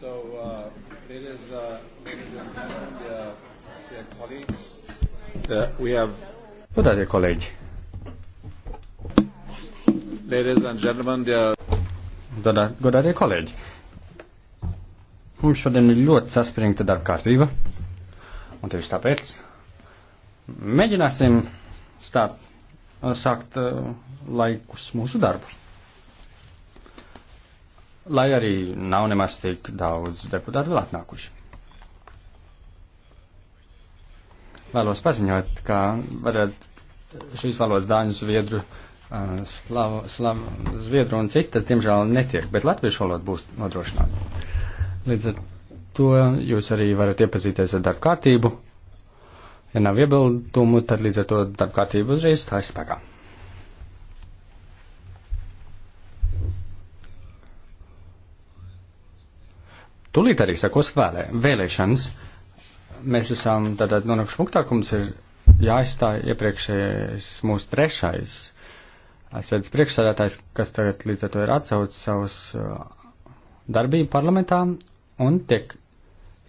So, uh, ladies, uh, uh ladies and gentlemen, dear, dear colleagues, uh, we have. What are your colleagues? Ladies and gentlemen, dear. Godātie kolēģi, mums šodien ir ļoti saspringta darba kārtība, un tieši tāpēc mēģināsim stāt, sākt laikus mūsu darbu lai arī nav nemaz tik daudz deputātu vēl atnākuši. Vēlos paziņot, ka varat šīs valodas dāņu zviedru, uh, slavu, slavu, zviedru un citas, diemžēl, netiek, bet latviešu valoda būs nodrošināta. Līdz ar to jūs arī varat iepazīties ar darba kārtību. Ja nav iebildumu, tad līdz ar to darba kārtība uzreiz stājas spēkā. Tūlīt arī sakos vēlē, vēlēšanas. Mēs esam tātad nonākuši punktā, ka mums ir jāizstāj iepriekšējais mūsu trešais sēdes priekšsādātājs, kas tagad līdz ar to ir atsaucis savus uh, darbību parlamentā un tiek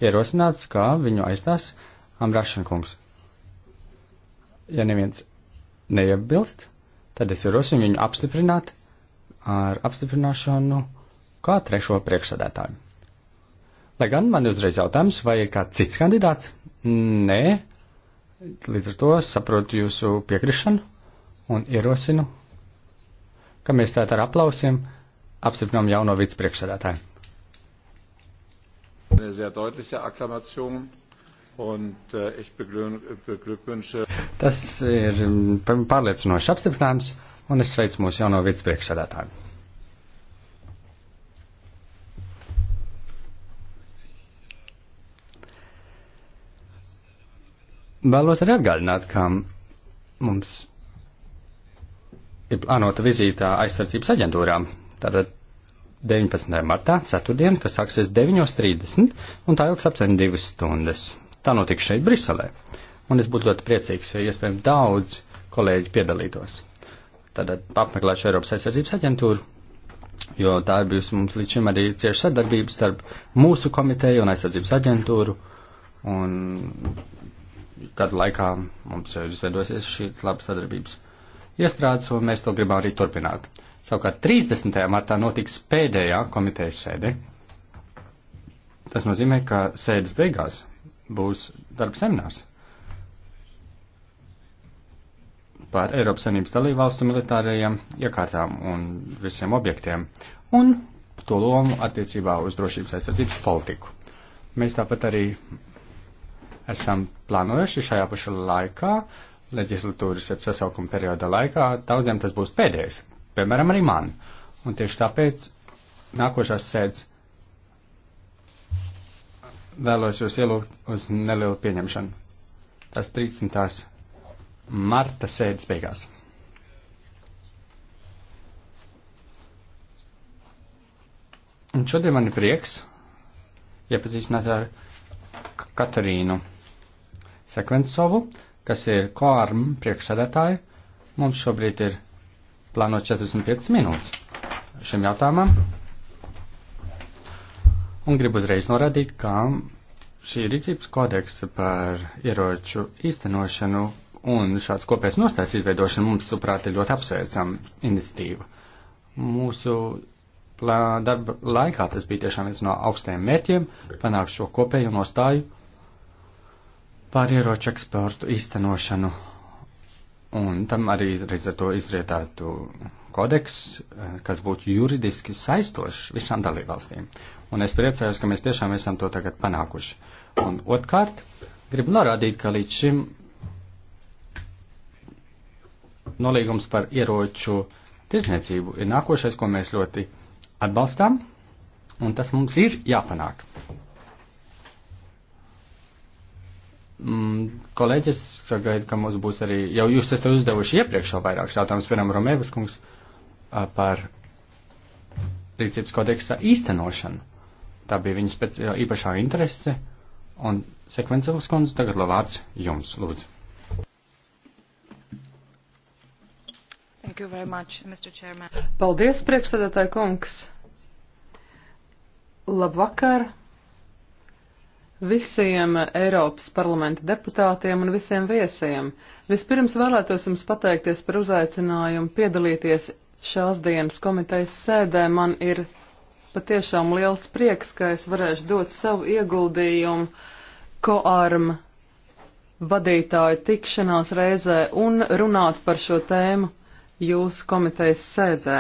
ierosināts, ka viņu aizstās Ambrašankungs. Ja neviens neiebilst, tad es ierosinu viņu apstiprināt ar apstiprināšanu kā trešo priekšsādātāju. Lai gan man uzreiz jautājums, vai ir kāds cits kandidāts? Nē, līdz ar to saprotu jūsu piekrišanu un ierosinu, ka mēs tātad ar aplausiem apstiprinām jauno vicepriekšsēdētāju. Eine sehr deutliche Akklamation und äh, ich beglückwünsche. Tas ir mm, pārliecinošs apstiprinājums un es sveicu mūsu jauno vicepriekšsēdētāju. Vēlos arī atgādināt, ka mums ir plānota vizītā aizsardzības aģentūrām. Tātad 19. martā, ceturtdien, kas sāksies 9.30 un tā ilgs aptuveni divas stundas. Tā notiks šeit Briselē. Un es būtu ļoti priecīgs, ja iespējams daudz kolēģi piedalītos. Tātad apmeklēšu Eiropas aizsardzības aģentūru, jo tā ir bijusi mums līdz šim arī cieša sadarbība starp mūsu komiteju un aizsardzības aģentūru. Un gadu laikā mums jau izveidosies šīs labas sadarbības iestrādes, un mēs to gribam arī turpināt. Savukārt 30. martā notiks pēdējā komitejas sēde. Tas nozīmē, ka sēdes beigās būs darba seminārs par Eiropas Savienības dalībvalstu militārajiem iekārtām un visiem objektiem un to lomu attiecībā uz drošības aizsardzības politiku. Mēs tāpat arī esam plānojuši šajā pašā laikā, leģislatūras sasaukuma perioda laikā, daudziem tas būs pēdējais, piemēram, arī man. Un tieši tāpēc nākošās sēdes vēlos jūs ielūgt uz nelielu pieņemšanu. Tas 30. marta sēdes beigās. Un šodien man ir prieks iepazīstināt ar Katarīnu. Sekvencovu, kas ir KORM priekšsēdētāju. Mums šobrīd ir plānot 45 minūtes šim jautājumam. Un gribu uzreiz norādīt, ka šī rīcības kodeksa par ieroču īstenošanu un šāds kopējs nostājs izveidošana mums, suprāt, ir ļoti apsveicama iniciatīva. Mūsu darba laikā tas bija tiešām viens no augstajiem mērķiem panākt šo kopējo nostāju par ieroču eksportu īstenošanu. Un tam arī reiz ar to izrietētu kodeks, eh, kas būtu juridiski saistošs visām dalībvalstīm. Un es priecājos, ka mēs tiešām esam to tagad panākuši. Un otrkārt, gribu norādīt, ka līdz šim nolīgums par ieroču tirdzniecību ir nākošais, ko mēs ļoti atbalstām, un tas mums ir jāpanāk. mm, kolēģis sagaida, ka mums būs arī, jau jūs esat uzdevuši iepriekš jau vairākus jautājumus, piemēram, Romēvas kungs par rīcības kodeksa īstenošanu. Tā bija viņa spēc, īpašā interese, un sekvencelas kundze tagad lavāts jums, lūdzu. Thank you very much, Mr. Chairman. Paldies, priekšsēdētāji kungs. Labvakar visiem Eiropas parlamenta deputātiem un visiem viesiem. Vispirms vēlētos jums pateikties par uzaicinājumu piedalīties šās dienas komitejas sēdē. Man ir patiešām liels prieks, ka es varēšu dot savu ieguldījumu koarm vadītāju tikšanās reizē un runāt par šo tēmu jūsu komitejas sēdē.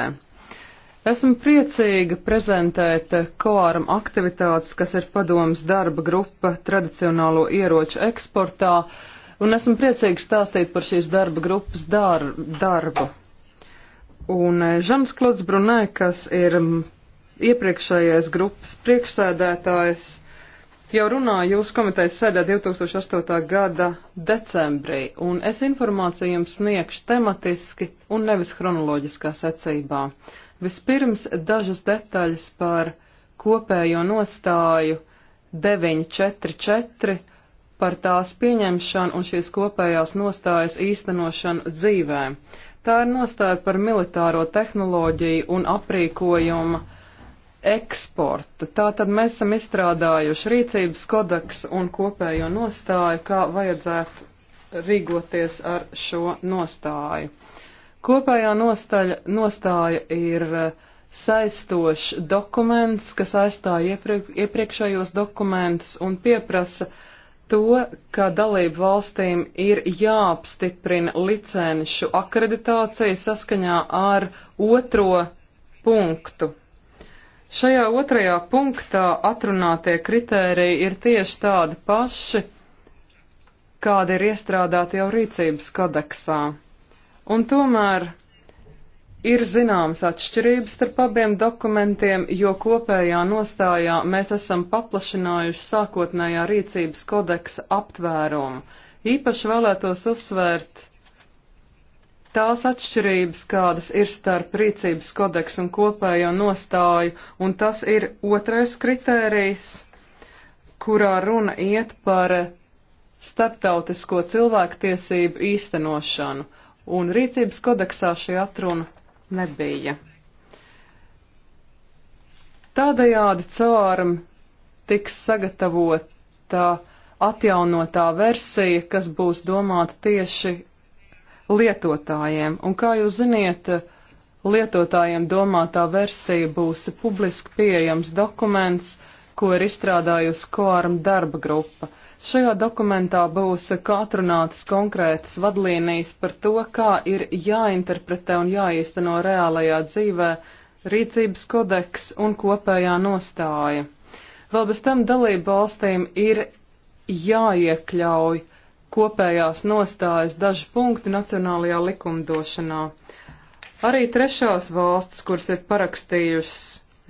Esmu priecīga prezentēt koāram aktivitātes, kas ir padomas darba grupa tradicionālo ieroču eksportā, un esmu priecīga stāstīt par šīs darba grupas dar darbu. Un eh, Žans Klods Brunē, kas ir mm, iepriekšējais grupas priekšsēdētājs, jau runāja jūsu komitejas sēdē 2008. gada decembrī, un es informāciju jums sniegšu tematiski un nevis chronoloģiskā secībā. Vispirms dažas detaļas par kopējo nostāju 944 par tās pieņemšanu un šīs kopējās nostājas īstenošanu dzīvē. Tā ir nostāja par militāro tehnoloģiju un aprīkojumu eksportu. Tātad mēs esam izstrādājuši rīcības kodeksu un kopējo nostāju, kā vajadzētu rīkoties ar šo nostāju. Kopējā nostaļa, nostāja ir e, saistošs dokuments, kas aizstāja iepriek, iepriekšējos dokumentus un pieprasa to, ka dalību valstīm ir jāapstiprina licenšu akreditācija saskaņā ar otro punktu. Šajā otrajā punktā atrunātie kritēriji ir tieši tādi paši, kādi ir iestrādāti jau rīcības kodeksā. Un tomēr ir zināmas atšķirības starp abiem dokumentiem, jo kopējā nostājā mēs esam paplašinājuši sākotnējā rīcības kodeksa aptvērumu. Īpaši vēlētos uzsvērt tās atšķirības, kādas ir starp rīcības kodeksu un kopējo nostāju, un tas ir otrais kritērijs, kurā runa iet par starptautisko cilvēktiesību īstenošanu un rīcības kodeksā šī atruna nebija. Tādējādi cāram tiks sagatavota atjaunotā versija, kas būs domāta tieši lietotājiem. Un kā jūs ziniet, lietotājiem domātā versija būs publiski pieejams dokuments, ko ir izstrādājusi Koram darba grupa. Šajā dokumentā būs atrunātas konkrētas vadlīnijas par to, kā ir jāinterpretē un jāīsteno reālajā dzīvē rīcības kodeks un kopējā nostāja. Vēl bez tam dalību valstīm ir jāiekļauj kopējās nostājas daži punkti nacionālajā likumdošanā. Arī trešās valsts, kuras ir parakstījušas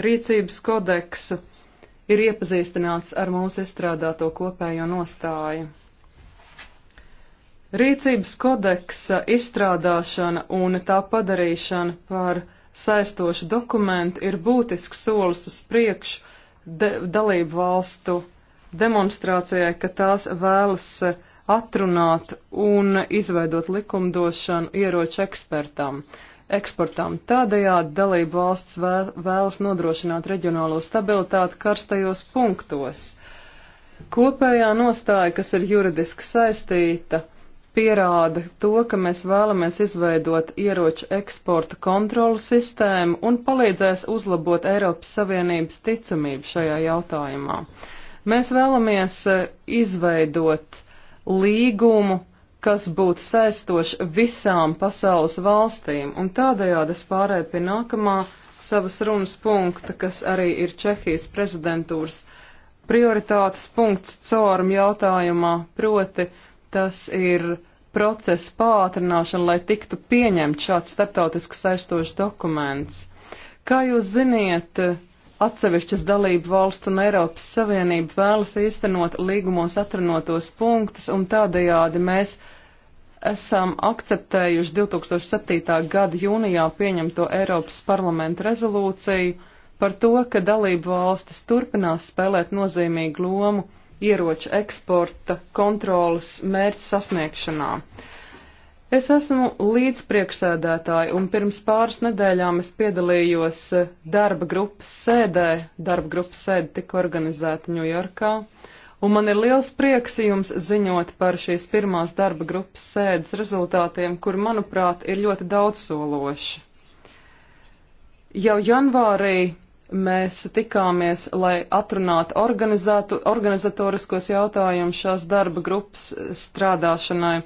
rīcības kodeksu, ir iepazīstināts ar mūsu izstrādāto kopējo nostāju. Rīcības kodeksa izstrādāšana un tā padarīšana par saistošu dokumentu ir būtisks solis uz priekšu dalību valstu demonstrācijai, ka tās vēlas atrunāt un izveidot likumdošanu ieroču ekspertam eksportam. Tādējādi dalību valsts vēlas nodrošināt reģionālo stabilitāti karstajos punktos. Kopējā nostāja, kas ir juridiski saistīta, pierāda to, ka mēs vēlamies izveidot ieroču eksporta kontrolu sistēmu un palīdzēs uzlabot Eiropas Savienības ticamību šajā jautājumā. Mēs vēlamies eh, izveidot līgumu, kas būtu saistoši visām pasaules valstīm, un tādējādi es pārēju pie nākamā savas runas punkta, kas arī ir Čehijas prezidentūras prioritātes punkts caurum jautājumā, proti tas ir procesa pātrināšana, lai tiktu pieņemt šāds starptautiski saistošs dokuments. Kā jūs ziniet, atsevišķas dalību valsts un Eiropas Savienība vēlas īstenot līgumos atrunātos punktus, un tādējādi mēs esam akceptējuši 2007. gada jūnijā pieņemto Eiropas parlamenta rezolūciju par to, ka dalību valstis turpinās spēlēt nozīmīgu lomu ieroču eksporta kontrolas mērķu sasniegšanā. Es esmu līdzpriekšsēdētāja, un pirms pāris nedēļām es piedalījos eh, darba grupas sēdē. Darba grupas sēde tika organizēta Ņujorkā, un man ir liels prieks jums ziņot par šīs pirmās darba grupas sēdes rezultātiem, kur, manuprāt, ir ļoti daudzsološi. Jau janvārī mēs tikāmies, lai atrunātu organizatoriskos jautājumus šās darba grupas strādāšanai,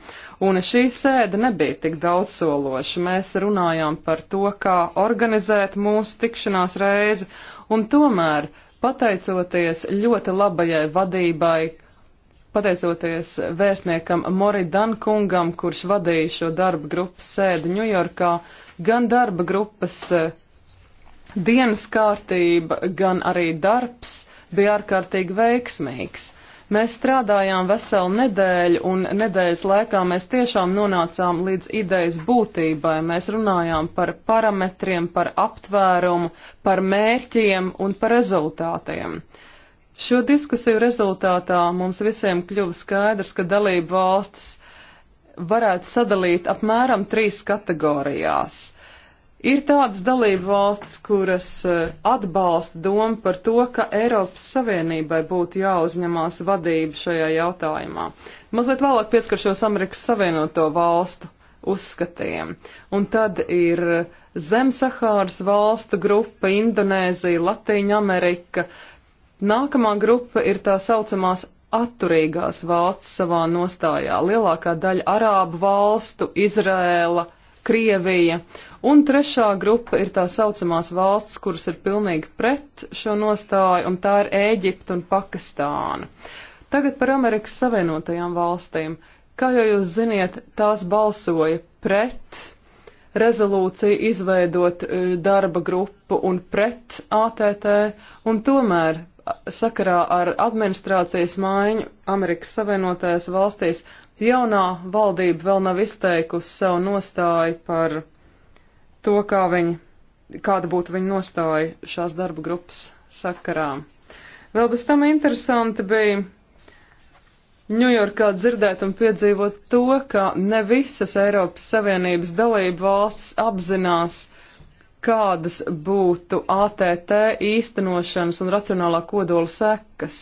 un šī sēde nebija tik daudzsološa. Mēs runājām par to, kā organizēt mūsu tikšanās reizi, un tomēr, pateicoties ļoti labajai vadībai, pateicoties vēstniekam Mori Dankungam, kurš vadīja šo darba grupas sēdi Ņujorkā, gan darba grupas uh, Dienas kārtība, gan arī darbs bija ārkārtīgi veiksmīgs. Mēs strādājām veselu nedēļu, un nedēļas laikā mēs tiešām nonācām līdz idejas būtībai. Mēs runājām par parametriem, par aptvērumu, par mērķiem un par rezultātiem. Šo diskusiju rezultātā mums visiem kļuva skaidrs, ka dalību valstis varētu sadalīt apmēram trīs kategorijās Ir tādas dalību valstis, kuras e, atbalsta domu par to, ka Eiropas Savienībai būtu jāuzņemās vadība šajā jautājumā. Mazliet vēlāk pieskaršos Amerikas Savienoto valstu uzskatiem. Un tad ir Zemsahāras valstu grupa, Indonēzija, Latīņa Amerika. Nākamā grupa ir tā saucamās atturīgās valsts savā nostājā. Lielākā daļa arābu valstu, Izrēla, Krievija. Uh, Un trešā grupa ir tā saucamās valsts, kuras ir pilnīgi pret šo nostāju, un tā ir Ēģipta un Pakistāna. Tagad par Amerikas Savienotajām valstīm. Kā jau jūs ziniet, tās balsoja pret rezolūciju izveidot e, darba grupu un pret ATT, un tomēr sakarā ar administrācijas maiņu Amerikas Savienotajās valstīs jaunā valdība vēl nav izteikusi savu nostāju par to, kā viņi, kāda būtu viņa nostāja šās darba grupas sakarā. Vēl bez tam interesanti bija Ņujorkā dzirdēt un piedzīvot to, ka ne visas Eiropas Savienības dalību valstis apzinās, kādas būtu ATT īstenošanas un racionālā kodola sekas.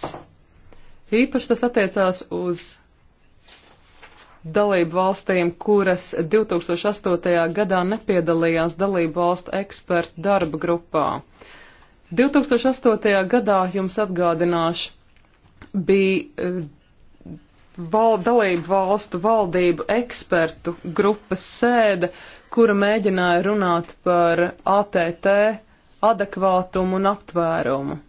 Īpaši tas attiecās uz dalību valstīm, kuras 2008. gadā nepiedalījās dalību valstu ekspertu darba grupā. 2008. gadā jums atgādināšu, bija eh, val, dalību valstu valdību ekspertu grupas sēde, kura mēģināja runāt par ATT adekvātumu un aptvērumu.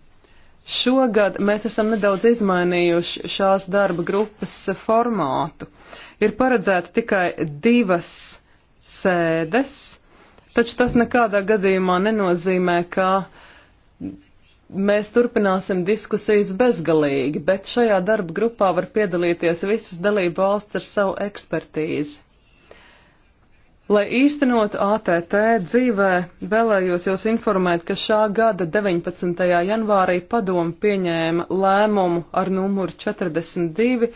Šogad mēs esam nedaudz izmainījuši šās darba grupas formātu. Uh, ir paredzēta tikai divas sēdes, taču tas nekādā gadījumā nenozīmē, ka mēs turpināsim diskusijas bezgalīgi, bet šajā darba grupā var piedalīties visas dalību valsts ar savu ekspertīzi. Lai īstenotu ATT dzīvē, vēlējos jūs informēt, ka šā gada 19. janvārī padomu pieņēma lēmumu ar numuru 42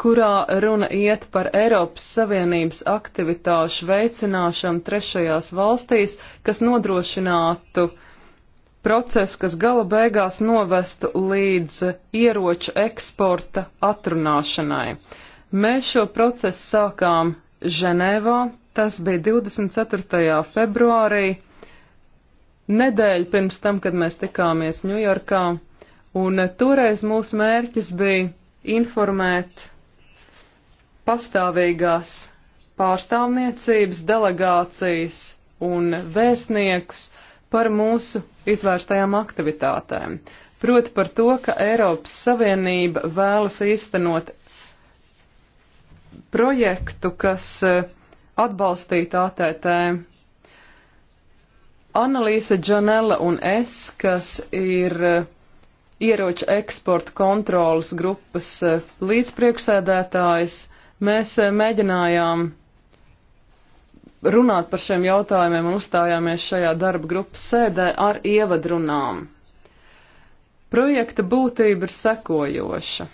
kurā runa iet par Eiropas Savienības aktivitāšu veicināšanu trešajās valstīs, kas nodrošinātu procesu, kas gala beigās novestu līdz ieroču eksporta atrunāšanai. Mēs šo procesu sākām Ženēvā, tas bija 24. februārī, nedēļu pirms tam, kad mēs tikāmies Ņujorkā, un toreiz mūsu mērķis bija informēt pastāvīgās pārstāvniecības, delegācijas un vēstniekus par mūsu izvērstajām aktivitātēm. Proti par to, ka Eiropas Savienība vēlas īstenot projektu, kas eh, atbalstītu ATT. Analīze Džanela un es, kas ir eh, ieroču eksporta kontrolas grupas eh, līdzpriekšsēdētājs, Mēs eh, mēģinājām runāt par šiem jautājumiem un uzstājāmies šajā darba grupas sēdē ar ievadrunām. Projekta būtība ir sekojoša.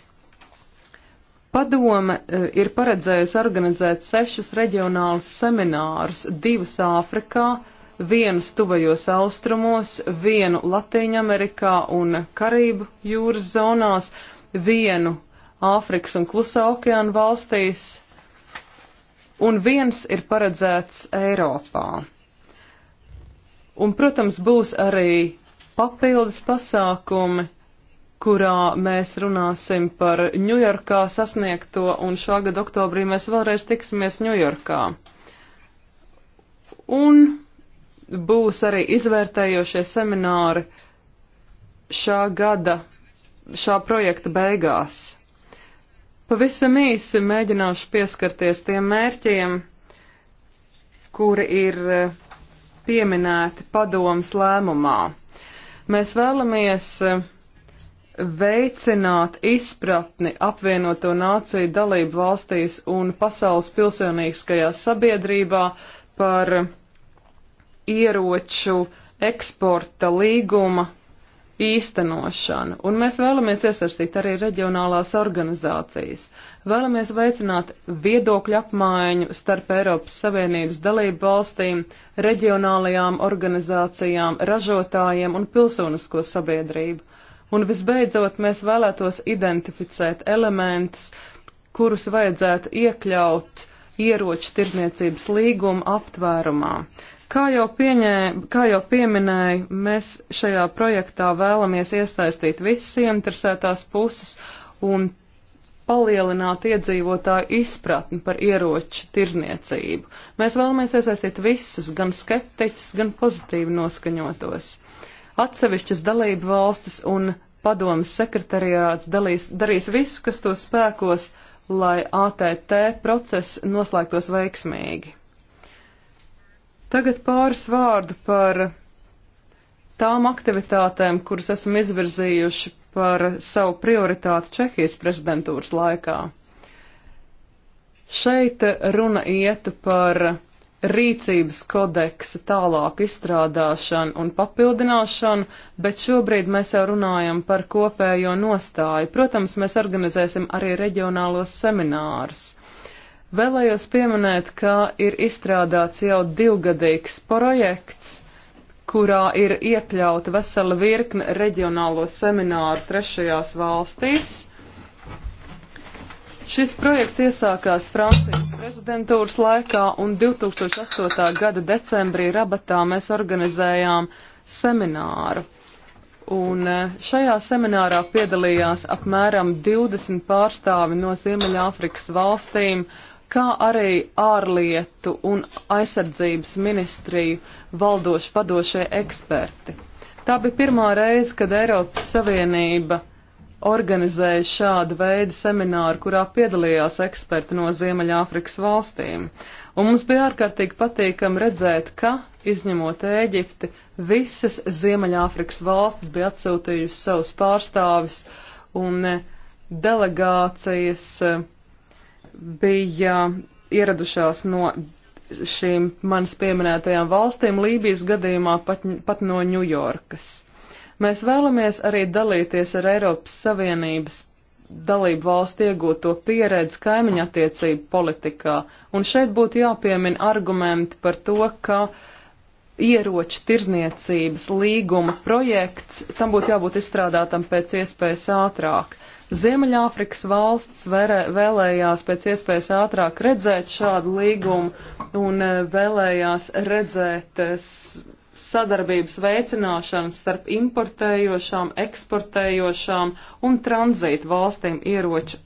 Padome eh, ir paredzējusi organizēt sešus reģionālus seminārus, divus Āfrikā, vienus tuvajos austrumos, vienu Latīņamerikā un Karību jūras zonās, vienu Āfrikas un Klusā okeāna valstīs, un viens ir paredzēts Eiropā. Un, protams, būs arī papildus pasākumi, kurā mēs runāsim par Ņujorkā sasniegto, un šā gada oktobrī mēs vēlreiz tiksimies Ņujorkā. Un būs arī izvērtējošie semināri šā gada, šā projekta beigās. Pavisam īsi mēģināšu pieskarties tiem mērķiem, kuri ir eh, pieminēti padomas lēmumā. Mēs vēlamies eh, veicināt izpratni apvienoto nāciju dalību valstīs un pasaules pilsonīskajā sabiedrībā par eh, ieroču eksporta līguma īstenošanu, un mēs vēlamies iesaistīt arī reģionālās organizācijas. Vēlamies veicināt viedokļu apmaiņu starp Eiropas Savienības dalību valstīm, reģionālajām organizācijām, ražotājiem un pilsonisko sabiedrību. Un visbeidzot, mēs vēlētos identificēt elementus, kurus vajadzētu iekļaut ieroču tirdzniecības līguma aptvērumā. Kā jau, pieņē, kā jau pieminēju, mēs šajā projektā vēlamies iesaistīt visas ieinteresētās puses un palielināt iedzīvotāju izpratni par ieroču tirzniecību. Mēs vēlamies iesaistīt visus, gan skeptiķus, gan pozitīvi noskaņotos. Atsevišķas dalību valstis un padomas sekretariāts dalīs, darīs visu, kas to spēkos, lai ATT process noslēgtos veiksmīgi. Tagad pāris vārdu par tām aktivitātēm, kuras esam izvirzījuši par savu prioritāti Čehijas prezidentūras laikā. Šeit runa iet par rīcības kodeksa tālāku izstrādāšanu un papildināšanu, bet šobrīd mēs jau runājam par kopējo nostāju. Protams, mēs organizēsim arī reģionālos seminārus. Vēlējos pieminēt, ka ir izstrādāts jau divgadīgs projekts, kurā ir iekļauta vesela virkne reģionālo semināru trešajās valstīs. Šis projekts iesākās Francijas prezidentūras laikā un 2008. gada decembrī Rabatā mēs organizējām semināru. Un e, šajā seminārā piedalījās apmēram 20 pārstāvi no Ziemeļāfrikas valstīm kā arī ārlietu un aizsardzības ministriju valdoši padošie eksperti. Tā bija pirmā reize, kad Eiropas Savienība organizēja šādu veidu semināru, kurā piedalījās eksperti no Ziemeļāfrikas valstīm. Un mums bija ārkārtīgi patīkami redzēt, ka, izņemot Ēģipti, visas Ziemeļāfrikas valstis bija atsūtījusi savus pārstāvis un eh, delegācijas uh, bija ieradušās no šīm manas pieminētajām valstīm, Lībijas gadījumā pat, pat no Ņujorkas. Mēs vēlamies arī dalīties ar Eiropas Savienības dalību valstu iegūto pieredzi kaimiņa attiecību politikā, un šeit būtu jāpiemina argumenti par to, ka ieroču tirzniecības līguma projekts, tam būtu jābūt izstrādātam pēc iespējas ātrāk. Uh, Ziemeļāfrikas valsts vērē, vēlējās pēc iespējas ātrāk redzēt šādu līgumu un e, vēlējās redzēt e, sadarbības veicināšanu starp importējošām, eksportējošām un tranzītu valstīm ieroču,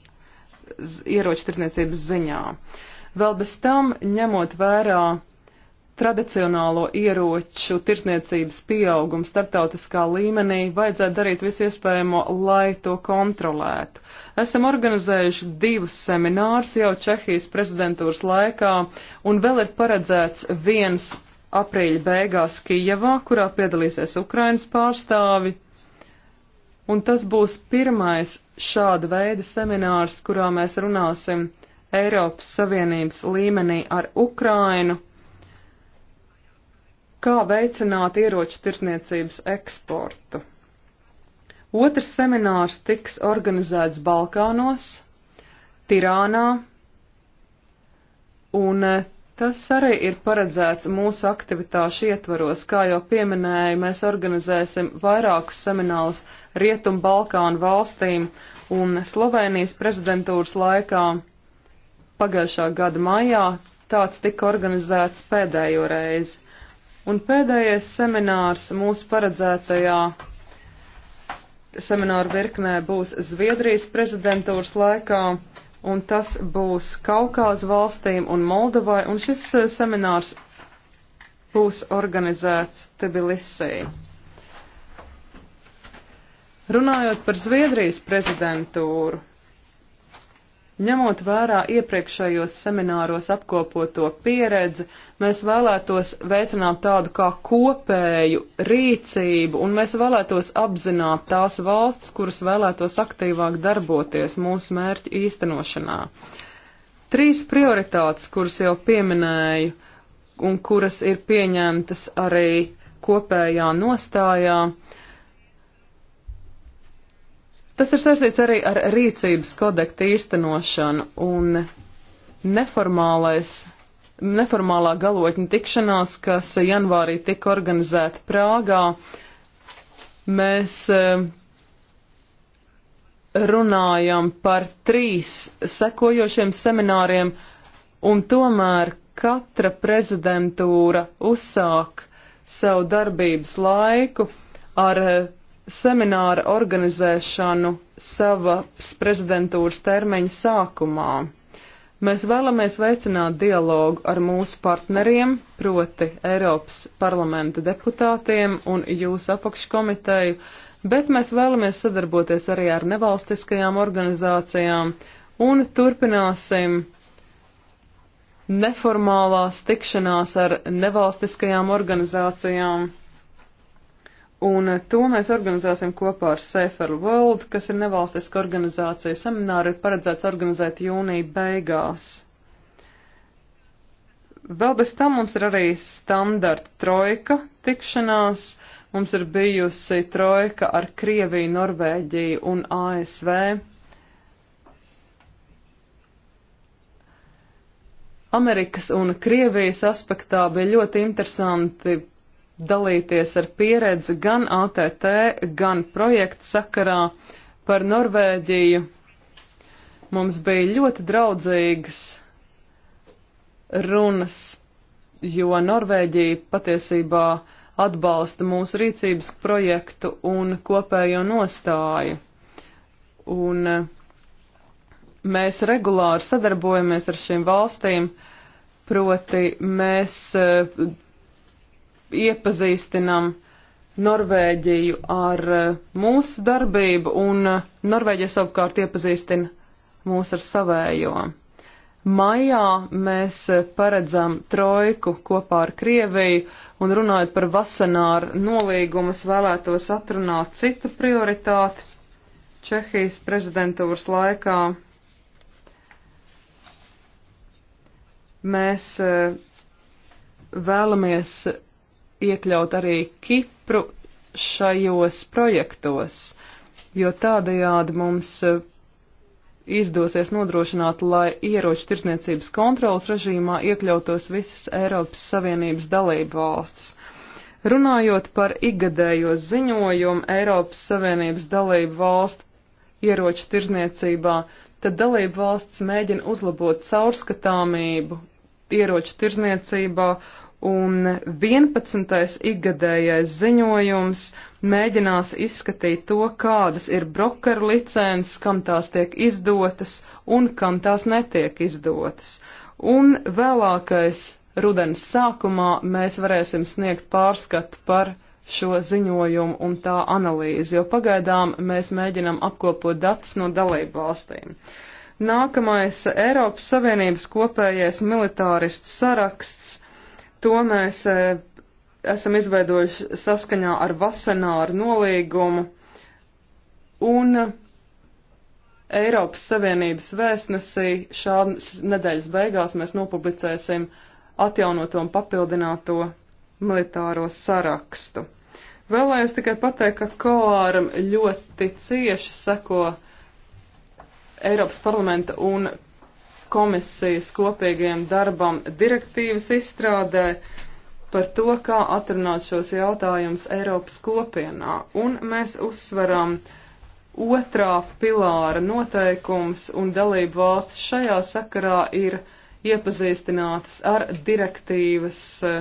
ieroču tirdzniecības ziņā. Vēl bez tam, ņemot vērā tradicionālo ieroču tirsniecības pieaugumu starptautiskā līmenī, vajadzētu darīt visu iespējamo, lai to kontrolētu. Esam organizējuši divus seminārus jau Čehijas prezidentūras laikā, un vēl ir paredzēts viens aprīļa beigās Kijavā, kurā piedalīsies Ukrainas pārstāvi. Un tas būs pirmais šāda veida seminārs, kurā mēs runāsim Eiropas Savienības līmenī ar Ukrainu kā veicināt ieroču tirsniecības eksportu. Otrs seminārs tiks organizēts Balkānos, Tirānā, un eh, tas arī ir paredzēts mūsu aktivitāšu ietvaros. Kā jau pieminēju, mēs organizēsim vairākus seminārus Rietumu Balkānu valstīm un Slovenijas prezidentūras laikā pagājušā gada maijā tāds tika organizēts pēdējo reizi. Un pēdējais seminārs mūsu paredzētajā semināru virknē būs Zviedrijas prezidentūras laikā, un tas būs Kaukāzu valstīm un Moldovai, un šis eh, seminārs būs organizēts Tbilisī. Runājot par Zviedrijas prezidentūru, Ņemot vērā iepriekšējos semināros apkopoto pieredzi, mēs vēlētos veicināt tādu kā kopēju rīcību, un mēs vēlētos apzināt tās valsts, kuras vēlētos aktīvāk darboties mūsu mērķu īstenošanā. Trīs prioritātes, kuras jau pieminēju, un kuras ir pieņemtas arī kopējā nostājā, Tas ir saistīts arī ar rīcības kodekta īstenošanu un neformālais, neformālā galotņa tikšanās, kas janvārī tika organizēta Prāgā. Mēs eh, runājam par trīs sekojošiem semināriem, un tomēr katra prezidentūra uzsāk savu darbības laiku ar eh, semināra organizēšanu savas prezidentūras termiņa sākumā. Mēs vēlamies veicināt dialogu ar mūsu partneriem, proti Eiropas parlamenta deputātiem un jūsu apakškomiteju, bet mēs vēlamies sadarboties arī ar nevalstiskajām organizācijām un turpināsim neformālās tikšanās ar nevalstiskajām organizācijām Un to mēs organizēsim kopā ar Safer World, kas ir nevalstiska organizācija. Semināru ir paredzēts organizēt jūnija beigās. Vēl bez tam mums ir arī standarta trojka tikšanās. Mums ir bijusi trojka ar Krieviju, Norvēģiju un ASV. Amerikas un Krievijas aspektā bija ļoti interesanti dalīties ar pieredzi gan ATT, gan projektu sakarā par Norvēģiju. Mums bija ļoti draudzīgas runas, jo Norvēģija patiesībā atbalsta mūsu rīcības projektu un kopējo nostāju. Un eh, mēs regulāri sadarbojamies ar šīm valstīm, proti mēs eh, iepazīstinam Norvēģiju ar eh, mūsu darbību, un eh, Norvēģija savukārt iepazīstina mūs ar savējo. Maijā mēs eh, paredzam trojku kopā ar Krieviju, un runājot par vasanāru nolīgumu, es vēlētos atrunāt citu prioritāti Čehijas prezidentūras laikā. Mēs vēlamies iekļaut arī Kipru šajos projektos, jo tādējādi mums eh, izdosies nodrošināt, lai ieroču tirsniecības kontrolas režīmā iekļautos visas Eiropas Savienības dalību valstis. Runājot par igadējo ziņojumu Eiropas Savienības dalību valstu ieroču tirzniecībā, tad dalību valsts mēģina uzlabot caurskatāmību ieroču tirzniecībā un 11. ikgadējais ziņojums mēģinās izskatīt to, kādas ir brokeru licences, kam tās tiek izdotas un kam tās netiek izdotas. Un vēlākais rudens sākumā mēs varēsim sniegt pārskatu par šo ziņojumu un tā analīzi, jo pagaidām mēs mēģinām apkopot datus no dalību valstīm. Nākamais Eiropas Savienības kopējais militārists saraksts To mēs e, esam izveidojuši saskaņā ar Vasenāru nolīgumu un Eiropas Savienības vēstnesī šādas nedēļas beigās mēs nopublicēsim atjaunoto un papildināto militāro sarakstu. Vēlējos tikai pateikt, ka Koāram ļoti cieši seko Eiropas parlamenta un komisijas kopīgajam darbam direktīvas izstrādē par to, kā atrunāt šos jautājumus Eiropas kopienā. Un mēs uzsveram otrā pilāra noteikums un dalību valsts šajā sakarā ir iepazīstinātas ar direktīvas eh,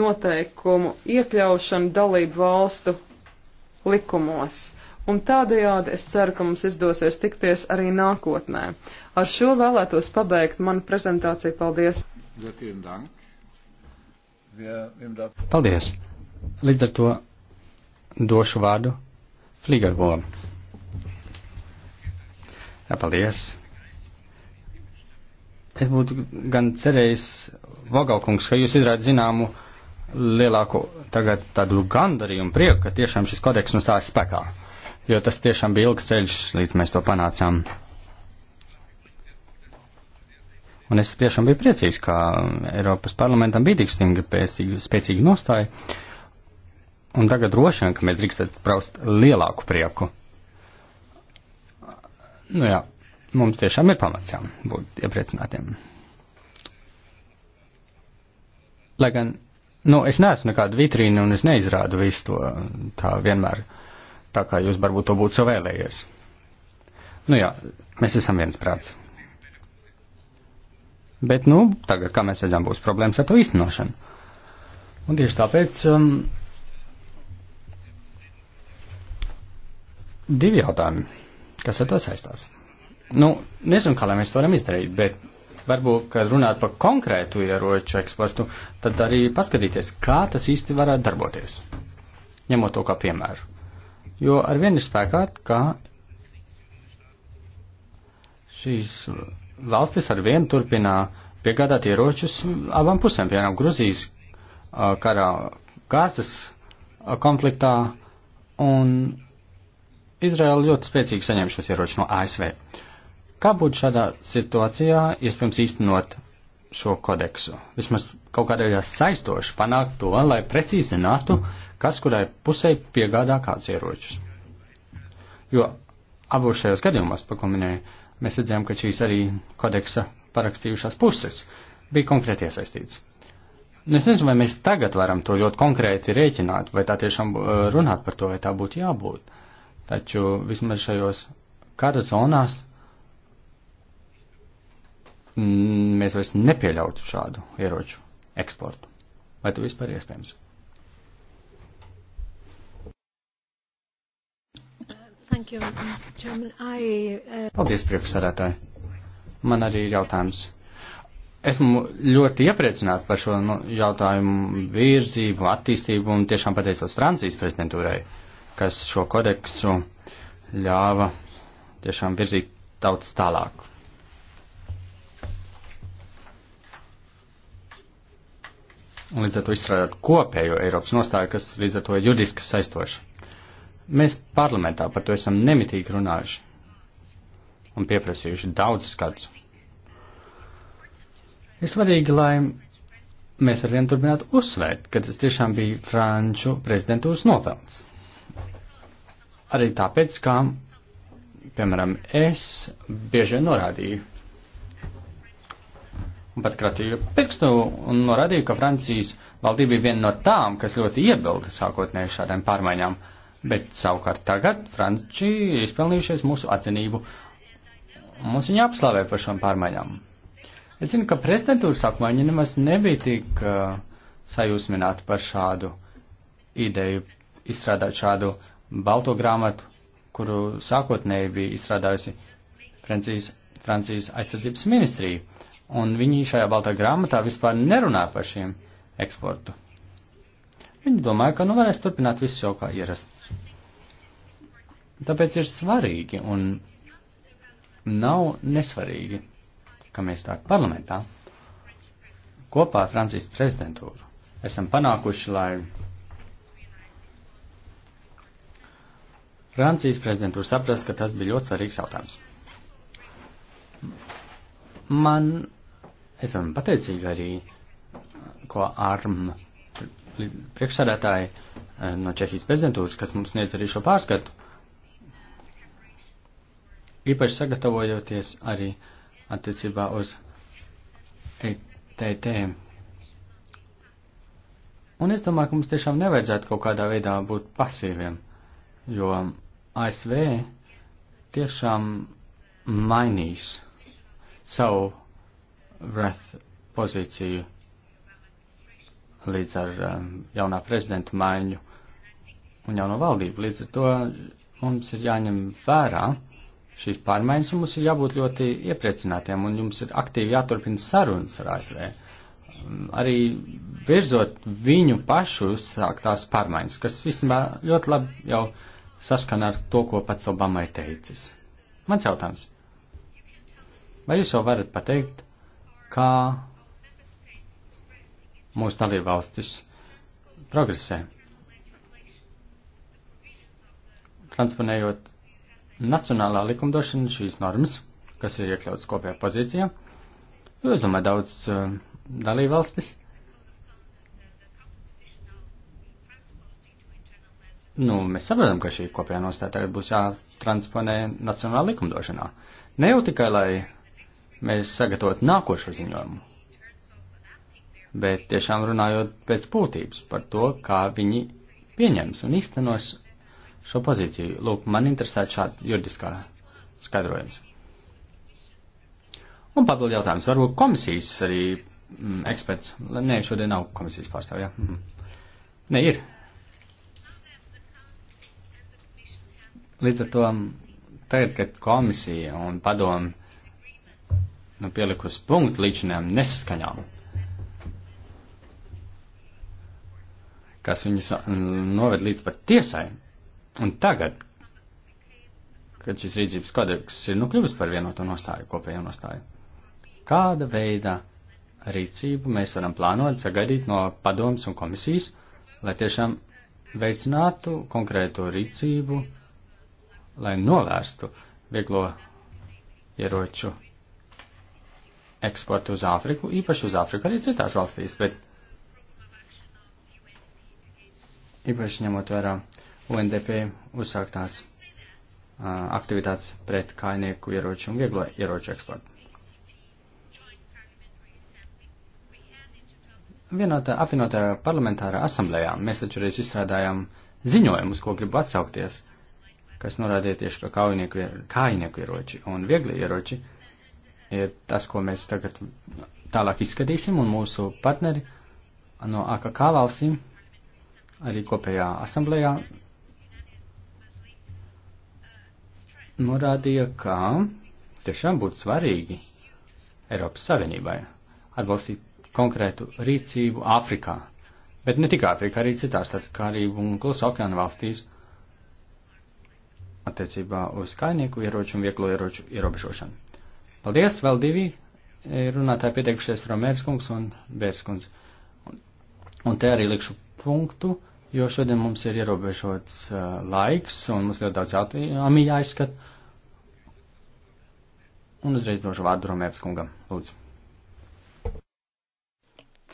noteikumu iekļaušanu dalību valstu likumos un tādējādi es ceru, ka mums izdosies tikties arī nākotnē. Ar šo vēlētos pabeigt manu prezentāciju. Paldies! Paldies! Līdz ar to došu vārdu Flīgarbolam. Jā, paldies! Es būtu gan cerējis, Vogalkungs, ka jūs izrādat zināmu lielāko tagad tādu gandarījumu prieku, ka tiešām šis kodeks nu stāsts spēkā jo tas tiešām bija ilgs ceļš, līdz mēs to panācām. Un es tiešām biju priecīgs, ka Eiropas parlamentam bija tik stingra, spēcīga nostāja. Un tagad droši vien, ka mēs drīkstat praust lielāku prieku. Nu jā, mums tiešām ir pamats jām būt iepriecinātiem. Lai gan, nu, es neesmu nekāda vitrīna un es neizrādu visu to tā vienmēr. Uh, tā kā jūs varbūt to būtu vēlējies. Nu jā, mēs esam viensprāts. Bet, nu, tagad, kā mēs redzam, būs problēmas ar to īstenošanu. Un tieši tāpēc um, divi jautājumi, kas ar to saistās. Nu, nezinu, kā lai mēs to varam izdarīt, bet varbūt, kad runāt par konkrētu ieroču eksportu, tad arī paskatīties, kā tas īsti varētu darboties, ņemot to kā piemēru jo ar vienu ir spēkā, ka šīs valstis ar vienu turpinā piegādāt ieročus abām pusēm, piemēram, Gruzijas karā, Gāzes konfliktā, un Izraela ļoti spēcīgi saņem šos ieročus no ASV. Kā būtu šādā situācijā iespējams īstenot šo kodeksu? Vismaz kaut kādā veidā saistoši panākt to, lai precīzi zinātu, mm kas kurai pusē piegādā kāds ieročus. Jo abos šajos gadījumos, pa ko minēju, mēs redzējām, ka šīs arī kodeksa parakstījušās puses bija konkrēti iesaistīts. Un nu, es nezinu, vai mēs tagad varam to ļoti konkrēti rēķināt, vai tā tiešām uh, runāt par to, vai tā būtu jābūt. Taču vismaz šajos kara zonās mm, mēs vairs nepieļautu šādu ieroču eksportu. Vai tas vispār iespējams? Thank you, um, Chairman. I, uh... Paldies, priekšsarētāji. Man arī ir jautājums. Esmu ļoti iepriecināta par šo nu, jautājumu virzību, attīstību un tiešām pateicos Francijas prezidentūrai, kas šo kodeksu ļāva tiešām virzīt daudz tālāk. Un līdz ar to izstrādāt kopējo Eiropas nostāju, kas līdz ar to ir juridiski saistoša. Mēs parlamentā par to esam nemitīgi runājuši un pieprasījuši daudzus gadus. Ir svarīgi, lai mēs arvien turpinātu uzsvērt, ka tas tiešām bija Franču prezidentūras nopelns. Arī tāpēc, kā, piemēram, es bieži vien norādīju, un pat kratīju pirkstu un norādīju, ka Francijas valdība bija viena no tām, kas ļoti iebilda sākotnēji šādām pārmaiņām. Bet savukārt tagad Franči ir izpelnījušies mūsu atzinību. Mums viņa apslavē par šām pārmaiņām. Es zinu, ka prezidentūra sākumā viņa nemaz nebija tik uh, sajūsmināta par šādu ideju, izstrādāt šādu balto grāmatu, kuru sākotnēji bija izstrādājusi Francijas, Francijas aizsardzības ministrija. Un viņi šajā baltā grāmatā vispār nerunā par šiem eksportu. Viņi domāja, ka nu varēs turpināt visu jau kā ierast. Tāpēc ir svarīgi un nav nesvarīgi, ka mēs tā parlamentā kopā ar Francijas prezidentūru esam panākuši, lai Francijas prezidentūra saprast, ka tas bija ļoti svarīgs jautājums. Man, es varu pateicīgi arī, ko ARM priekšsādātāji eh, no Čehijas prezidentūras, kas mums sniedz arī šo pārskatu, īpaši sagatavojoties arī attiecībā uz ETT. Un es domāju, ka mums tiešām nevajadzētu kaut kādā veidā būt pasīviem, jo ASV tiešām mainīs savu breath pozīciju līdz ar um, jaunā prezidenta maiņu un jauno valdību. Līdz ar to mums ir jāņem vērā šīs pārmaiņas, un mums ir jābūt ļoti iepriecinātiem, un jums ir aktīvi jāturpina sarunas ar ASV. Um, arī virzot viņu pašu uzsāktās pārmaiņas, kas vismā ļoti labi jau saskana ar to, ko pats Obama ir teicis. Mans jautājums. Vai jūs jau varat pateikt, kā mūsu dalībvalstis progresē. Transponējot nacionālā likumdošana šīs normas, kas ir iekļautas kopējā pozīcijā, jo es domāju daudz uh, dalībvalstis. Nu, mēs saprotam, ka šī kopējā nostāja tagad būs jātransponē nacionālā likumdošanā. Ne jau tikai, lai mēs sagatavotu nākošo ziņojumu, bet tiešām runājot pēc būtības par to, kā viņi pieņems un īstenos šo pozīciju. Lūk, man interesē šāda juridiskā skaidrojums. Un papildu jautājums. Varbūt komisijas arī mm, eksperts. Nē, šodien nav komisijas pārstāvja. Mm. Nē, ir. Līdz ar to mm, tagad, kad komisija un padomu nu, pielikusi punktu līdzinām nesaskaņām, kas viņus uh, noved līdz pat tiesai. Un tagad, kad šis rīcības kodeks ir nu kļuvis par vienoto nostāju, kopējo nostāju, kāda veida rīcību mēs varam plānot, sagaidīt no padomas un komisijas, lai tiešām veicinātu konkrēto rīcību, lai novērstu vieglo ieroču eksportu uz Āfriku, īpaši uz Āfriku, arī citās valstīs, bet īpaši ņemot vērā UNDP uzsāktās uh, aktivitātes pret kainieku ieroču un vieglo ieroču eksportu. Vienotā apvienotā parlamentārā asamblējā mēs taču reiz izstrādājām ziņojumus, ko gribu atsaukties, kas norādīja tieši, ka kaujinieku, kājinieku ieroči un viegli ieroči ir tas, ko mēs tagad tālāk izskatīsim, un mūsu partneri no AKK valstīm arī kopējā asamblējā norādīja, ka tiešām būtu svarīgi Eiropas Savienībai atbalstīt konkrētu rīcību Āfrikā, bet ne tikai Āfrikā, arī citās tādas kā arī un klusa okeāna valstīs attiecībā uz kainieku ieroču un vieglo ieroču ierobežošanu. Paldies, vēl divi eh, runātāji pieteikušies Romērs kungs un Bērs kungs. Un, un te arī likšu punktu, jo šodien mums ir ierobežots uh, laiks un mums ļoti daudz jautājumu jāizskat. Un uzreiz došu vārdu Romēvs kungam. Lūdzu.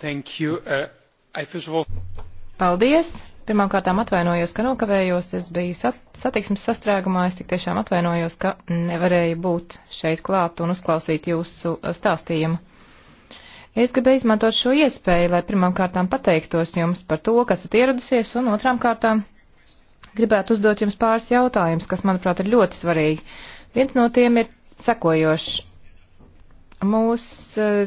Thank you. Uh, I first of all... Paldies! Pirmkārt, atvainojos, ka nokavējos. Es biju sat satiksmes sastrēgumā. Es tik tiešām atvainojos, ka nevarēju būt šeit klāt un uzklausīt jūsu uh, stāstījumu. Es gribēju izmantot šo iespēju, lai pirmām kārtām pateiktos jums par to, kas esat ieradusies, un otrām kārtām gribētu uzdot jums pāris jautājumus, kas, manuprāt, ir ļoti svarīgi. Viens no tiem ir sekojošs. Mūs eh,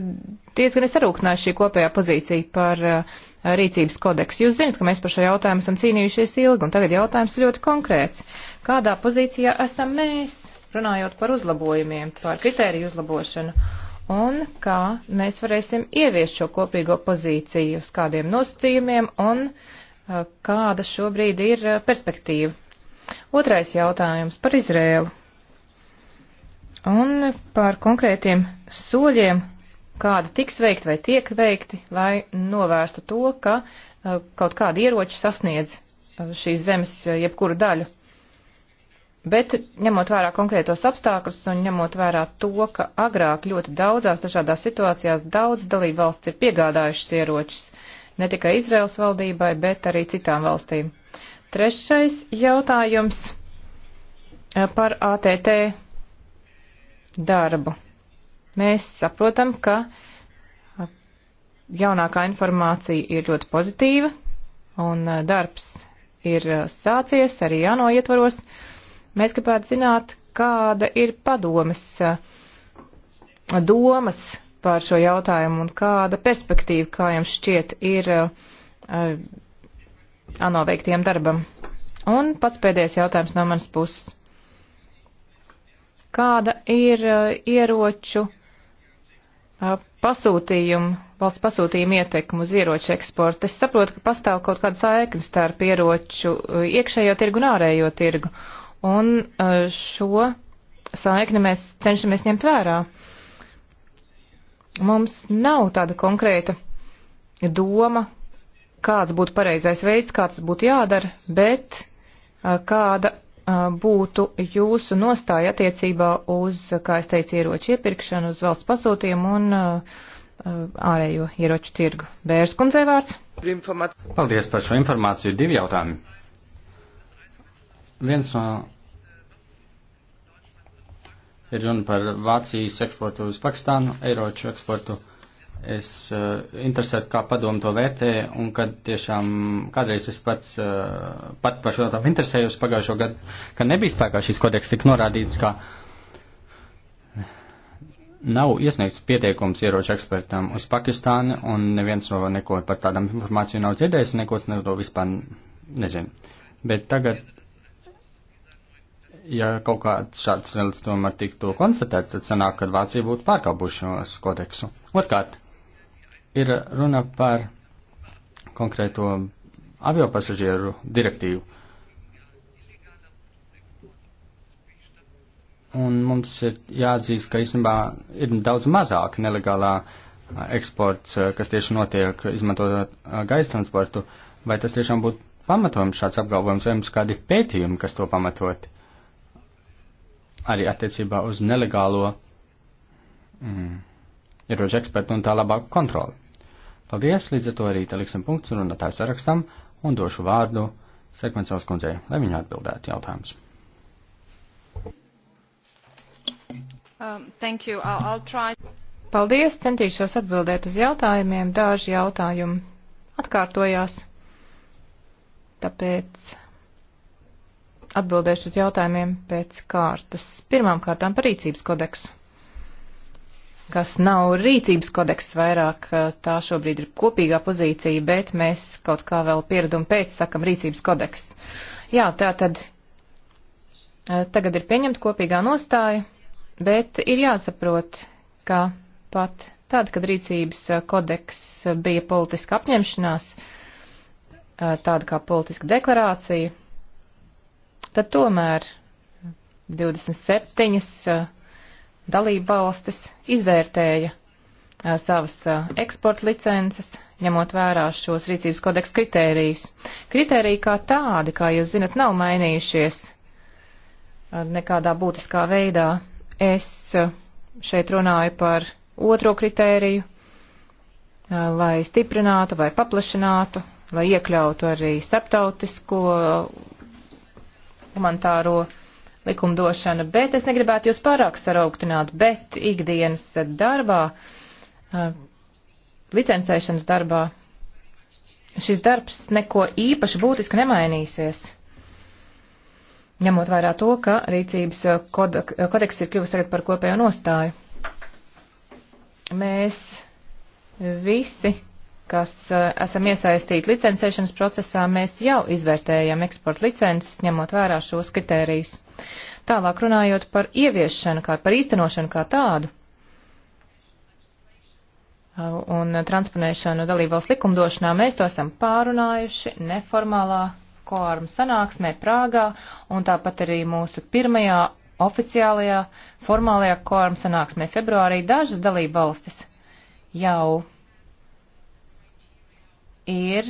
diezgan sarūknāja šī kopējā pozīcija par eh, rīcības kodeksu. Jūs zinat, ka mēs par šo jautājumu esam cīnījušies ilgi, un tagad jautājums ir ļoti konkrēts. Kādā pozīcijā esam mēs, runājot par uzlabojumiem, par kritēriju uzlabošanu? un kā mēs varēsim ieviest šo kopīgo pozīciju, uz kādiem nosacījumiem un uh, kāda šobrīd ir uh, perspektīva. Otrais jautājums par Izrēlu un par konkrētiem soļiem, kāda tiks veikt vai tiek veikti, lai novērstu to, ka uh, kaut kāda ieroča sasniedz šīs zemes jebkuru daļu. Bet ņemot vērā konkrētos apstākļus un ņemot vērā to, ka agrāk ļoti daudzās dažādās situācijās daudz dalību valsts ir piegādājušas ieročus, ne tikai Izraels valdībai, bet arī citām valstīm. Trešais jautājums eh, par ATT darbu. Mēs saprotam, ka eh, jaunākā informācija ir ļoti pozitīva un eh, darbs ir sācies arī jānoietvaros. ietvaros Mēs gribētu zināt, kāda ir padomas eh, domas par šo jautājumu un kāda perspektīva, kā jums šķiet, ir eh, ANO veiktiem darbam. Un pats pēdējais jautājums no manas puses. Kāda ir eh, ieroču pasūtījumu, valsts pasūtījumu ietekmu uz ieroču eksportu? Es saprotu, ka pastāv kaut kāda saikne starp ieroču iekšējo tirgu un ārējo tirgu. Un uh, šo saikni mēs cenšamies ņemt vērā. Mums nav tāda konkrēta doma, kāds būtu pareizais veids, kāds būtu jādara, bet uh, kāda uh, būtu jūsu nostāja attiecībā uz, kā es teicu, ieroču iepirkšanu, uz valsts pasūtījumu un ārējo ieroču tirgu. Bērs kundzei vārds. Paldies par šo informāciju. Divi jautājumi. Viens no ir runa par Vācijas eksportu uz Pakistānu, Eiroču eksportu. Es uh, eh, interesētu, kā padomu to vērtē, un kad tiešām kādreiz es pats, uh, pat par šo tam interesējos pagājušo gadu, kad nebija spēkā šis kodeks, tika norādīts, ka nav iesniegts pieteikums ieroču ekspertam uz Pakistānu, un neviens no neko par tādām informāciju nav dzirdējis, neko es no to vispār nezinu. Bet tagad ja kaut kāds šāds reāls tomēr tiktu konstatēts, tad sanāk, ka Vācija būtu pārkāpušos kodeksu. Otkārt, ir runa par konkrēto aviopasažieru direktīvu. Un mums ir jāatzīst, ka īstenībā ir daudz mazāk nelegālā eksports, kas tieši notiek izmantojot uh, gaisa transportu. Vai tas tiešām būtu pamatojums šāds apgalvojums, vai jums kādi pētījumi, kas to pamatot? Uh, arī attiecībā uz nelegālo mm, ieroču ekspertu un tā labāku kontroli. Paldies, līdz ar to arī teliksim punkts runātāju sarakstam un došu vārdu sekvencāls kundzei, lai viņa atbildētu jautājumus. Um, thank you. I'll, I'll try. Paldies, centīšos atbildēt uz jautājumiem. Daži jautājumi atkārtojās, tāpēc Atbildēšu uz jautājumiem pēc kārtas. Pirmām kārtām par rīcības kodeksu. Kas nav rīcības kodeks vairāk, eh, tā šobrīd ir kopīgā pozīcija, bet mēs kaut kā vēl pieredumu pēc sakam rīcības kodeks. Jā, tā tad eh, tagad ir pieņemta kopīgā nostāja, bet ir jāsaprot, ka pat tad, kad rīcības eh, kodeks bija politiska apņemšanās, tāda kā politiska deklarācija, tad tomēr 27 dalība valstis izvērtēja savas eksporta licences, ņemot vērā šos rīcības kodeksa kritērijus. Kritēriji kā tādi, kā jūs zinat, nav mainījušies nekādā būtiskā veidā. Es šeit runāju par otro kritēriju, lai stiprinātu vai paplašinātu, lai iekļautu arī starptautisko humanitāro likumdošanu, bet es negribētu jūs pārāk sarauktinātu, bet ikdienas darbā, licencēšanas darbā, šis darbs neko īpaši būtiski nemainīsies. Ņemot vairāk to, ka rīcības kodeks ir kļuvis tagad par kopējo nostāju. Mēs visi kas eh, esam iesaistīti licencēšanas procesā, mēs jau izvērtējam eksporta licences, ņemot vērā šos kritērijus. Tālāk runājot par ieviešanu, kā par īstenošanu kā tādu eh, un transponēšanu dalībvalsts likumdošanā, mēs to esam pārunājuši neformālā koāruma sanāksmē Prāgā un tāpat arī mūsu pirmajā oficiālajā formālajā koāruma sanāksmē februārī dažas dalībvalstis jau ir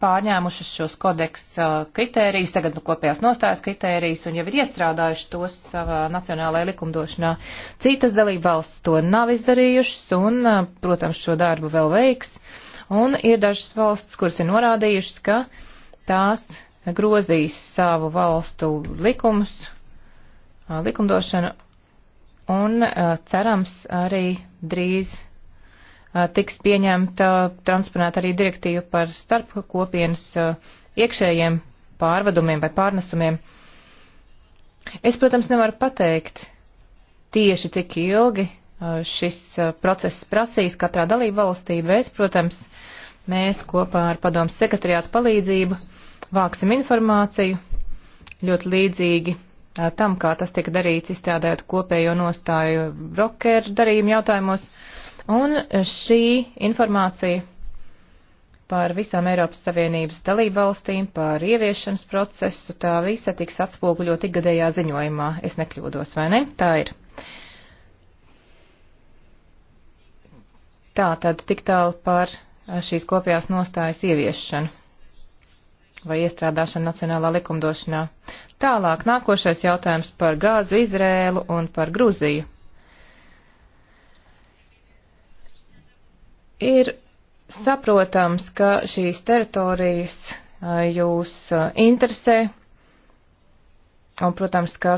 pārņēmušas šos kodeksa uh, kritērijus, tagad nu kopējās nostājas kritērijus un jau ir iestrādājuši tos savā nacionālajā likumdošanā. Citas dalība valsts to nav izdarījušas un, uh, protams, šo darbu vēl veiks. Un ir dažas valsts, kuras ir norādījušas, ka tās grozīs savu valstu likumus, uh, likumdošanu un cerams arī drīz Eh, tiks pieņemta, transponēta arī direktīva par starp kopienas eh, iekšējiem pārvadumiem vai pārnesumiem. Es, protams, nevaru pateikt tieši, cik ilgi eh, šis process prasīs katrā dalība valstī, bet, protams, mēs kopā ar padomu sekretariātu palīdzību vāksim informāciju ļoti līdzīgi tam, kā tas tika darīts, izstrādājot kopējo nostāju brokeru darījumu jautājumos. Uh, Un šī informācija par visām Eiropas Savienības dalībvalstīm, par ieviešanas procesu, tā visa tiks atspoguļot ikgadējā ziņojumā. Es nekļūdos, vai ne? Tā ir. Tā tad tik tālu par šīs kopējās nostājas ieviešanu vai iestrādāšanu nacionālā likumdošanā. Tālāk nākošais jautājums par gāzu Izrēlu un par Gruziju. Ir saprotams, ka šīs teritorijas jūs interesē, un, protams, ka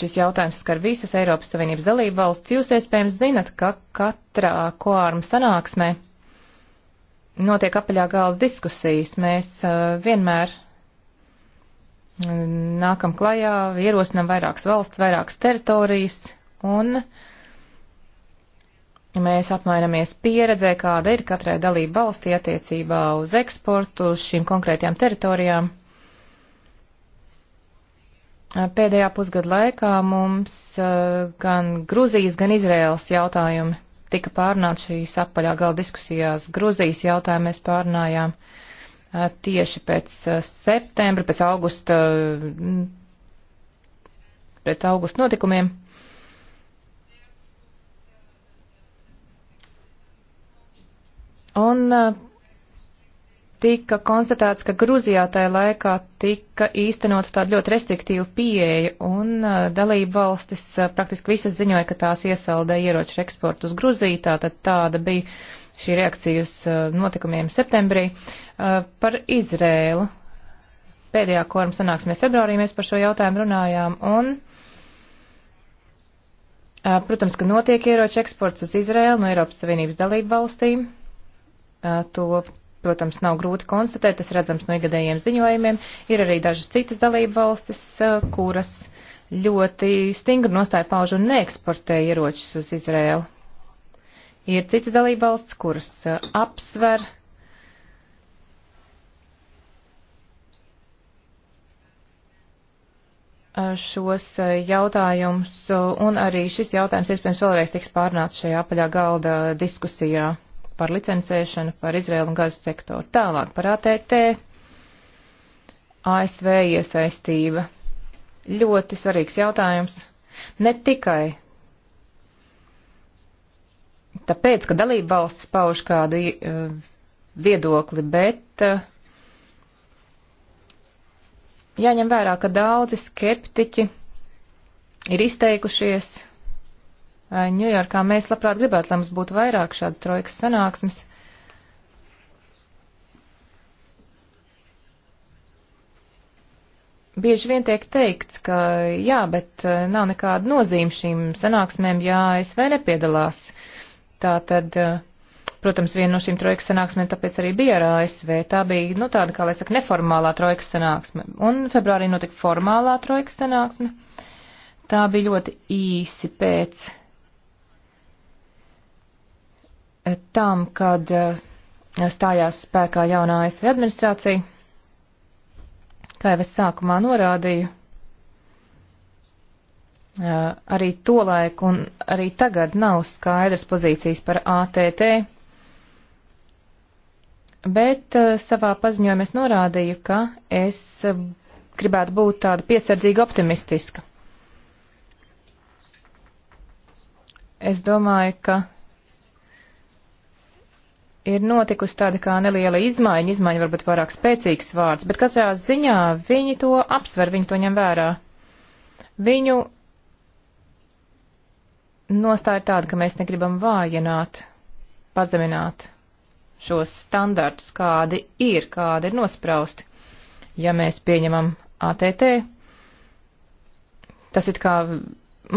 šis jautājums skar visas Eiropas Savienības dalību valsts. Jūs iespējams zinat, ka katrā koārma sanāksmē notiek apaļā galda diskusijas. Mēs vienmēr nākam klajā, ierosinam vairākas valsts, vairākas teritorijas, un uh, Mēs apmainamies pieredzē, kāda ir katrai dalība valstī attiecībā uz eksportu uz šīm konkrētajām teritorijām. Pēdējā pusgada laikā mums eh, gan Gruzijas, gan Izraēlas jautājumi tika pārnāti šīs apaļā gala diskusijās. Gruzijas jautājumu mēs pārnājām eh, tieši pēc eh, septembra, pēc augusta, mm, pēc augusta notikumiem. Un eh, tika konstatēts, ka Gruzijā tajā laikā tika īstenota tāda ļoti restriktīva pieeja, un eh, dalība valstis eh, praktiski visas ziņoja, ka tās iesaldē ieroču eksportu uz Gruziju, tātad tāda bija šī reakcija uz notikumiem septembrī. Par Izrēlu pēdējā koruma sanāksmē februārī mēs par šo jautājumu runājām, un. Protams, ka notiek ieroču eksports uz Izrēlu no Eiropas Savienības dalību valstīm. Eh, to, protams, nav grūti konstatēt, tas redzams no ikgadējiem ziņojumiem. Ir arī dažas citas dalība valstis, eh, kuras ļoti stingri nostāja pauž un neeksportē ieročus uz Izrēlu. Ir citas dalība valsts, kuras eh, apsver šos jautājumus, un arī šis jautājums iespējams vēlreiz tiks pārnāts šajā apaļā galda diskusijā par licencēšanu, par Izraēlu un Gazas sektoru. Tālāk par ATT, ASV iesaistība. Ļoti svarīgs jautājums. Ne tikai tāpēc, ka dalība valsts pauž kādu uh, viedokli, bet uh, jāņem vērā, ka daudzi skeptiķi ir izteikušies Ņujorkā. Mēs labprāt gribētu, lai mums būtu vairāk šādas trojkas sanāksmes. Bieži vien tiek teikts, ka jā, bet eh, nav nekāda nozīme šīm sanāksmēm, ja ASV nepiedalās. Tā tad, eh, protams, viena no šīm trojkas sanāksmēm tāpēc arī bija ar ASV. Tā bija, nu, tāda, kā lai saka, neformālā trojkas sanāksme. Un februārī notika formālā trojkas sanāksme. Tā bija ļoti īsi pēc tam, kad eh, stājās spēkā jaunā ASV administrācija, kā jau es sākumā norādīju, eh, arī tolaik un arī tagad nav skaidras pozīcijas par ATT, bet eh, savā paziņojumā es norādīju, ka es gribētu būt tāda piesardzīga optimistiska. Es domāju, ka ir notikusi tāda kā neliela izmaiņa, izmaiņa varbūt pārāk spēcīgs vārds, bet katrā ziņā viņi to apsver, viņi to ņem vērā. Viņu nostāja ir tāda, ka mēs negribam vājināt, pazemināt šos standartus, kādi ir, kādi ir nosprausti. Ja mēs pieņemam ATT, tas it kā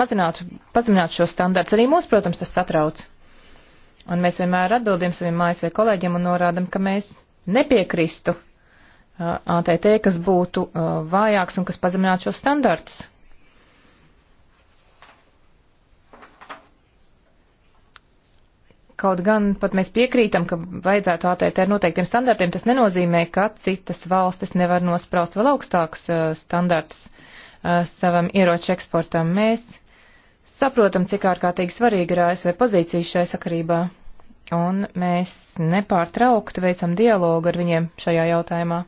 mazinātu, pazeminātu šos standartus. Arī mūs, protams, tas satrauc. Un mēs vienmēr atbildam saviem ASV kolēģiem un norādam, ka mēs nepiekristu uh, ATT, kas būtu uh, vājāks un kas pazeminātu šos standartus. Kaut gan pat mēs piekrītam, ka vajadzētu ATT ar noteiktiem standartiem, tas nenozīmē, ka citas valstis nevar nospraust vēl augstākus uh, standartus savam ieroču eksportam. Mēs Saprotam, cik ārkārtīgi svarīga ir ASV pozīcija šai sakarībā, un mēs nepārtraukti veicam dialogu ar viņiem šajā jautājumā.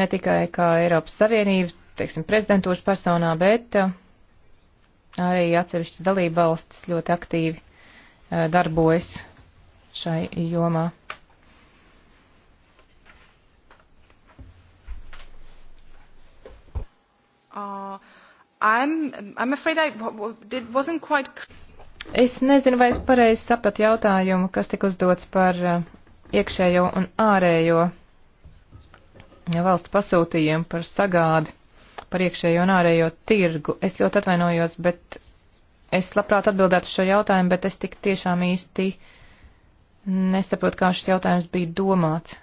Ne tikai kā Eiropas Savienība, teiksim, prezidentūras personā, bet uh, arī atsevišķas dalība valstis ļoti aktīvi uh, darbojas šai jomā. Uh. I'm, I'm afraid I did, wasn't quite... Es nezinu, vai es pareizi sapratu jautājumu, kas tika uzdots par uh, iekšējo un ārējo valsts pasūtījumu par sagādi, par iekšējo un ārējo tirgu. Es ļoti atvainojos, bet es labprāt atbildētu šo jautājumu, bet es tik tiešām īsti nesaprotu, kā šis jautājums bija domāts.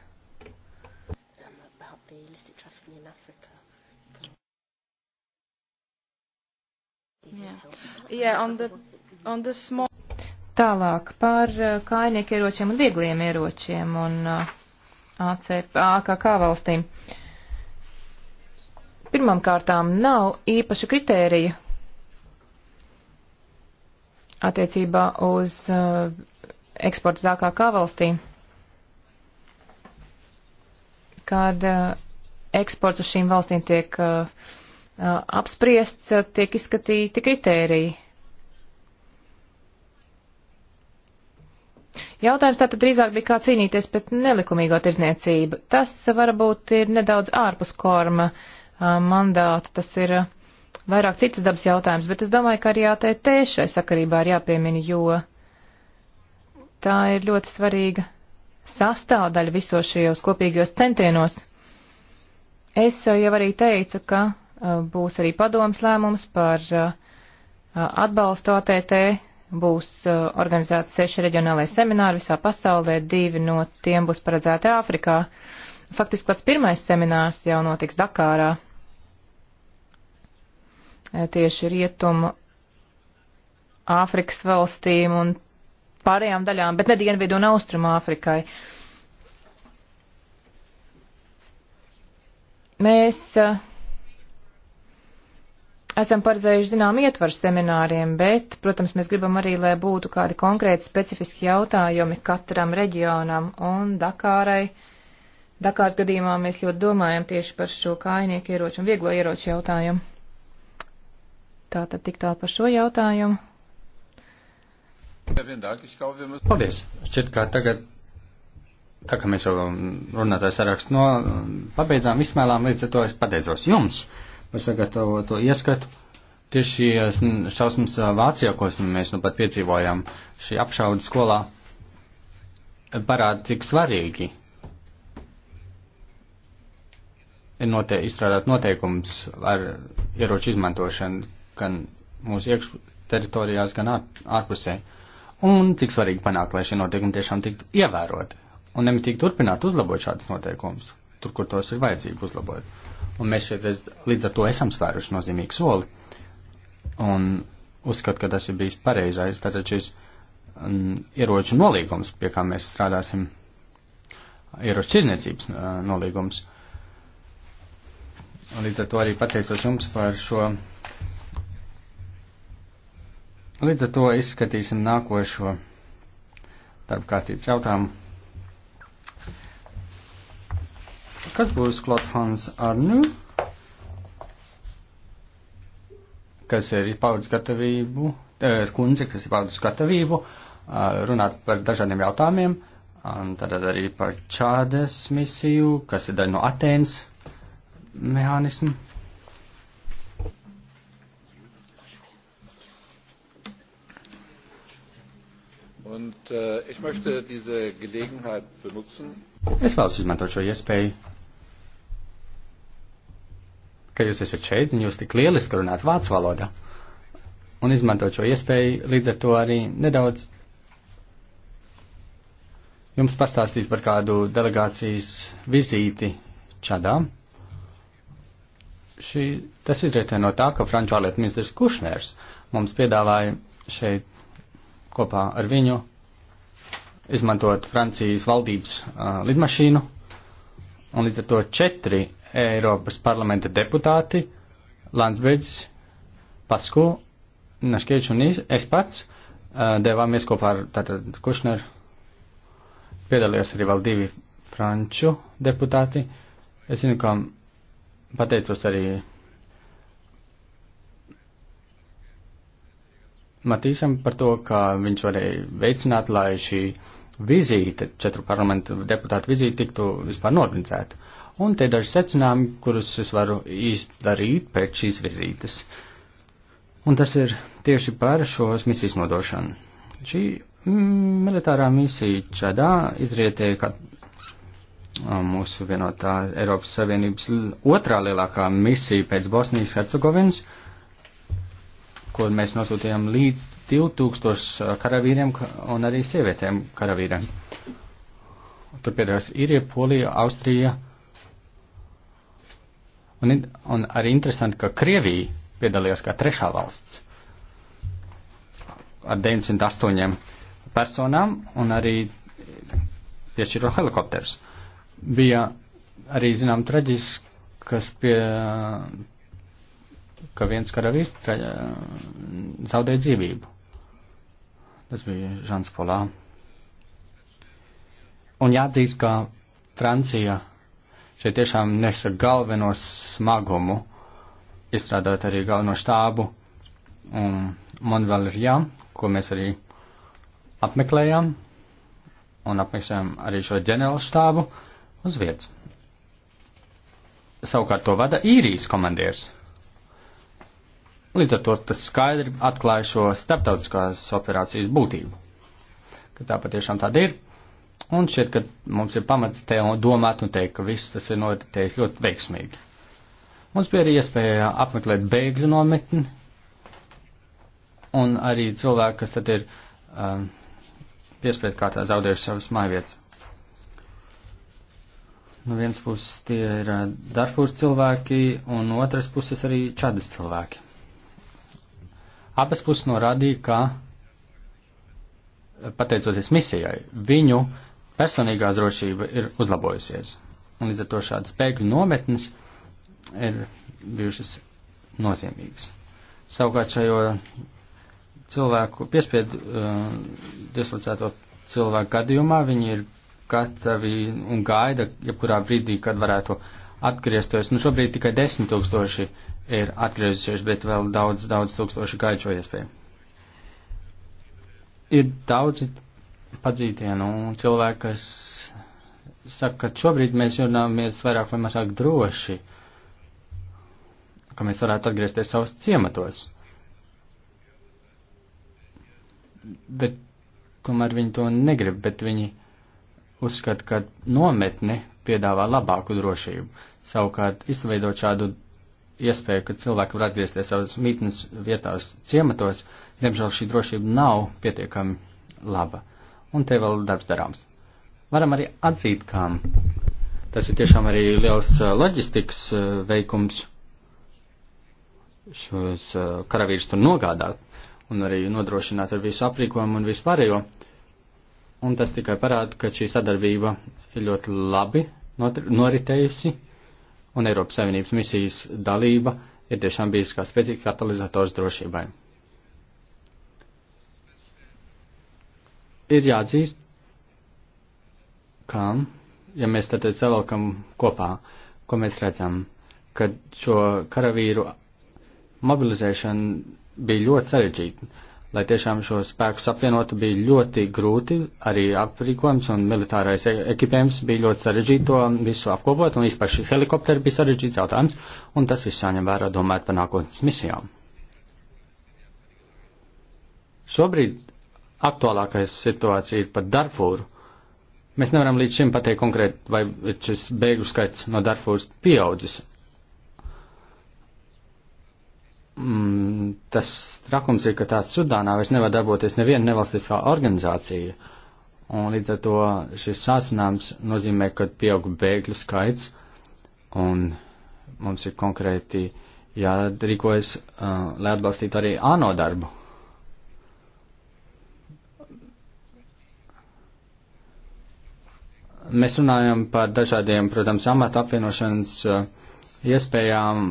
Yeah. Yeah, on the, on the small... Tālāk par uh, kājnieku ieročiem un viegliem ieročiem un ACP, uh, AKK valstīm. Pirmām kārtām nav īpaša kritērija attiecībā uz uh, eksportu uz AKK valstīm, kad eksports uz šīm valstīm tiek uh, Eh, apspriests, eh, tiek izskatīti kritēriji. Jautājums tātad drīzāk bija kā cīnīties pret nelikumīgo tirzniecību. Tas eh, varbūt ir nedaudz ārpus korma mandāta, tas ir vairāk citas dabas jautājums, bet es domāju, ka arī ATT šai sakarībā ir jāpiemina, jo tā ir ļoti svarīga sastāvdaļa visos šajos kopīgajos centienos. Es jau arī teicu, ka Eh, būs arī padomas lēmums par eh, eh, atbalstu ATT, būs organizēti seši reģionālai semināri visā pasaulē, divi no tiem būs paredzēti Āfrikā. Faktiski pats pirmais seminārs jau notiks Dakārā, tieši rietumu Āfrikas valstīm un pārējām daļām, bet ne dienvidu un austrumu Āfrikai. Mēs uh, esam paredzējuši zinām ietvaru semināriem, bet, protams, mēs gribam arī, lai būtu kādi konkrēti specifiski jautājumi katram reģionam un Dakārai. Dakāras gadījumā mēs ļoti domājam tieši par šo kājnieku ieroču un vieglo ieroču jautājumu. Tā tad tik tālu par šo jautājumu. Paldies. Šķiet, kā tagad, tā kā mēs jau runātājs sarakstu no, pabeidzām, izsmēlām, līdz ar to es pateicos jums sagatavoto ieskatu. Tieši šī eh, šausmas eh, Vācijā, ko mēs nu pat piedzīvojam, šī apšauda skolā parāda, cik svarīgi ir note izstrādāt noteikums ar ieroču izmantošanu gan mūsu iekš teritorijās, gan ārpusē. Un cik svarīgi panākt, lai šie noteikumi tiešām tiktu ievēroti un nemitīgi turpināt uzlabot šādas noteikumus, tur, kur tos ir vajadzīgi uzlabot. Un mēs šeit es, līdz ar to esam svēruši nozīmīgu soli. Un uzskatu, ka tas ir bijis pareizais. Tātad šis um, ieroču nolīgums, pie kā mēs strādāsim, ieroču izniecības uh, mm, nolīgums. Un līdz ar to arī pateicos jums par šo. Līdz ar to izskatīsim nākošo darba kārtības jautājumu. kas būs Klots Hans Arnu, kas ir paudz gatavību, eh, skundze, kas ir paudz gatavību eh, runāt par dažādiem jautājumiem, un tad arī par Čādes misiju, kas ir daļa no Atēnas mehānismu. Und äh, ich möchte diese Gelegenheit benutzen. Es war, dass ich mein deutscher Yes Pay ka jūs esat šeit un jūs tik lieliski runāt vācu valodā. Un izmantot šo iespēju, līdz ar to arī nedaudz jums pastāstīt par kādu delegācijas vizīti Čadā. Šī, tas izrietē no tā, ka franču ārlietu ministrs Kušners mums piedāvāja šeit kopā ar viņu izmantot Francijas valdības uh, lidmašīnu, un līdz ar to četri Eiropas parlamenta deputāti Landsbeģis, Pasku, Naškievičs un es pats devāmies kopā ar tātad Kušneru. Piedalījos arī vēl divi franču deputāti. Es zinu, ka pateicos arī Matīsam par to, ka viņš varēja veicināt, lai šī vizīte, četru parlamentu deputātu vizīte tiktu vispār norganizēta. Uh, un te daži secinājumi, kurus es varu izdarīt pēc šīs vizītes. Un tas ir tieši par šos misijas nodošanu. Šī mm, militārā misija Čadā izrietēja, ka mūsu vienotā Eiropas Savienības otrā lielākā misija pēc Bosnijas Hercegovinas, kur mēs nosūtījām līdz 2000 karavīriem un arī sievietēm karavīriem. Tur piedalās Irija, Polija, Austrija, Un, un arī interesanti, ka Krievija piedalījās kā trešā valsts ar 908 personām un arī piešķiro helikopters. Bija arī, zinām, traģiskas pie, ka viens karavīrs zaudēja dzīvību. Tas bija Žans Polā. Un jāatzīst, ka Francija šeit tiešām nesa galveno smagumu, izstrādāt arī galveno štābu. Un man vēl ir jā, ko mēs arī apmeklējām, un apmeklējām arī šo ģenerālu štābu uz vietas. Savukārt to vada īrijas komandieris. Līdz ar to tas skaidri atklāja šo starptautiskās operācijas būtību. Ka tā patiešām tāda ir. Un šķiet, ka mums ir pamats te domāt un teikt, ka viss tas ir noritējis ļoti veiksmīgi. Mums bija arī iespēja apmeklēt bēgļu nometni, un arī cilvēki, kas tad ir um, piespiedu kārtā zaudējuši savas mājvietas. No nu, vienas puses tie ir uh, Darfūras cilvēki, un no otras puses arī Čadas cilvēki. Abas puses norādīja, ka pateicoties misijai, viņu uh, personīgā drošība ir uzlabojusies. Un līdz ar to šādas bēgļu nometnes ir bijušas nozīmīgas. Savukārt šajo cilvēku piespiedu uh, dislocēto cilvēku gadījumā viņi ir gatavi un gaida, jebkurā brīdī, kad varētu atgriezties. Nu, šobrīd tikai desmit tūkstoši ir atgriezušies, bet vēl daudz, daudz tūkstoši gaida šo iespēju. Ir daudzi padzītienu un cilvēki, kas saka, ka šobrīd mēs jūtamies vairāk vai mazāk droši, ka mēs varētu atgriezties savos ciematos. Bet tomēr viņi to negrib, bet viņi uzskata, ka nometne piedāvā labāku drošību. Savukārt, izveidot šādu iespēju, ka cilvēki var atgriezties savas mītnes vietās ciematos, diemžēl šī drošība nav pietiekami laba un te vēl darbs darāms. Varam arī atzīt, ka tas ir tiešām arī liels loģistikas veikums šos karavīrus tur nogādāt un arī nodrošināt ar visu aprīkojumu un vispārējo. Un tas tikai parāda, ka šī sadarbība ir ļoti labi noritējusi, un Eiropas Savienības misijas dalība ir tiešām bijusi kā spēcīgs katalizators drošībai. ir jāatzīst, ka, ja mēs tātad savalkam kopā, ko mēs redzam, ka šo karavīru mobilizēšana bija ļoti sarežģīta. Lai tiešām šo spēku apvienotu, bija ļoti grūti, arī aprīkojums un militārais e- ekipējums bija ļoti sarežģīti to visu apkopot, un vispār šī helikopteri bija sarežģīts jautājums, un tas viss jāņem vērā domājot par nākotnes misijām. Šobrīd aktuālākais situācija ir par Darfūru. Mēs nevaram līdz šim pateikt konkrēti, vai šis bēgļu skaits no Darfūras pieaudzis. Mm, tas trakums ir, ka tāds Sudānā vairs nevar darboties neviena nevalstiskā organizācija. Un līdz ar to šis sāsinājums nozīmē, ka pieaug bēgļu skaits un mums ir konkrēti jārīkojas, uh, lai atbalstītu arī āno darbu. Mēs runājam par dažādiem, protams, amatu apvienošanas uh, iespējām.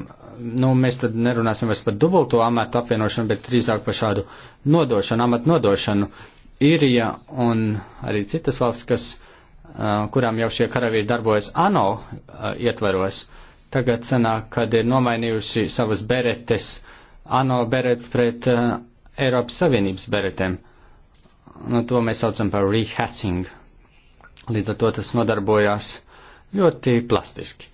Nu, mēs tad nerunāsim vairs par dubulto amatu apvienošanu, bet drīzāk par šādu nodošanu, amatu nodošanu. Irija un arī citas valsts, kas, uh, kurām jau šie karavīri darbojas ANO uh, ietveros, tagad sanāk, kad ir nomainījuši savas beretes, ANO berets pret Eiropas Savienības beretēm. Nu, to mēs saucam par rehatching Līdz ar to tas nodarbojās ļoti plastiski.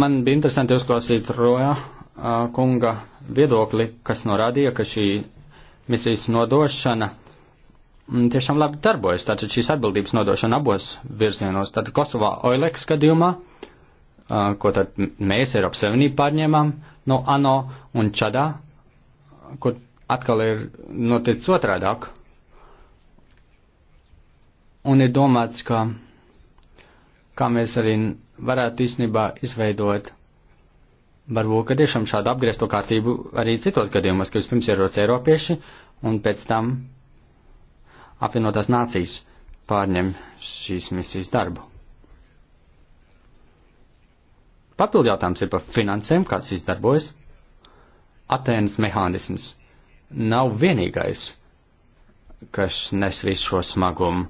Man bija interesanti uzklausīt Roja kunga viedokli, kas norādīja, ka šī misijas nodošana mm, tiešām labi darbojas. Tātad šīs atbildības nodošana abos virzienos. Tad Kosovā Oileks gadījumā, ko tad mēs Eiropas Savienību pārņēmām no ANO un Čadā kur atkal ir noticis otrādāk. Un ir domāts, ka kā mēs arī varētu īstenībā izveidot, varbūt, ka tiešām šādu apgriezto kārtību arī citos gadījumos, ka vispirms ieroc Eiropieši un pēc tam apvienotās nācijas pārņem šīs misijas darbu. Papildu jautājums ir par finansēm, kāds izdarbojas. Atēnas mehānisms nav vienīgais, kas nes visu šo smagumu.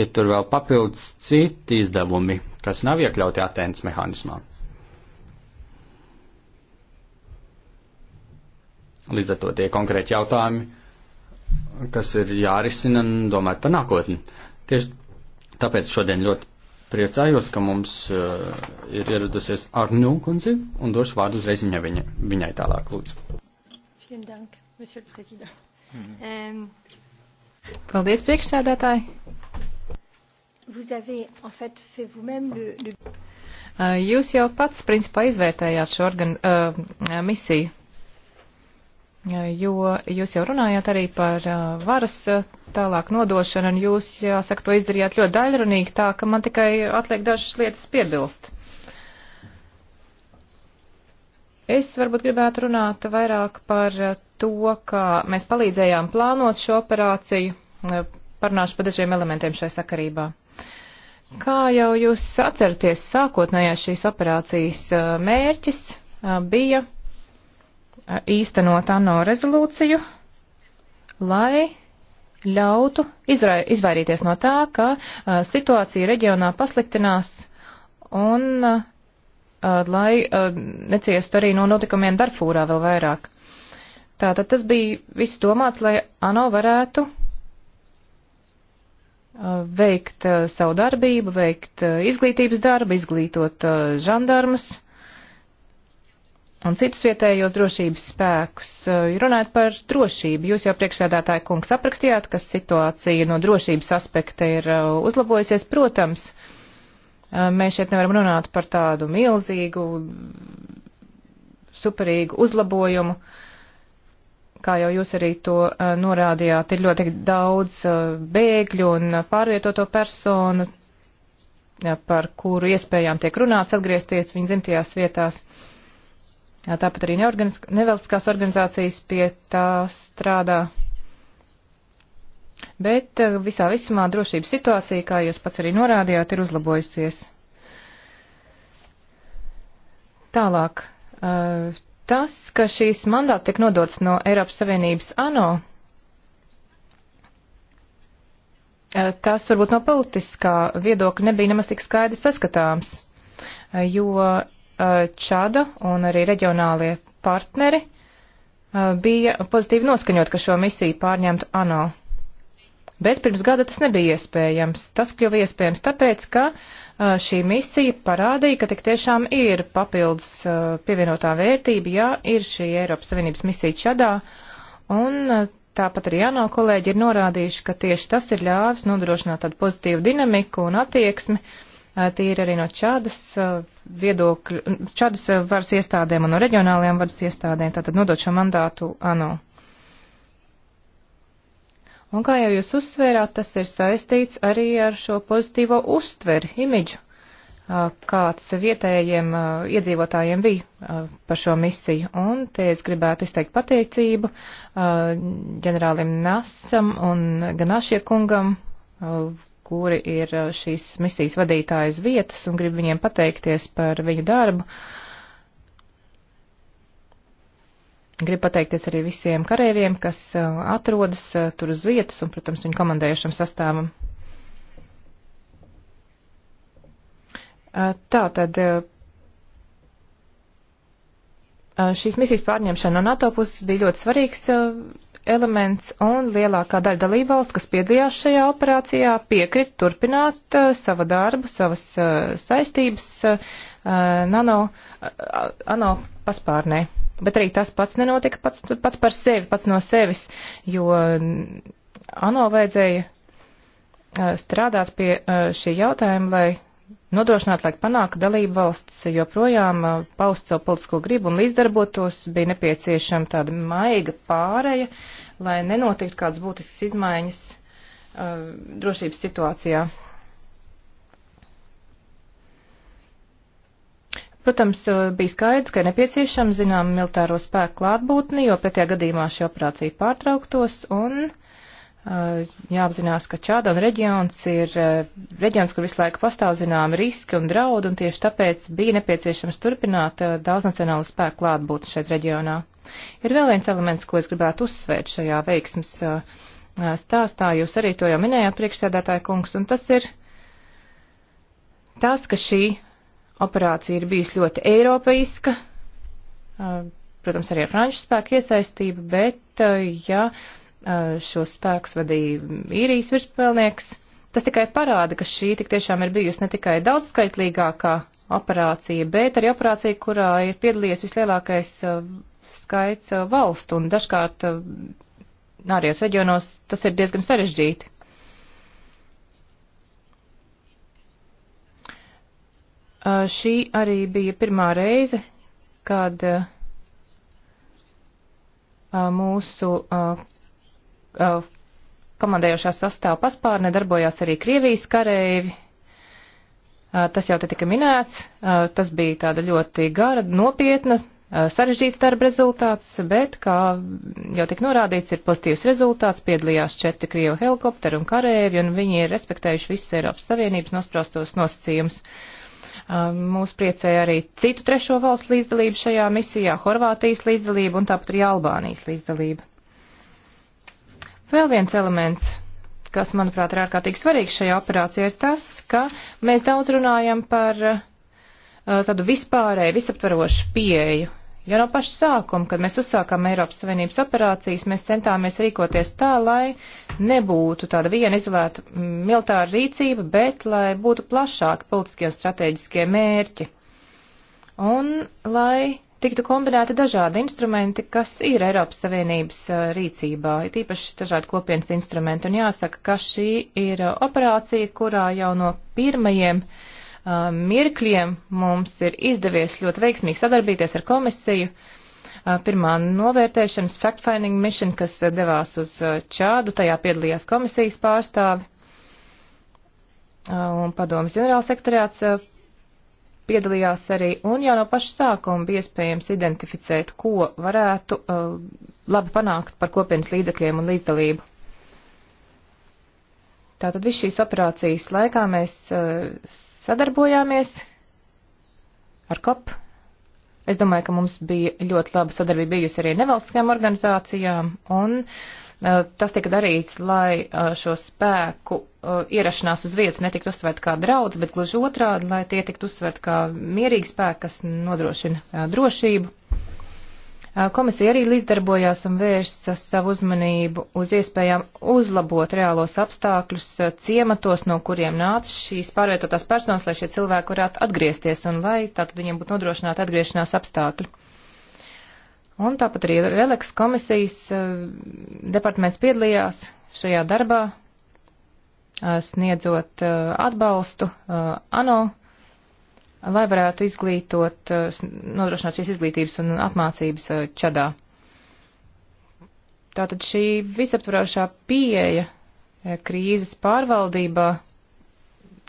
Ir tur vēl papildus citi izdevumi, kas nav iekļauti Atēnas mehānismā. Līdz ar to tie konkrēti jautājumi, kas ir jārisina un domāt par nākotni. Tieši tāpēc šodien ļoti priecājos, ka mums uh, ir ieradusies Arnu kundze un došu vārdu uzreiz viņa, viņai tālāk, lūdzu. Mm-hmm. Euh, Paldies, priekšsēdētāji! Vous avez en fait fait vous-même le, le... Jūs jau pats, principā, izvērtējāt šo organ, uh, misiju, jo jūs jau runājāt arī par uh, varas uh, tālāk nodošanu, un jūs, jāsaka, to izdarījāt ļoti daļrunīgi, tā ka man tikai atliek dažas lietas piebilst. Es varbūt gribētu runāt vairāk par eh, to, kā mēs palīdzējām plānot šo operāciju. Eh, parunāšu par dažiem elementiem šai sakarībā. Kā jau jūs atceraties, sākotnējais šīs operācijas eh, mērķis bija īstenot ANO rezolūciju, lai ļautu izrai, izvairīties no tā, ka situācija reģionā pasliktinās un Uh, lai uh, neciestu arī no notikumiem Darfūrā vēl vairāk. Tātad tas bija viss domāts, lai ANO varētu uh, veikt savu darbību, veikt izglītības darbu, izglītot žandarmus un citus vietējos drošības spēkus. Runājot par drošību, jūs jau priekšsēdētāji kungs aprakstījāt, ka situācija no drošības aspekta ir uzlabojusies, protams. Uh, Eh, mēs šeit nevaram runāt par tādu milzīgu, superīgu uzlabojumu. Kā jau jūs arī to eh, norādījāt, ir ļoti daudz eh, bēgļu un pārvietoto personu, par kuru iespējām tiek runāts atgriezties viņa dzimtajās vietās. Tāpat arī nevalstiskās organizācijas pie tā strādā bet eh, visā visumā drošības situācija, kā jūs pats arī norādījāt, ir uzlabojusies. Tālāk, eh, tas, ka šīs mandāts tiek nodots no Eiropas Savienības ANO, eh, tas varbūt no politiskā viedokļa nebija nemaz tik skaidri saskatāms, jo Čada un arī reģionālie partneri bija pozitīvi noskaņot, ka šo misiju pārņemtu ANO bet pirms gada tas nebija iespējams. Tas kļuva iespējams tāpēc, ka šī misija parādīja, ka tik tiešām ir papildus pievienotā vērtība, ja ir šī Eiropas Savienības misija čadā, un tāpat arī ANO kolēģi ir norādījuši, ka tieši tas ir ļāvis nodrošināt tādu pozitīvu dinamiku un attieksmi. Tīri arī no čādas viedokļa, čādas varas iestādēm un no reģionālajām varas iestādēm, tātad nodot šo mandātu ANO. Un kā jau jūs uzsvērāt, tas ir saistīts arī ar šo pozitīvo uztveri, imidžu, kāds vietējiem iedzīvotājiem bija par šo misiju. Un te es gribētu izteikt pateicību ģenerālim Nasam un Ganāšie kungam, kuri ir šīs misijas vadītājas vietas, un gribu viņiem pateikties par viņu darbu Gribu pateikties arī visiem karēviem, kas atrodas tur uz vietas un, protams, viņu komandējušam sastāvam. Tā tad šīs misijas pārņemšana no NATO puses bija ļoti svarīgs elements, un lielākā daļa dalībvalstu, kas piedalījās šajā operācijā, piekrita turpināt savu darbu, savas saistības nano, ANO paspārnē. Bet arī tas pats nenotika pats, pats par sevi, pats no sevis, jo mm, ANO vajadzēja strādāt pie šī jautājuma, lai nodrošinātu, lai panāk dalību valsts joprojām paust savu politisko gribu un līdzdarbotos, bija nepieciešama tāda maiga pāreja, lai nenotiktu kādas būtiskas izmaiņas drošības situācijā. Protams, eh, bija skaidrs, ka nepieciešama zinām militāro spēku klātbūtni, jo pretējā gadījumā šī operācija pārtrauktos un eh, jāapzinās, ka Čāda un reģions ir eh, reģions, kur visu laiku pastāv zinām riski un draudi, un tieši tāpēc bija nepieciešams turpināt daudznacionālu spēku klātbūtni šeit reģionā. Ir vēl viens elements, ko es gribētu uzsvērt šajā veiksmes stāstā, jūs arī to jau minējāt priekšsēdētāja kungs, un tas ir tas, ka šī Operācija ir bijis ļoti eiropeiska, protams, arī ar franču spēku iesaistību, bet ja šo spēkus vadīja īrijas virspēlnieks, tas tikai parāda, ka šī tik tiešām ir bijusi ne tikai daudzskaitlīgākā operācija, bet arī operācija, kurā ir piedalījies vislielākais skaits valstu, un dažkārt ārējos reģionos tas ir diezgan sarežģīti. Uh, šī arī bija pirmā reize, kad uh, uh, mūsu komandējošā sastāva paspārne darbojās arī Krievijas kareivi. Tas jau te tika minēts, tas bija tāda ļoti gara, nopietna, sarežģīta darba rezultāts, bet, kā jau tik norādīts, ir pozitīvs rezultāts, piedalījās četri Krievu helikopteri un karēvi, un viņi ir respektējuši visas Eiropas Savienības nosprostos nosacījumus. Uh, Um, mūs priecē arī citu trešo valstu līdzdalība šajā misijā, Horvātijas līdzdalība un tāpat arī Albānijas līdzdalība. Vēl viens elements, kas, manuprāt, ir ārkārtīgi svarīgs šajā operācijā, ir tas, ka mēs daudz runājam par uh, tādu vispārēju, visaptvarošu pieeju Jo no paša sākuma, kad mēs uzsākām Eiropas Savienības operācijas, mēs centāmies rīkoties tā, lai nebūtu tāda viena izolēta militāra rīcība, bet lai būtu plašāki politiskie un strateģiskie mērķi. Un lai tiktu kombinēti dažādi instrumenti, kas ir Eiropas Savienības rīcībā, ir īpaši dažādi kopienas instrumenti. Un jāsaka, ka šī ir operācija, kurā jau no pirmajiem uh, Uh, mirkļiem mums ir izdevies ļoti veiksmīgi sadarbīties ar komisiju. Uh, pirmā novērtēšanas fact-finding mission, kas uh, devās uz Čādu, tajā piedalījās komisijas pārstāvi un padomas ģenerālsekretariāts piedalījās arī, un jau no paša sākuma bija iespējams identificēt, ko varētu labi panākt par kopienas līdzekļiem un līdzdalību. Tātad viss šīs operācijas laikā mēs sadarbojāmies ar COP. Es domāju, ka mums bija ļoti laba sadarbība bijusi arī nevalstiskajām organizācijām, un uh, tas tika darīts, lai uh, šo spēku uh, ierašanās uz vietas netiktu uztvert kā draudz, bet gluži otrādi, lai tie tiktu uztvert kā mierīgi spēki, kas nodrošina uh, drošību Komisija arī līdzdarbojās un vērsa savu uzmanību uz iespējām uzlabot reālos apstākļus ciematos, no kuriem nāca šīs pārvietotās personas, lai šie cilvēki varētu atgriezties un lai tātad viņiem būtu nodrošināti atgriešanās apstākļi. Un tāpat arī Releks komisijas departaments piedalījās šajā darbā, sniedzot atbalstu ANO lai varētu izglītot, eh, nodrošināt šīs izglītības un apmācības eh, čadā. Tātad šī visaptvarošā pieeja eh, krīzes pārvaldībā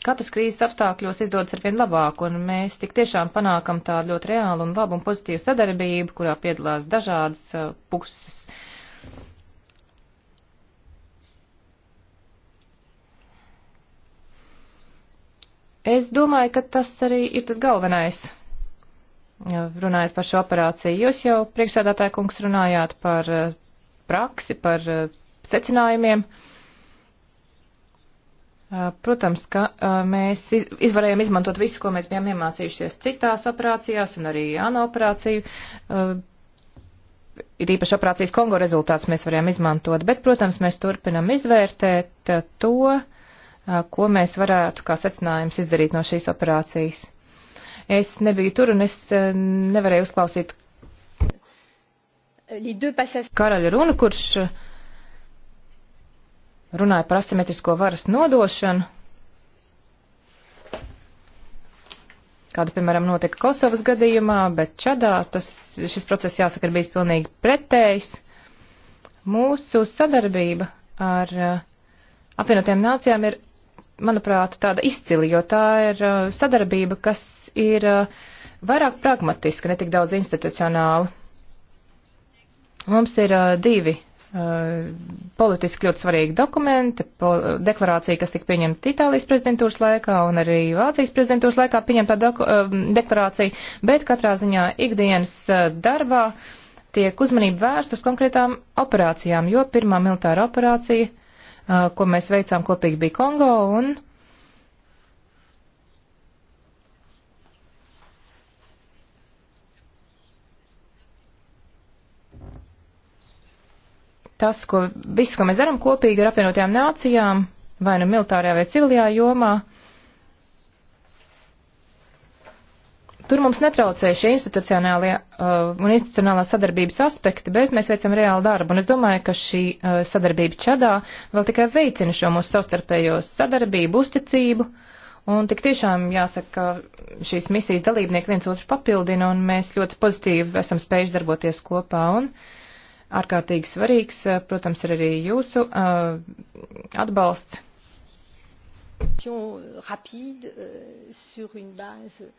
katras krīzes apstākļos izdodas arvien labāk, un mēs tik tiešām panākam tādu ļoti reālu un labu un pozitīvu sadarbību, kurā piedalās dažādas puses Es domāju, ka tas arī ir tas galvenais, runājot par šo operāciju. Jūs jau priekšsēdātāja kungs runājāt par eh, praksi, par eh, secinājumiem. Eh, protams, ka mēs izvarējām izmantot visu, ko mēs bijām iemācījušies citās operācijās un arī ANO operāciju. Ir īpaši operācijas Kongo rezultāts mēs varējām izmantot, bet, protams, mēs turpinam izvērtēt to, ko mēs varētu kā secinājums izdarīt no šīs operācijas. Es nebiju tur un es nevarēju uzklausīt karaļa runu, kurš runāja par asimetrisko varas nodošanu, kāda, piemēram, notika Kosovas gadījumā, bet Čadā tas, šis process, jāsaka, ir bijis pilnīgi pretējs. Mūsu sadarbība ar apvienotajām nācijām ir manuprāt, tāda izcili, jo tā ir uh, sadarbība, kas ir uh, vairāk pragmatiska, ne tik daudz institucionāla. Mums ir uh, divi politiski ļoti svarīgi dokumenti, po, deklarācija, kas tika pieņemta Itālijas prezidentūras laikā un arī Vācijas prezidentūras laikā pieņemta doku, deklarācija, bet katrā ziņā ikdienas darbā tiek uzmanība vērst uz konkrētām operācijām, jo pirmā militāra operācija Uh, ko mēs veicām kopīgi bija Kongo un. Tas, ko, viss, ko mēs darām kopīgi ar apvienotajām nācijām, vai nu militārajā vai civilajā jomā, Tur mums netraucēja šie institucionālie uh, un institucionālā sadarbības aspekti, bet mēs veicam reālu darbu, un es domāju, ka šī uh, sadarbība čadā vēl tikai veicina šo mūsu savstarpējo sadarbību, uzticību, un tik tiešām jāsaka, ka šīs misijas dalībnieki viens otru papildina, un mēs ļoti pozitīvi esam spējuši darboties kopā, un ārkārtīgi svarīgs, uh, protams, ir arī jūsu uh, atbalsts. rapide euh, sur une base euh,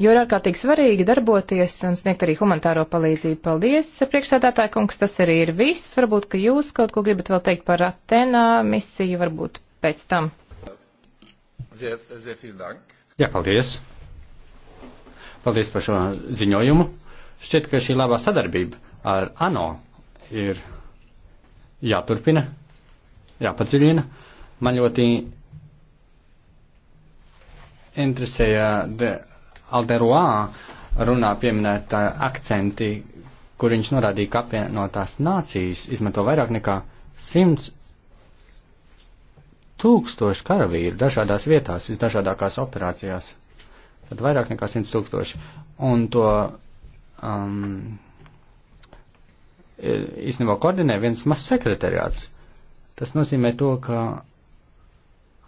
Jo ir ārkārtīgi svarīgi darboties un sniegt arī humanitāro palīdzību. Paldies, priekšsēdētāja kungs, tas arī ir viss. Varbūt, ka jūs kaut ko gribat vēl teikt par Atenā misiju, varbūt pēc tam. Sehr, sehr Jā, paldies. Paldies par šo ziņojumu. Šķiet, ka šī labā sadarbība ar ANO ir jāturpina, jāpadziļina. Man ļoti interesēja de Alderoā runā pieminēta akcenti, kur viņš norādīja, ka apvienotās nācijas izmanto vairāk nekā simts tūkstoši karavīru dažādās vietās, visdažādākās operācijās. Tad vairāk nekā simts tūkstoši. Un to um, īstenībā koordinē viens mazs sekretariāts. Tas nozīmē to, ka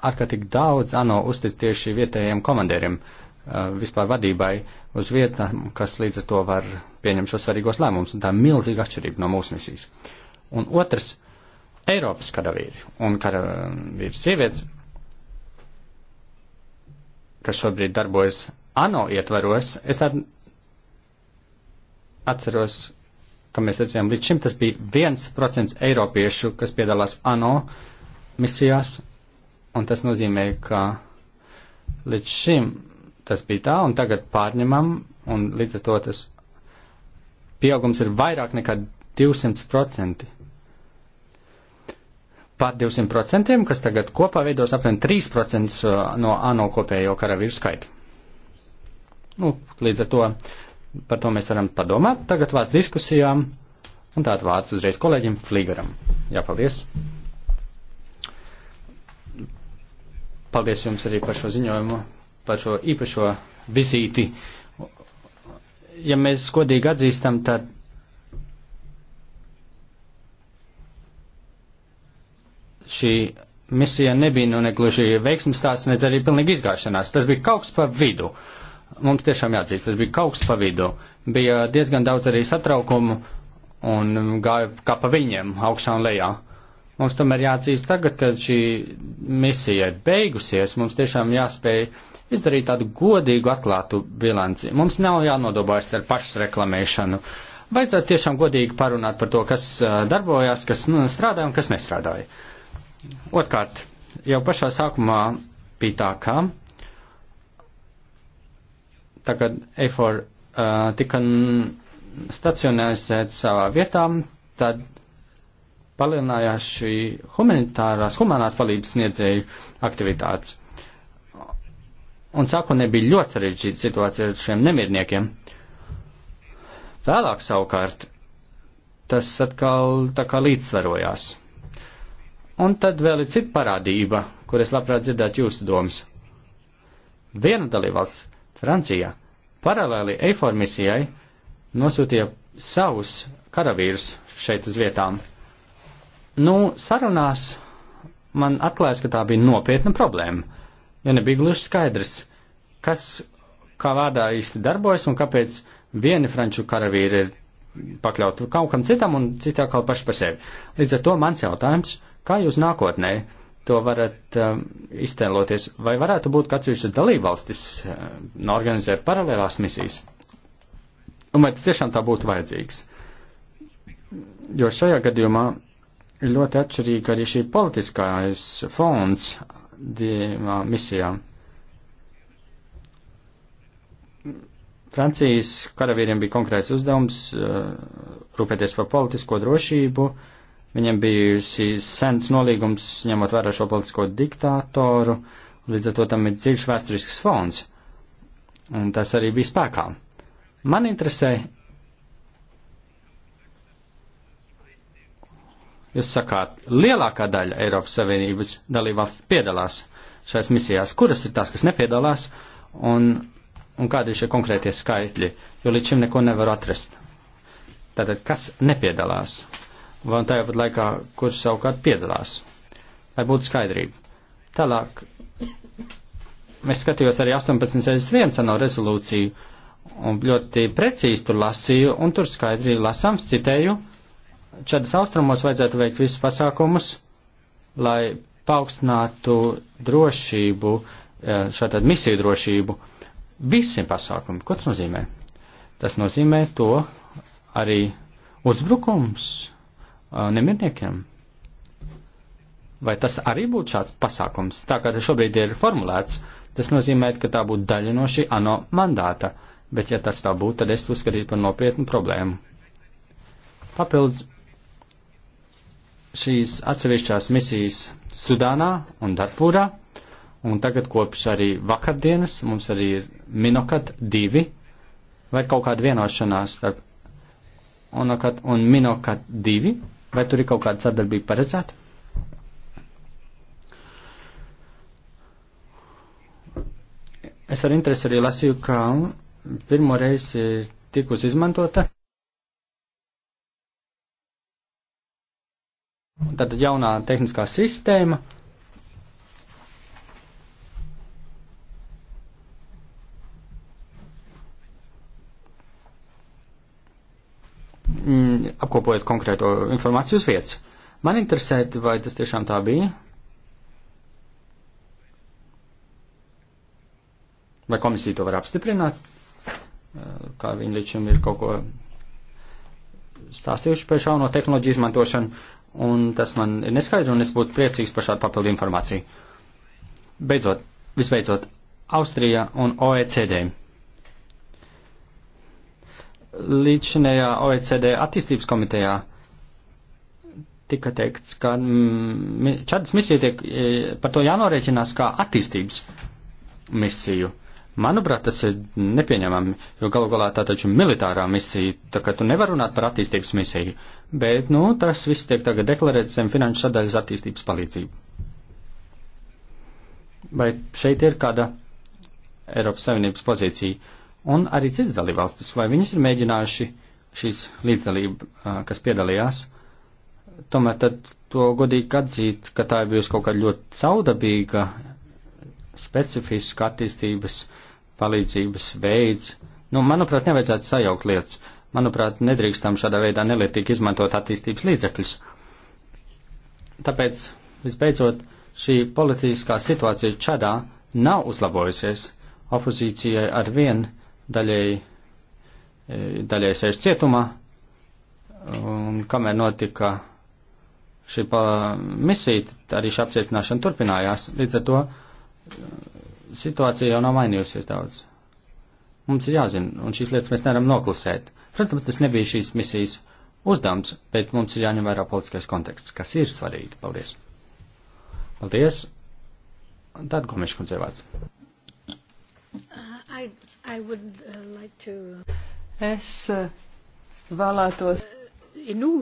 ārkārtīgi daudz ANO uztic tieši vietējiem komandieriem, uh, vispār vadībai uz vietām, kas līdz ar to var pieņemt šo svarīgos lēmumus, un tā ir milzīga atšķirība no mūsu misijas. Un otrs, Eiropas karavīri un karavīri sievietes, kas šobrīd darbojas ANO ietvaros, es tādu atceros, ka mēs redzējām, līdz šim tas bija 1% eiropiešu, kas piedalās ANO misijās, Un tas nozīmē, ka līdz šim tas bija tā, un tagad pārņemam, un līdz ar to tas pieaugums ir vairāk nekā 200%. Pār 200%, kas tagad kopā veidos apmēram 3% uh, no ANO kopējo karavīru skaitu. Nu, līdz ar to par to mēs varam padomāt. Tagad vārds diskusijām, un tāds vārds uzreiz kolēģim Flīgaram. Jā, paldies! Paldies jums arī par šo ziņojumu, par šo īpašo vizīti. Ja mēs godīgi atzīstam, tad. Šī misija nebija nu negluži veiksmes tāds, ne arī pilnīgi izgāšanās. Tas bija kaut kas pa vidu. Mums tiešām jāatzīst, tas bija kaut kas pa vidu. Bija diezgan daudz arī satraukumu un gāja kā pa viņiem augšā un lejā. Uh, Mums tomēr jāatzīst tagad, kad šī misija ir beigusies, mums tiešām jāspēj izdarīt tādu godīgu atklātu bilanci. Mums nav jānodobojas ar pašreklamēšanu. Vajadzētu tiešām godīgi parunāt par to, kas darbojās, kas nu, strādāja un kas nestrādāja. Otkārt, jau pašā sākumā bija tā, ka tagad EFOR uh, tika stacionēts savā vietā, tad palielinājās šī humanitārās, humanās palīdzības sniedzēju aktivitātes. Un sākotnēji bija ļoti sarežģīta situācija ar šiem nemirniekiem. Vēlāk savukārt tas atkal tā kā līdzsvarojās. Un tad vēl ir cita parādība, kur es labprāt dzirdētu jūsu domas. Viena dalībvalsts, Francija, paralēli eiformisijai nosūtīja savus karavīrus šeit uz vietām Nu, sarunās man atklājas, ka tā bija nopietna problēma, jo nebija gluži skaidrs, kas kā vārdā īsti darbojas un kāpēc vieni franču karavīri ir pakļauti kaut kam citam un citā kaut paši par sevi. Līdz ar to mans jautājums, kā jūs nākotnē to varat um, iztēloties, vai varētu būt, ka atsevišķas dalībvalstis um, organizē paralēlās misijas? Un vai tas tiešām tā būtu vajadzīgs? Jo šajā gadījumā ir ļoti atšķirīga arī šī politiskais fons divām misijām. Francijas karavīriem bija konkrēts uzdevums eh, rūpēties par politisko drošību. Viņiem bija šīs sens nolīgums, ņemot vērā šo politisko diktātoru, līdz ar to tam ir dziļš vēsturisks fons. Un tas arī bija spēkā. Man interesē, Jūs sakāt, lielākā daļa Eiropas Savienības dalībvalsts piedalās šajās misijās. Kuras ir tās, kas nepiedalās, un, un kādi ir šie konkrētie skaitļi, jo līdz šim neko nevar atrast. Tātad, kas nepiedalās, vai tajā pat laikā, kurš savukārt piedalās, lai būtu skaidrība. Tālāk, mēs skatījos arī 18.1 no rezolūciju, un ļoti precīzi tur lasīju, un tur skaidri lasams citēju Čadas austrumos vajadzētu veikt visus pasākumus, lai paaugstinātu drošību, eh, šātad misiju drošību visiem pasākumiem. Ko tas nozīmē? Tas nozīmē to arī uzbrukums eh, nemirniekiem. Vai tas arī būtu šāds pasākums? Tā kā tas šobrīd ir formulēts, tas nozīmē, ka tā būtu daļa no šī ANO mandāta, bet ja tas tā būtu, tad es uzskatītu par nopietnu problēmu. Papildus šīs atsevišķās misijas Sudānā un Darfūrā, un tagad kopš arī vakardienas mums arī ir Minokat 2, vai kaut kāda vienošanās starp Onokat un Minokat 2, vai tur ir kaut kāda sadarbība paredzēta? Es ar interesi arī lasīju, ka pirmo reizi ir tikus izmantota Tātad jaunā tehniskā sistēma. Mm, apkopojot konkrēto informāciju uz vietas. Man interesē, vai tas tiešām tā bija? Vai komisija to var apstiprināt? Eh, kā viņi līdz šim ir kaut ko stāstījuši par šauno tehnoloģiju izmantošanu un tas man ir neskaidri, un es būtu priecīgs par šādu papildu informāciju. Beidzot, visbeidzot, Austrija un OECD. Līdzinējā OECD attīstības komitejā tika teikts, ka mm, čadas misija tiek e, par to jānorēķinās kā attīstības misiju. Manuprāt, tas ir nepieņemami, jo galu galā tā taču militārā misija, tā kā tu nevar runāt par attīstības misiju, bet, nu, tas viss tiek tagad deklarēts zem finanšu sadaļas attīstības palīdzību. Vai šeit ir kāda Eiropas Savienības pozīcija? Un arī citas dalībvalstis, vai viņas ir mēģinājuši šīs līdzdalība, kas piedalījās, tomēr tad to godīgi atzīt, ka tā ir bijusi kaut kāda ļoti caudabīga, specifiska attīstības uh, palīdzības veids. Nu, manuprāt, nevajadzētu sajaukt lietas. Manuprāt, nedrīkstam šādā veidā nelietīgi izmantot attīstības līdzekļus. Tāpēc, visbeidzot, šī politiskā situācija Čadā nav uzlabojusies. Opozīcijai ar vien daļai, e, daļai sēž cietumā, un kamēr notika šī misija, arī šī apcietināšana turpinājās. Līdz ar to situācija jau nav mainījusies daudz. Mums ir jāzina, un šīs lietas mēs nevaram noklusēt. Protams, tas nebija šīs misijas uzdevums, bet mums ir jāņem vērā politiskais konteksts, kas ir svarīgi. Paldies! Paldies! Un tad Gomeša kundze vārds. Uh, I, I would, uh, like to... Uh, es uh, vēlētos. Uh, inu...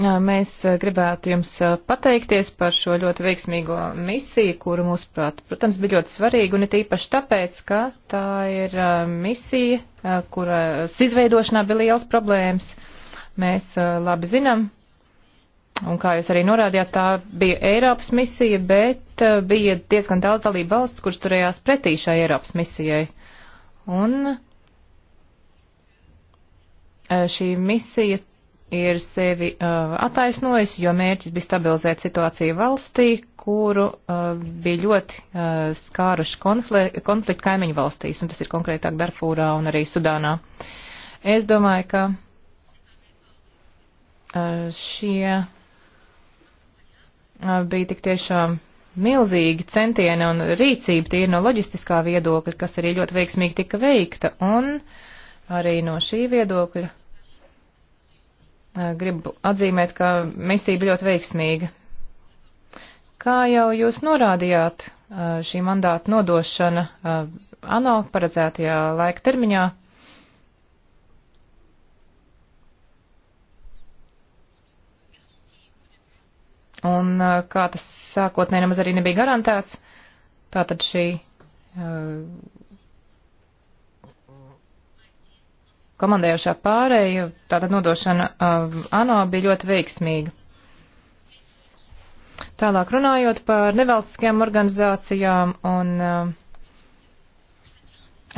Mēs eh, gribētu jums eh, pateikties par šo ļoti veiksmīgo misiju, kuru, mūsuprāt, protams, bija ļoti svarīga, un it īpaši tāpēc, ka tā ir eh, misija, kuras izveidošanā bija liels problēmas. Mēs labi zinām, un kā jūs arī norādījāt, tā bija Eiropas misija, bet bija diezgan daudz dalību valsts, kuras turējās pretī šai Eiropas misijai. Un šī misija ir sevi uh, attaisnojis, jo mērķis bija stabilizēt situāciju valstī, kuru uh, bija ļoti uh, skāruši konflikti, konflikti kaimiņu valstīs, un tas ir konkrētāk Darfūrā un arī Sudānā. Es domāju, ka uh, šie uh, bija tik tiešām milzīgi centieni un rīcība tīri no loģistiskā viedokļa, kas arī ļoti veiksmīgi tika veikta, un arī no šī viedokļa gribu atzīmēt, ka misija bija ļoti veiksmīga. Kā jau jūs norādījāt, šī mandāta nodošana ANO paredzētajā laika termiņā un kā tas sākotnēji nemaz arī nebija garantēts, tātad šī komandējošā pārēja, tātad nodošana uh, ANO bija ļoti veiksmīga. Tālāk runājot par nevalstiskajām organizācijām un, uh,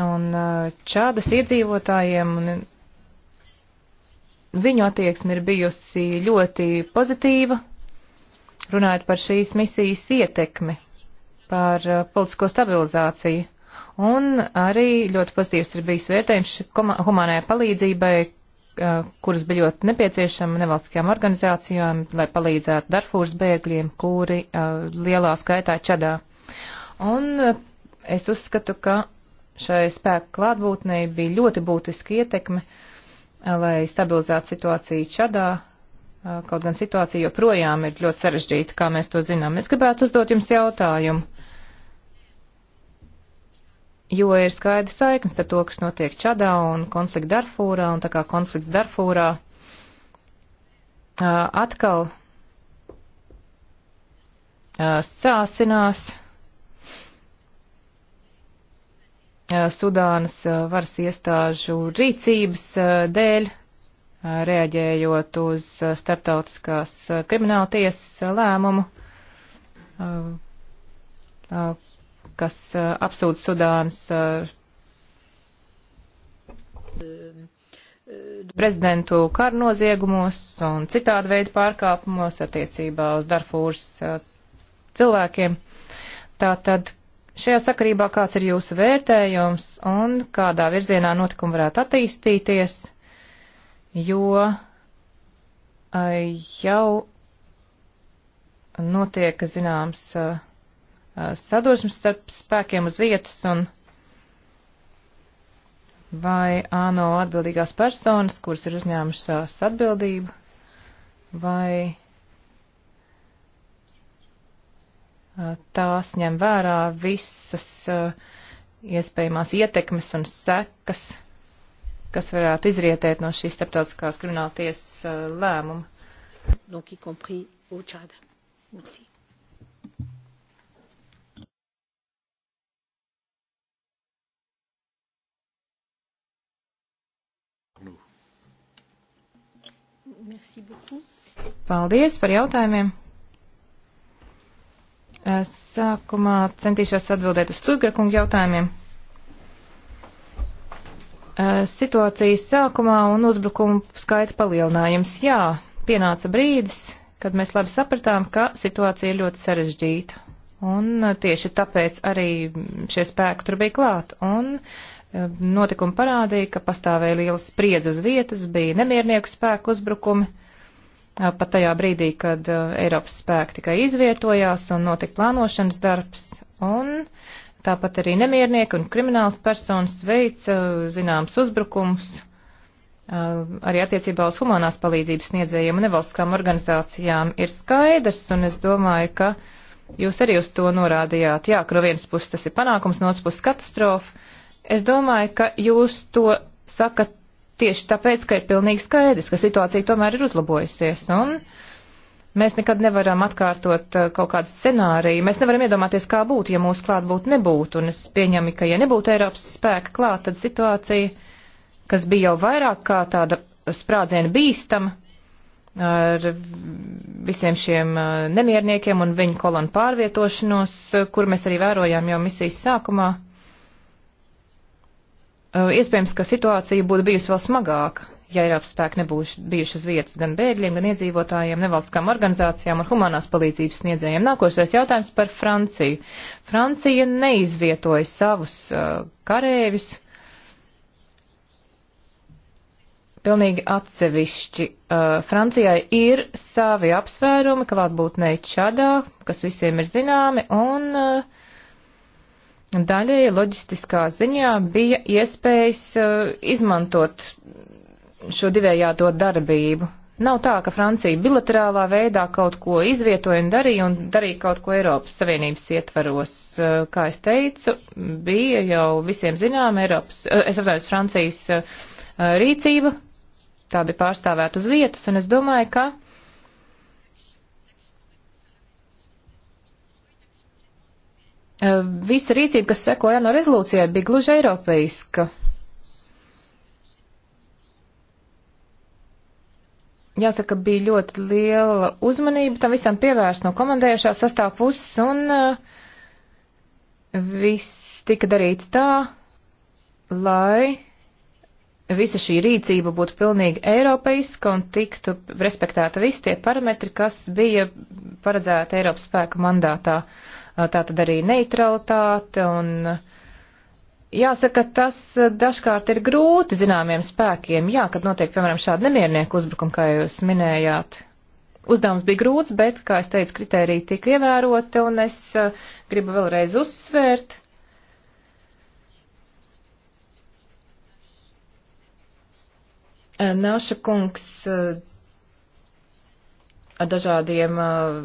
un uh, čādas iedzīvotājiem, un viņu attieksme ir bijusi ļoti pozitīva, runājot par šīs misijas ietekmi, par uh, politisko stabilizāciju. Un arī ļoti pozitīvs ir bijis vērtējums humanajai palīdzībai, kuras bija ļoti nepieciešama nevalstiskajām organizācijām, lai palīdzētu Darfūras bēgļiem, kuri lielā skaitā čadā. Un es uzskatu, ka šai spēku klātbūtnei bija ļoti būtiska ietekme, lai stabilizētu situāciju čadā, kaut gan situācija joprojām ir ļoti sarežģīta, kā mēs to zinām. Es gribētu uzdot jums jautājumu jo ir skaidrs saiknes ar to, kas notiek Čadā un konflikts Darfūrā, un tā kā konflikts Darfūrā atkal sāsinās Sudānas varas iestāžu rīcības dēļ, reaģējot uz starptautiskās krimināla tiesas lēmumu kas uh, apsūdz Sudānas uh, prezidentu karu noziegumos un citādi veidu pārkāpumos attiecībā uz Darfūras uh, cilvēkiem. Tātad šajā sakarībā kāds ir jūsu vērtējums un kādā virzienā notikumi varētu attīstīties, jo jau notiek zināms uh, Uh, sadursmes starp spēkiem uz vietas un vai ANO atbildīgās personas, kuras ir uzņēmušās atbildību, vai uh, tās ņem vērā visas uh, iespējamās ietekmes un sekas, kas varētu izrietēt no šīs starptautiskās krimināltiesas lēmuma. Donc, y compris au Tchad. Merci. Paldies par jautājumiem. Es sākumā centīšos atbildēt uz Cūgrakungu jautājumiem. Eh, situācijas sākumā un uzbrukumu skaita palielinājums. Jā, pienāca brīdis, kad mēs labi sapratām, ka situācija ir ļoti sarežģīta. Un eh, tieši tāpēc arī šie spēki tur bija klāt. Un uh, Notikumi parādīja, ka pastāvēja liela spriedze uz vietas, bija nemiernieku spēku uzbrukumi. Pat tajā brīdī, kad Eiropas spēki tikai izvietojās un notika plānošanas darbs, un tāpat arī nemiernieki un krimināls personas veica zināms uzbrukums arī attiecībā uz humanās palīdzības sniedzējiem un nevalstiskām organizācijām ir skaidrs, un es domāju, ka jūs arī uz to norādījāt. Jā, ka no vienas puses tas ir panākums, no otras puses katastrofa. Es domāju, ka jūs to sakat tieši tāpēc, ka ir pilnīgi skaidrs, ka situācija tomēr ir uzlabojusies. Un mēs nekad nevaram atkārtot uh, kaut kādu scenāriju. Mēs nevaram iedomāties, kā būtu, ja mūsu klāt būtu nebūtu. Un es pieņemu, ka ja nebūtu Eiropas spēka klāt, tad situācija, kas bija jau vairāk kā tāda sprādziena bīstama, ar visiem šiem uh, nemierniekiem un viņu kolonu pārvietošanos, uh, kur mēs arī vērojām jau misijas sākumā, uh, Uh, iespējams, ka situācija būtu bijusi vēl smagāka, ja Eiropas spēki nebūtu bijuši uz vietas gan bēgļiem, gan iedzīvotājiem, nevalstiskām organizācijām un humanās palīdzības sniedzējiem. Nākošais jautājums par Franciju. Francija neizvietoja savus uh, karēvis pilnīgi atsevišķi. Uh, Francijai ir savi apsvērumi, klātbūtnei Čadā, kas visiem ir zināmi, un uh, daļai loģistiskā ziņā bija iespējas uh, izmantot šo divējādo darbību. Nav tā, ka Francija bilaterālā veidā kaut ko izvietoja un darīja un darīja kaut ko Eiropas Savienības ietvaros. Uh, kā es teicu, bija jau visiem zinām Eiropas, uh, es apzināju, Francijas uh, rīcība, tā bija pārstāvēta uz vietas, un es domāju, ka Eh, visa rīcība, kas sekoja no rezolūcijai, bija gluži eiropeiska. Jāsaka, bija ļoti liela uzmanība tam visam pievērst no komandējušā sastāv puses, un eh, viss tika darīts tā, lai visa šī rīcība būtu pilnīgi eiropeiska un tiktu respektēta visi tie parametri, kas bija paredzēti Eiropas spēku mandātā. Uh, tātad arī neutralitāte un jāsaka, tas dažkārt ir grūti zināmiem spēkiem, jā, kad notiek, piemēram, šādi nemiernieku uzbrukumi, kā jūs minējāt. Uzdevums bija grūts, bet, kā es teicu, kritērija tika ievērota un es gribu vēlreiz uzsvērt, Nāša kungs ar dažādiem uh,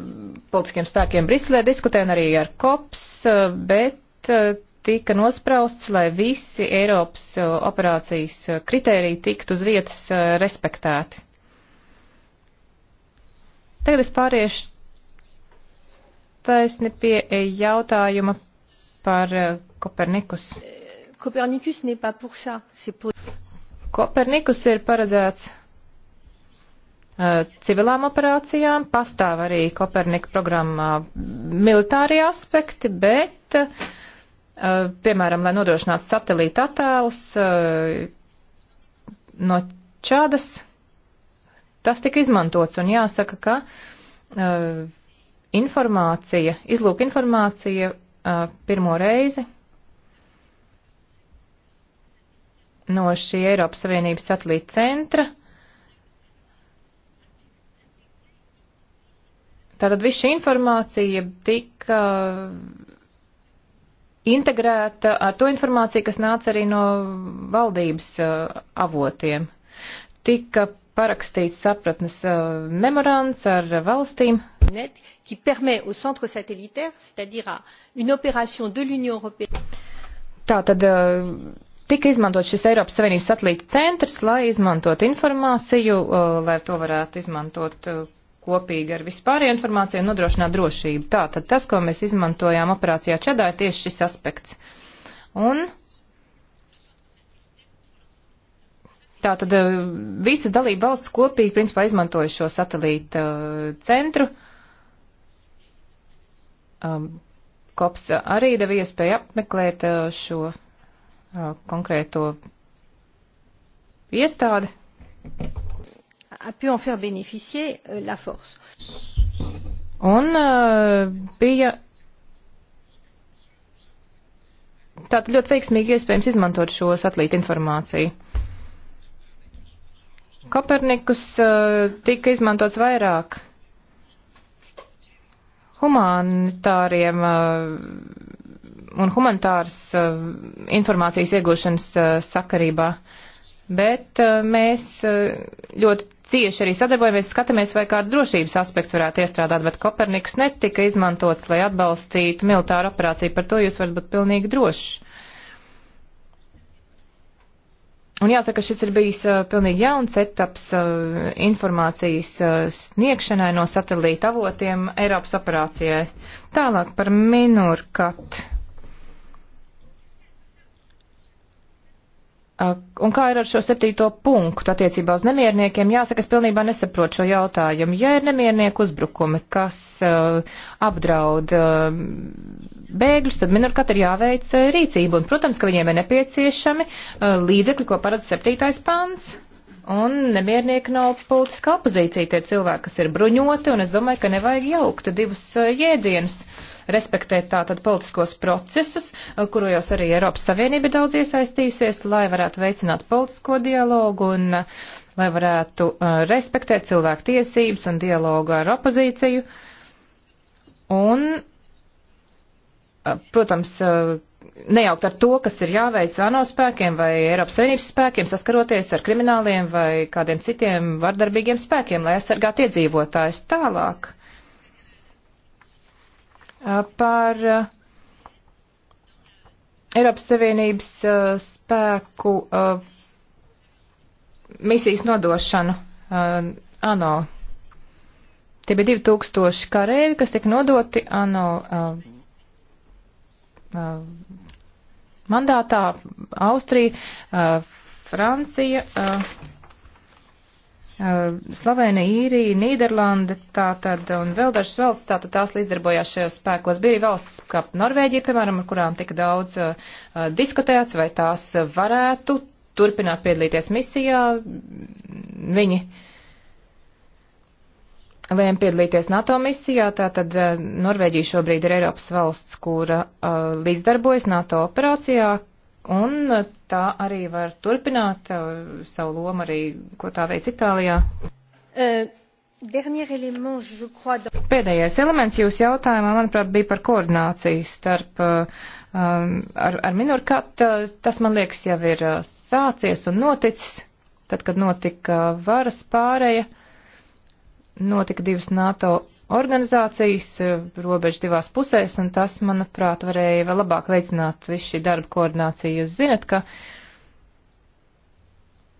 politiskiem spēkiem Briselē diskutē un arī ar COPS, uh, bet uh, tika nosprausts, lai visi Eiropas operācijas kritēriji tiktu uz vietas respektēti. Tagad es pāriešu taisni pie eh, jautājuma par Kopernikus. Kopernikus ir paredzēts Eh, civilām operācijām, pastāv arī Kopernika programmā militārie aspekti, bet, eh, piemēram, lai nodrošinātu satelīta attēlus eh, no čādas, tas tika izmantots un jāsaka, ka informācija, izlūk informācija pirmo reizi no šī Eiropas Savienības satelīta centra uh, Tātad viss šī informācija tika uh, integrēta ar to informāciju, kas nāca arī no valdības uh, avotiem. Tika parakstīts sapratnes uh, memorands ar valstīm. Net, qui permet au centre satellitaire, c'est-à-dire à une opération de l'Union européenne. Tātad tika izmantot šis Eiropas Savienības satelīta centrs, lai izmantot informāciju, lai to varētu izmantot kopīgi ar vispārējo informāciju un nodrošināt drošību. Tā tad tas, ko mēs izmantojām operācijā Čedā, ir tieši šis aspekts. Un tā tad eh, visas dalība valsts kopīgi, principā, izmantoja šo satelīta eh, centru. Um, kops arī deva iespēju apmeklēt eh, šo konkrēto iestādi a pu en faire bénéficier euh, la force. Un euh, bija tātad ļoti veiksmīgi iespējams izmantot šo satelīta informāciju. Kopernikus uh, tika izmantots vairāk humanitāriem uh, un humanitāras uh, informācijas iegūšanas sakarībā, bet mēs ļoti cieši arī sadarbojamies, skatāmies, vai kāds drošības aspekts varētu iestrādāt, bet Koperniks netika izmantots, lai atbalstītu militāru operāciju. Par to jūs varat būt pilnīgi droši. Un jāsaka, šis ir bijis uh, pilnīgi jauns etaps uh, informācijas uh, sniegšanai no satelīta avotiem Eiropas operācijai. Tālāk par minurkatu Un kā ir ar šo septīto punktu attiecībā uz nemierniekiem? Jāsaka, es pilnībā nesaprotu šo jautājumu. Ja ir nemiernieku uzbrukumi, kas uh, apdraud uh, bēgļus, tad minurkat ir jāveic uh, rīcība. Un, protams, ka viņiem ir nepieciešami uh, līdzekļi, ko paredz septītais pants. Un nemiernieki nav politiskā opozīcija, tie cilvēki, kas ir bruņoti, un es domāju, ka nevajag jaukt divus uh, jēdzienus. Uh, respektēt tātad politiskos procesos, eh, kurojos arī Eiropas Savienība daudz iesaistījusies, lai varētu veicināt politisko dialogu un eh, lai varētu eh, respektēt cilvēku tiesības un dialogu ar opozīciju. Un, protams, nejaukt ar to, kas ir jāveic ANO spēkiem vai Eiropas Savienības spēkiem, saskaroties ar krimināliem vai kādiem citiem vardarbīgiem spēkiem, lai aizsargātu iedzīvotājus tālāk. Uh, par uh, Eiropas Savienības uh, spēku misijas nodošanu ANO. Tie bija 2000 karēvi, kas tika nodoti ANO mandātā Austrija, Francija. Uh, Slovenija, Īrija, Nīderlanda tātad un vēl dažas valsts tātad tās līdzdarbojās šajos spēkos. Bija arī valsts kā Norvēģija, piemēram, ar kurām tika daudz uh, uh, diskutēts, vai tās varētu turpināt piedalīties misijā. Viņi lēma piedalīties NATO misijā, tātad uh, Norvēģija šobrīd ir Eiropas valsts, kura uh, līdzdarbojas NATO operācijā, Un tā arī var turpināt uh, savu lomu arī, ko tā veic Itālijā. Uh, Pēdējais elements jūsu jautājumā, manuprāt, bija par koordināciju starp uh, um, ar, ar Minurkat. Tas, man liekas, jau ir sācies un noticis. Tad, kad notika varas pārēja, notika divas NATO organizācijas, eh, robežas divās pusēs, un tas, manuprāt, varēja vēl labāk veicināt visu šī darba koordināciju. Jūs zinat, ka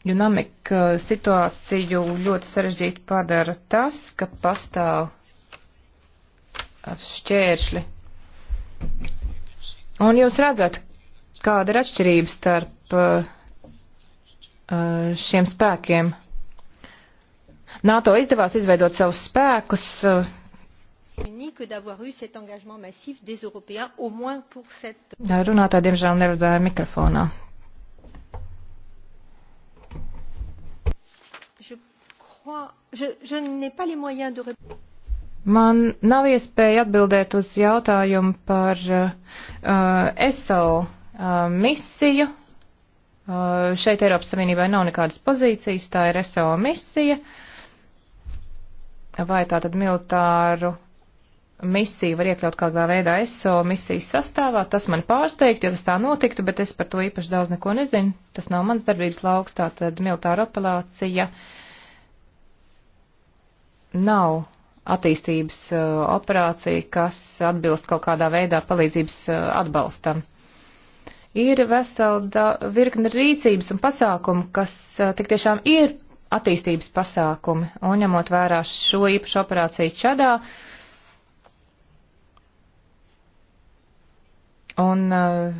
dinamika eh, situāciju ļoti sarežģītu padara tas, ka pastāv šķēršļi. Un jūs redzat, kāda ir atšķirība starp eh, šiem spēkiem. NATO izdevās izveidot savus spēkus unique d'avoir eu cet engagement massif des Européens, au moins pour cette. Runātā, diemžēl, neredzēja mikrofonā. Man nav iespēja atbildēt uz jautājumu par uh, ESO uh, misiju. Uh, šeit Eiropas Savienībai nav nekādas pozīcijas, tā ir ESO misija. Vai tā tad militāru uh, misija var iekļaut kādā veidā ESO misijas sastāvā. Tas man pārsteigtu, ja tas tā notiktu, bet es par to īpaši daudz neko nezinu. Tas nav mans darbības lauks, tā tad militāra operācija nav attīstības uh, operācija, kas atbilst kaut kādā veidā palīdzības uh, atbalstam. Ir vesela virkne rīcības un pasākumu, kas uh, tik tiešām ir attīstības pasākumi, un ņemot vērā šo īpašu operāciju Čadā, uh, Un uh,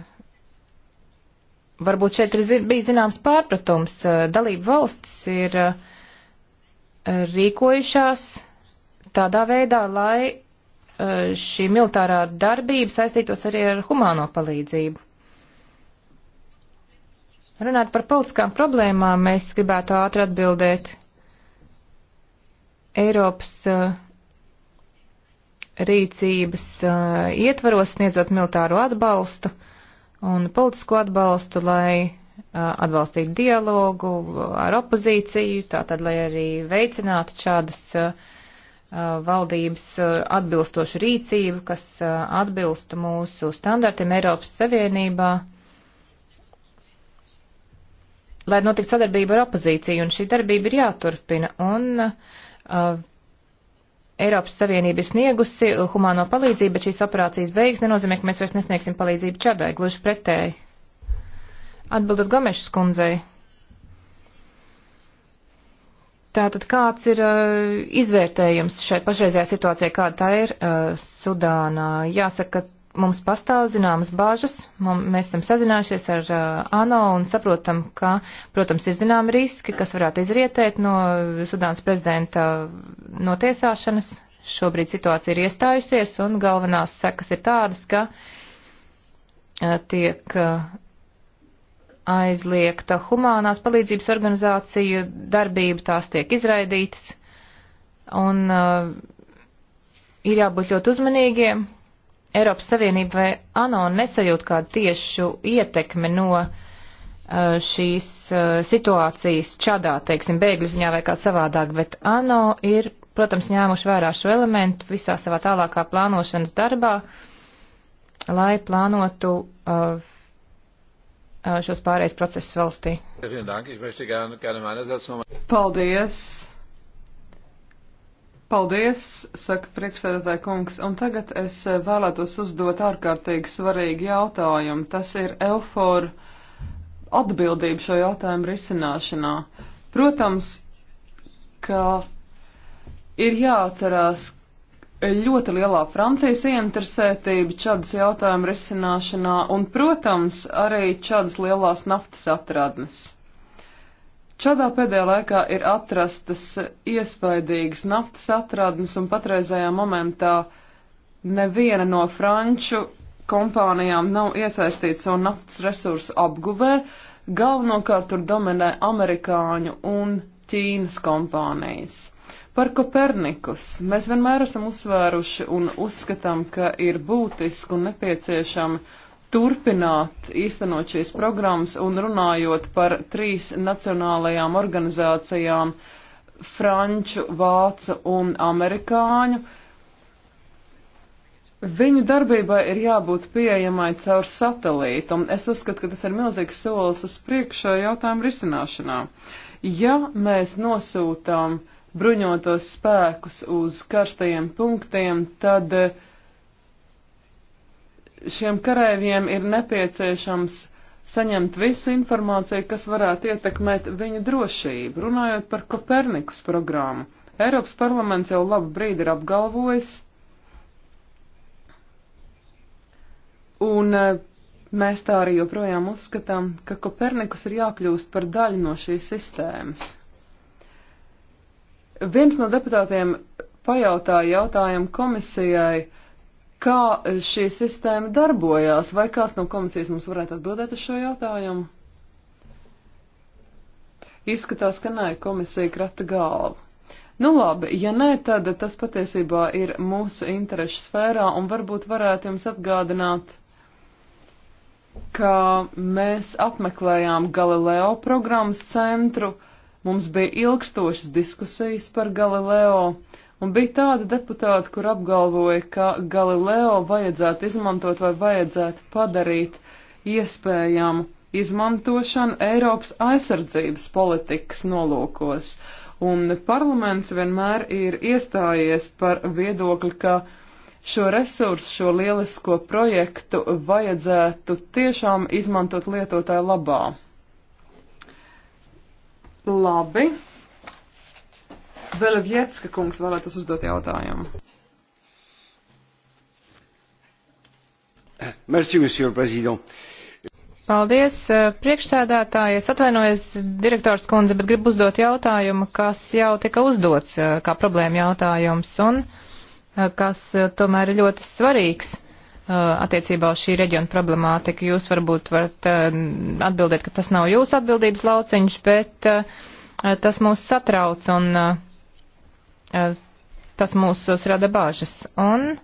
varbūt šeit ir, bija zināms pārpratums. Uh, dalība valstis ir uh, rīkojušās tādā veidā, lai uh, šī militārā darbība saistītos arī ar humāno palīdzību. Runāt par politiskām problēmām, mēs gribētu ātri atbildēt. Eiropas uh, rīcības uh, ietvaros sniedzot militāro atbalstu un politisko atbalstu, lai uh, atbalstītu dialogu ar opozīciju, tātad, lai arī veicinātu šādas uh, valdības atbilstošu rīcību, kas atbilstu mūsu standartiem Eiropas Savienībā, lai notiktu sadarbība ar opozīciju, un šī darbība ir jāturpina, un Eiropas Savienība ir sniegusi humāno palīdzību, bet šīs operācijas beigas nenozīmē, ka mēs vairs nesniegsim palīdzību Čadai, gluži pretēji. Atbildot Gomešas kundzei. Tātad kāds ir uh, izvērtējums šai pašreizējā situācijā, kāda tā ir uh, Sudānā? Jāsaka, ka mums pastāv zināmas bāžas, mums, mēs esam sazinājušies ar uh, ANO un saprotam, ka, protams, ir zināmi riski, kas varētu izrietēt no Sudānas prezidenta notiesāšanas. Šobrīd situācija ir iestājusies un galvenās sekas ir tādas, ka uh, tiek uh, aizliegta humānās palīdzības organizāciju darbība, tās tiek izraidītas un uh, ir jābūt ļoti uzmanīgiem Eiropas Savienība vai ANO nesajūt kādu tiešu ietekmi no uh, šīs uh, situācijas čadā, teiksim, bēgļu ziņā vai kā savādāk, bet ANO ir, protams, ņēmuši vērā šo elementu visā savā tālākā plānošanas darbā, lai plānotu uh, uh šos pārējais procesus valstī. Paldies! Paldies, saka priekšsēdētāja kungs, un tagad es eh, vēlētos uzdot ārkārtīgi svarīgu jautājumu. Tas ir Elfor atbildība šo jautājumu risināšanā. Protams, ka ir jāatcerās ļoti lielā Francijas ieinteresētība Čadas jautājumu risināšanā un, protams, arī Čadas lielās naftas atradnes. Čadā pēdējā laikā ir atrastas iespaidīgas naftas atradnes un patreizajā momentā neviena no franču kompānijām nav iesaistīta savu naftas resursu apguvē, galvenokārt tur dominē amerikāņu un Ķīnas kompānijas. Par Kopernikus mēs vienmēr esam uzsvēruši un uzskatām, ka ir būtiski un nepieciešami turpināt īstenot šīs programmas un runājot par trīs nacionālajām organizācijām - franču, vācu un amerikāņu. Viņu darbībai ir jābūt pieejamai caur satelītu, un es uzskatu, ka tas ir milzīgs solis uz priekšā jautājumu risināšanā. Ja mēs nosūtām bruņotos spēkus uz karstajiem punktiem, tad uh, šiem karēviem ir nepieciešams saņemt visu informāciju, kas varētu ietekmēt viņu drošību. Runājot par Kopernikus programmu, Eiropas parlaments jau labu brīdi ir apgalvojis, un eh, mēs tā arī joprojām uzskatām, ka Kopernikus ir jākļūst par daļu no šīs sistēmas. Viens no deputātiem pajautāja jautājumu komisijai, uh, kā šī sistēma darbojās, vai kāds no komisijas mums varētu atbildēt uz šo jautājumu? Izskatās, ka nē, komisija krata galvu. Nu labi, ja nē, tad tas patiesībā ir mūsu interešu sfērā un varbūt varētu jums atgādināt, ka mēs apmeklējām Galileo programmas centru, mums bija ilgstošas diskusijas par Galileo, Un bija tāda deputāta, kur apgalvoja, ka Galileo vajadzētu izmantot vai vajadzētu padarīt iespējamu izmantošanu Eiropas aizsardzības politikas nolūkos. Un parlaments vienmēr ir iestājies par viedokli, ka šo resursu, šo lielisko projektu vajadzētu tiešām izmantot lietotāju labā. Labi, Vēl Vjetska kungs vēlētos uzdot jautājumu. Merci, monsieur le président. Paldies, eh, priekšsēdētāji. Es atvainojos, direktors kundze, bet gribu uzdot jautājumu, kas jau tika uzdots eh, kā problēma jautājums un eh, kas tomēr ir ļoti svarīgs attiecībā uz šī reģiona problemātiku. Jūs varbūt varat atbildēt, ka tas nav jūsu atbildības lauciņš, bet tas mūs satrauc un Tas mūsos rada bāžas. Un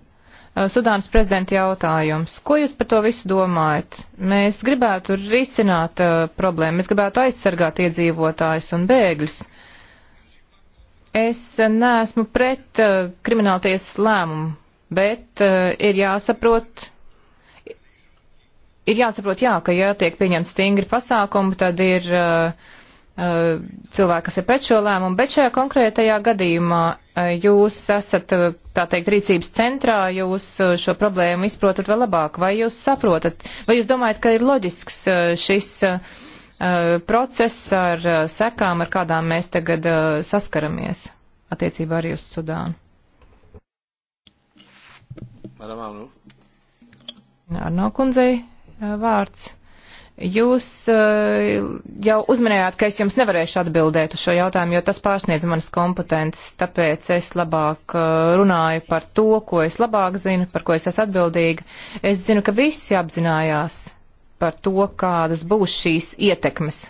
Sudānas prezidenta jautājums. Ko jūs par to visu domājat? Mēs gribētu risināt uh, problēmu, mēs gribētu aizsargāt iedzīvotājus un bēgļus. Es neesmu pret uh, krimināltiesas lēmumu, bet uh, ir jāsaprot, ir jāsaprot, jā, ka ja tiek pieņemti stingri pasākumi, tad ir uh, Eh, cilvēki, kas ir pret šo lēmumu, bet šajā konkrētajā gadījumā eh, jūs esat, eh, tā teikt, rīcības centrā, jūs šo problēmu izprotat vēl labāk, vai jūs saprotat, vai jūs domājat, ka ir loģisks šis process ar sekām, ar kādām mēs tagad saskaramies attiecībā arī uz Sudānu? Arno kundzei vārds. Jūs eh, jau uzminējāt, ka es jums nevarēšu atbildēt uz šo jautājumu, jo tas pārsniedz manas kompetences, tāpēc es labāk eh, runāju par to, ko es labāk zinu, par ko es esmu atbildīga. Es zinu, ka visi apzinājās par to, kādas būs šīs ietekmes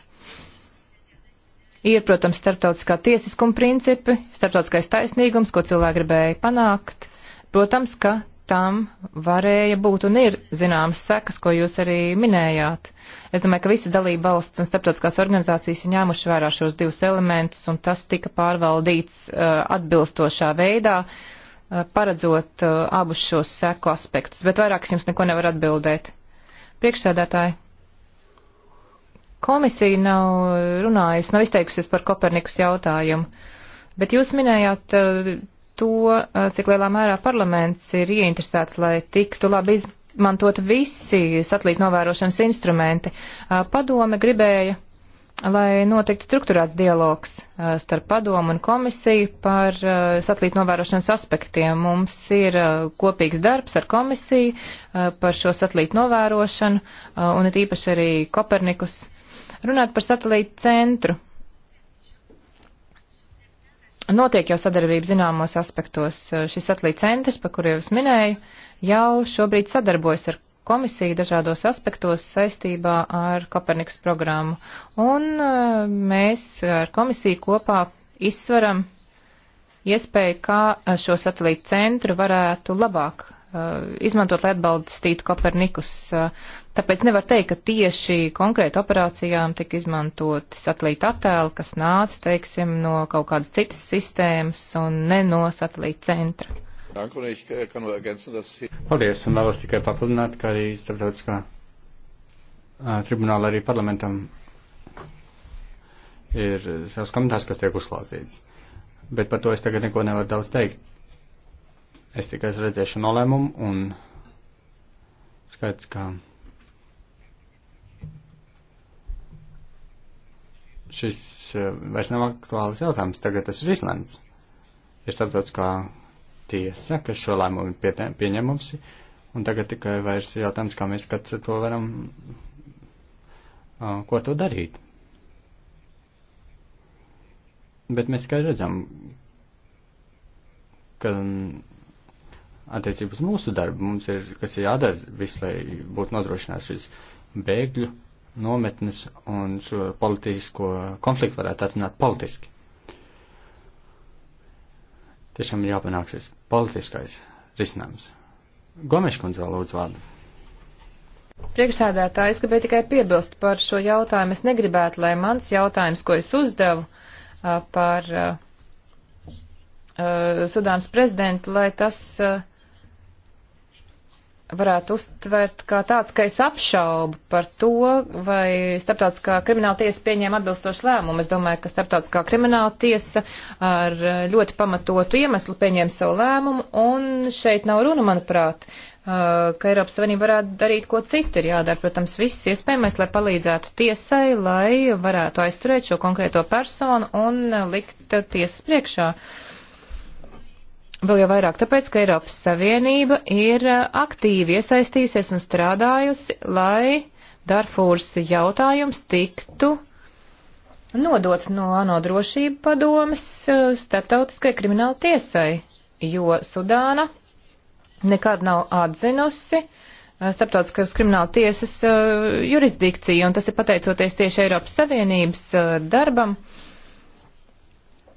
Ir, protams, starptautiskā tiesiskuma principi, starptautiskais taisnīgums, ko cilvēki gribēja panākt. Protams, ka tam varēja būt un ir zināmas sekas, ko jūs arī minējāt. Es domāju, ka visi dalība valsts un starptautiskās organizācijas ir ņēmuši vērā šos divus elementus, un tas tika pārvaldīts uh, atbilstošā veidā, uh, paredzot uh, abus šos seku aspektus. Bet vairāk es jums neko nevaru atbildēt. Priekšsēdētāji, komisija nav runājusi, nav izteikusies par Kopernikus jautājumu, bet jūs minējāt. Uh, to, eh, cik lielā mērā parlaments ir ieinteresēts, lai tiktu labi izmantot visi satelīta novērošanas instrumenti. Eh, padome gribēja, lai notiktu strukturēts dialogs eh, starp padomu un komisiju par satelīta novērošanas aspektiem. Mums ir kopīgs darbs ar komisiju par šo satelīta novērošanu un ir īpaši arī Kopernikus. Runāt par satelīta centru Notiek jau sadarbība zināmos aspektos. Šis satelīta centrs, par kuru jau es minēju, jau šobrīd sadarbojas ar komisiju dažādos aspektos saistībā ar Kopernikas programmu. Un eh, mēs ar komisiju kopā izsveram iespēju, kā eh, šo satelītu centru varētu labāk eh, izmantot, lai atbalstītu Kopernikus. Tāpēc nevar teikt, ka tieši konkrēti operācijām tika izmantoti satelīta attēli, kas nāca, teiksim, no kaut kādas citas sistēmas un ne no satelīta centra. Äh, Paldies, un vēlos tikai papildināt, ka arī starptautiskā tribunāla arī parlamentam ir savs komentārs, kas tiek uzklausīts. Bet par to es tagad neko nevaru daudz teikt. Es tikai redzēšu nolēmumu un skaidrs, ka. Kā... šis eh, vairs nav aktuāls jautājums, tagad tas ir izlemts. Ir starptautiskā tiesa, kas šo lēmumu pie, pieņem mums, un tagad tikai vairs jautājums, kā mēs kāds to varam, eh, ko to darīt. Bet mēs kā redzam, ka mm, attiecības mūsu darbu mums ir, kas ir jādara viss, lai būtu nodrošināts šis bēgļu nometnes un šo politisko konfliktu varētu atcināt politiski. Tiešām ir jāpanāk šis politiskais risinājums. Gomeškundze vēl lūdzu vārdu. Priekšsēdētāji, es gribēju tikai piebilst par šo jautājumu. Es negribētu, lai mans jautājums, ko es uzdevu par Sudānas prezidentu, lai tas uh, varētu uztvert kā tāds, ka es apšaubu par to, vai starptautiskā krimināla tiesa pieņēma atbilstošu lēmumu. Es domāju, ka starptautiskā krimināla tiesa ar ļoti pamatotu iemeslu pieņēma savu lēmumu, un šeit nav runa, manuprāt, ka Eiropas Savienība varētu darīt ko citu. Ir jādara, protams, viss iespējamais, lai palīdzētu tiesai, lai varētu aizturēt šo konkrēto personu un likt tiesas priekšā. Uh, Vēl jau vairāk tāpēc, ka Eiropas Savienība ir eh, aktīvi iesaistījusies un strādājusi, lai Darfūras jautājums tiktu nodots no ANO drošība padomas eh, starptautiskai krimināla tiesai, jo Sudāna nekad nav atzinusi eh, starptautiskās krimināla tiesas jurisdikciju, un tas ir pateicoties tieši Eiropas Savienības darbam. Uh,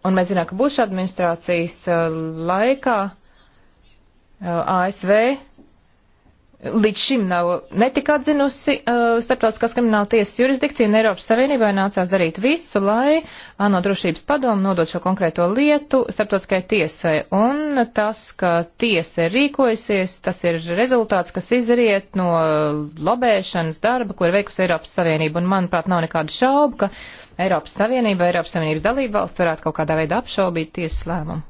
Un mēs zinām, ka Buša administrācijas uh, laikā uh, ASV līdz šim nav netika atzinusi uh, starptautiskās krimināla tiesas jurisdikciju, un Eiropas Savienībai nācās darīt visu, lai ANO drošības padomu nodot šo konkrēto lietu starptautiskajai tiesai. Un tas, ka tiesa ir rīkojusies, tas ir rezultāts, kas izriet no lobēšanas darba, ko ir veikusi Eiropas Savienība. Un, manuprāt, nav nekādu šaubu, ka Eiropas Savienība vai Eiropas Savienības dalība valsts varētu kaut kādā veidā apšaubīt tiesas lēmumu.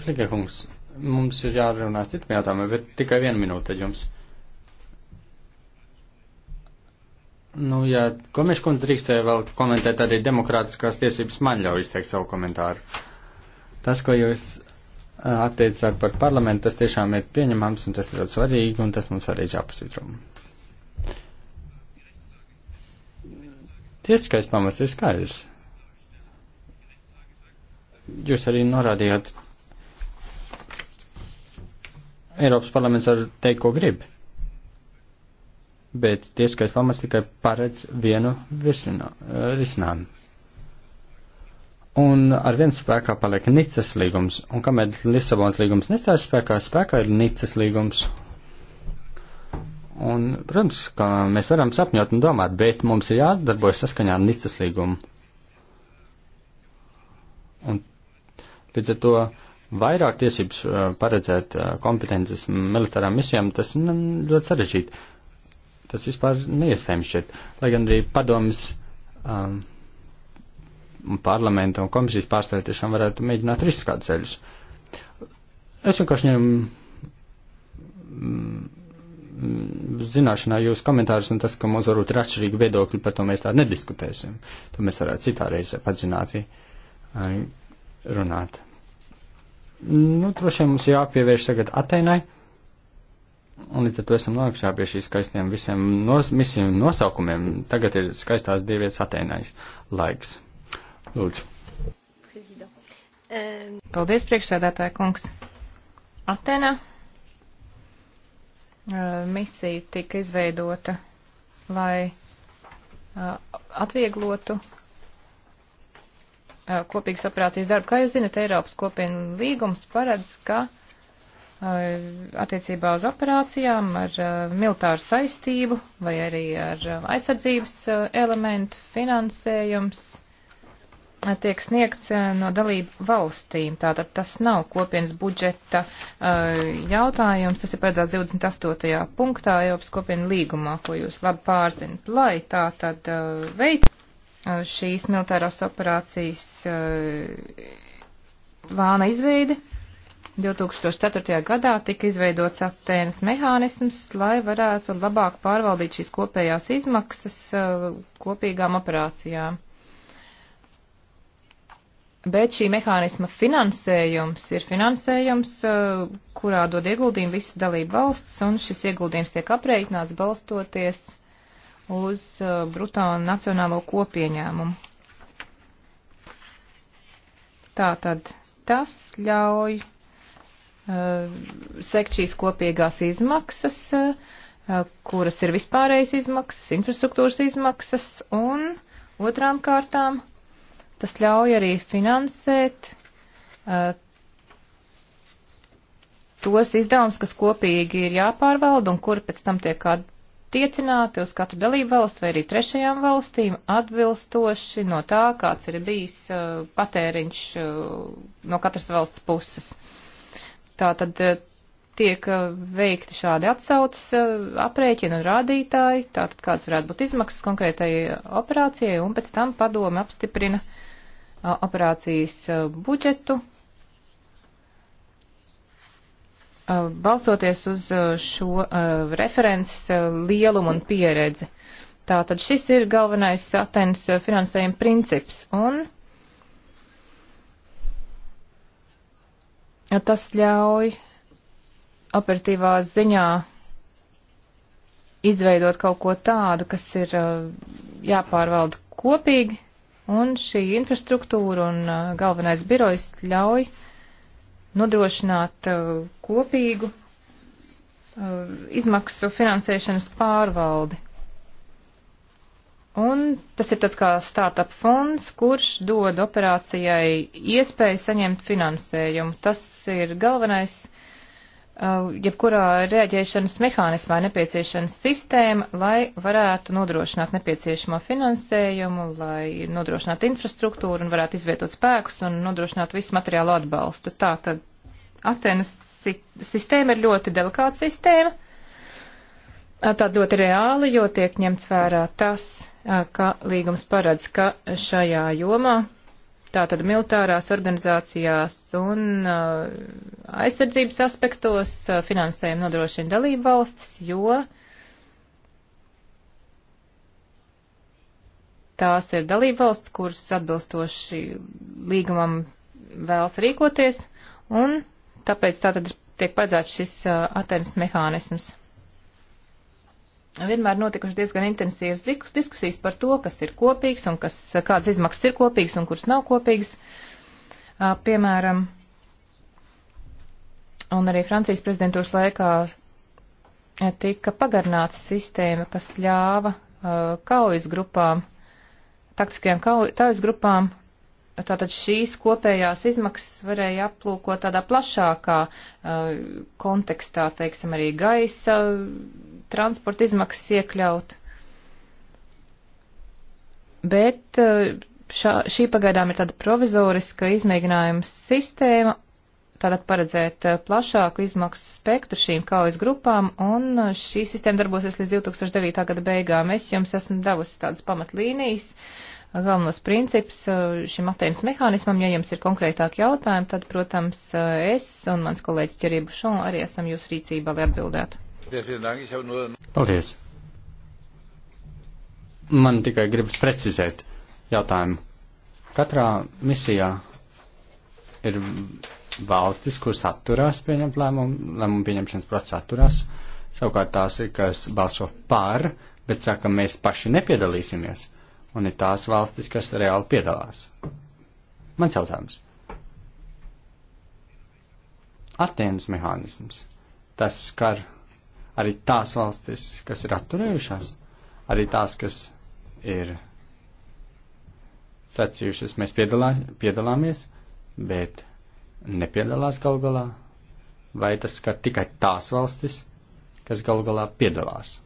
Fligerkungs, mums ir jārunā citam jautājumam, bet tikai viena minūte jums. Nu, ja Gomeša kundze drīkstēja vēl komentēt arī demokrātiskās tiesības, man ļauj izteikt savu komentāru. Tas, ko jūs attiecāk par parlamentu, tas tiešām ir pieņemams un tas ir ļoti svarīgi un tas mums vēlreiz jāpasvitro. Tiesiskais pamats ir skaidrs. Jūs arī norādījāt, Eiropas parlaments var teikt, ko grib, bet tiesiskais pamats tikai paredz vienu risinājumu. Un ar vienu spēkā paliek Nicas līgums, un kamēr Lisabonas līgums nestājas spēkā, spēkā ir Nicas līgums. Un, protams, ka mēs varam sapņot un domāt, bet mums ir jādarbojas saskaņā ar Nicas līgumu. Un līdz ar to vairāk tiesības uh, paredzēt uh, kompetences militārām misijām, tas ļoti sarežģīti. Tas vispār neiespējams šeit. Lai gan arī padomis um, parlamenta un komisijas pārstāvji tiešām varētu mēģināt riskāt ceļus. Es vienkārši ņemu mm, zināšanā jūs komentārus un tas, ka mums varbūt ir atšķirīgi viedokļi, par to mēs tā nediskutēsim. To mēs varētu citā reizē padzināti eh, runāt. Nu, droši vien mums jāpievērš tagad Atenai. Un līdz ar to esam nonākuši pie šīs skaistiem visiem nos, misiju nosaukumiem. Tagad ir skaistās dievietes Atenais laiks. Lūdzu. Paldies, priekšsēdētāja kungs. Atēnā misija tika izveidota, lai atvieglotu kopīgas operācijas darbu. Kā jūs zinat, Eiropas kopienu līgums paredz, ka attiecībā uz operācijām ar militāru saistību vai arī ar aizsardzības elementu finansējums tiek sniegts eh, no dalību valstīm. Tātad tas nav kopienas budžeta eh, jautājums, tas ir paredzēts 28. punktā Eiropas kopienu līgumā, ko jūs labi pārzinat, lai tātad eh, veic šīs militārās operācijas plāna izveidi. 2004. gadā tika izveidots Atēnas mehānisms, lai varētu labāk pārvaldīt šīs kopējās izmaksas kopīgām operācijām. Bet šī mehānisma finansējums ir finansējums, eh, kurā dod ieguldījumu visas dalība valsts, un šis ieguldījums tiek apreikināts balstoties uz eh, brutā nacionālo kopieņēmumu. Tātad tas ļauj uh, sekt šīs kopīgās izmaksas, uh, kuras ir vispārējas izmaksas, infrastruktūras izmaksas, un otrām kārtām Tas ļauj arī finansēt uh, tos izdevumus, kas kopīgi ir jāpārvalda un kuri pēc tam tiek attiecināti uz katru dalību valstu vai arī trešajām valstīm atbilstoši no tā, kāds ir bijis uh, patēriņš uh, no katras valsts puses. Tātad uh, tiek uh, veikti šādi atsaucas uh, aprēķini un rādītāji, tātad kāds varētu būt izmaksas konkrētai operācijai, un pēc tam padome apstiprina uh, operācijas budžetu, balstoties uz šo references lielumu un pieredzi. Tātad šis ir galvenais Atenas finansējuma princips, un tas ļauj operatīvā ziņā izveidot kaut ko tādu, kas ir jāpārvalda kopīgi Un šī infrastruktūra un uh, galvenais birojs ļauj nodrošināt uh, kopīgu uh, izmaksu finansēšanas pārvaldi. Un tas ir tāds kā startup fonds, kurš dod operācijai iespēju saņemt finansējumu. Tas ir galvenais uh, Uh, jebkurā rēģēšanas mehānismā nepieciešama sistēma, lai varētu nodrošināt nepieciešamo finansējumu, lai nodrošinātu infrastruktūru un varētu izvietot spēkus un nodrošināt visu materiālu atbalstu. Tā tad Atenas sistēma ir ļoti delikāta sistēma, tā ļoti reāli, jo tiek ņemts vērā tas, uh, ka līgums paredz, ka šajā jomā tātad militārās organizācijās un uh, aizsardzības aspektos uh, finansējumu nodrošina dalību valstis, jo tās ir dalību valsts, kuras atbilstoši līgumam vēlas rīkoties, un tāpēc tātad tiek paredzēts šis uh, attenas mehānisms vienmēr notikušas diezgan intensīvas diskusijas par to, kas ir kopīgs un kas, kādas izmaksas ir kopīgas un kuras nav kopīgas. Piemēram, un arī Francijas prezidentūras laikā tika pagarināta sistēma, kas ļāva kaujas grupām, taktiskajām kaujas grupām Tātad šīs kopējās izmaksas varēja aplūkot tādā plašākā uh, kontekstā, teiksim, arī gaisa uh, transporta izmaksas iekļaut. Bet uh, šā, šī pagaidām ir tāda provizoriska izmēģinājuma sistēma, tātad paredzēt uh, plašāku izmaksu spektru šīm kaujas grupām, un uh, šī sistēma darbosies līdz 2009. gada beigām. Es jums esmu devusi tādas pamatlīnijas. Uh, galvenos principus uh, šim aptējums mehānismam. Ja jums ir konkrētāki jautājumi, tad, protams, uh, es un mans kolēģis Ķerību Šon arī esam jūsu rīcībā, lai atbildētu. Paldies! Man tikai gribas precizēt jautājumu. Katrā misijā ir valstis, kuras atturās pieņemt lēmumu, lēmumu pieņemšanas procesā atturās. Savukārt tās ir, kas balso par, bet saka, mēs paši nepiedalīsimies un ir tās valstis, kas reāli piedalās. Mans jautājums. Atēnas mehānisms. Tas skar arī tās valstis, kas ir atturējušās, arī tās, kas ir sacījušas, mēs piedalā, piedalāmies, bet nepiedalās gal galā. Vai tas skar tikai tās valstis, kas gal galā piedalās?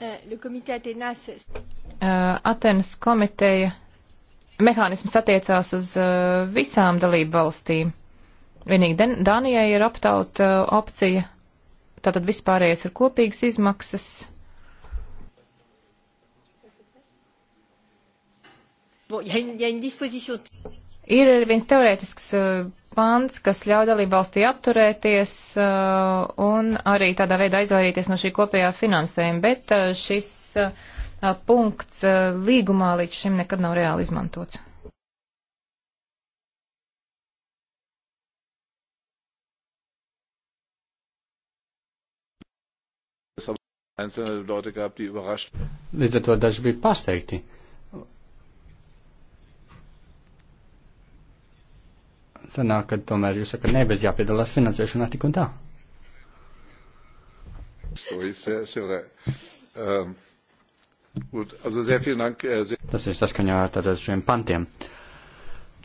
Eh, le comité Atenas. Eh, Atenas komiteja mehānisms attiecās uz eh, visām dalību valstīm. Vienīgi Danijai ir aptauta opcija, tātad vispārējais ir kopīgas izmaksas. Bon, y a une, y a une disposition. Ir viens teorētisks uh, pants, kas ļauj dalībvalstī apturēties uh, un arī tādā veidā izvairīties no šī kopējā finansējuma, bet uh, šis uh, punkts uh, līgumā līdz šim nekad nav reāli izmantots. Līdz ar to daži bija pārsteigti, sanāk, ka tomēr jūs sakat, nē, bet jāpiedalās finansēšanā tik un tā. Euh, äh, Tas ir saskaņā ar tātad šiem pantiem.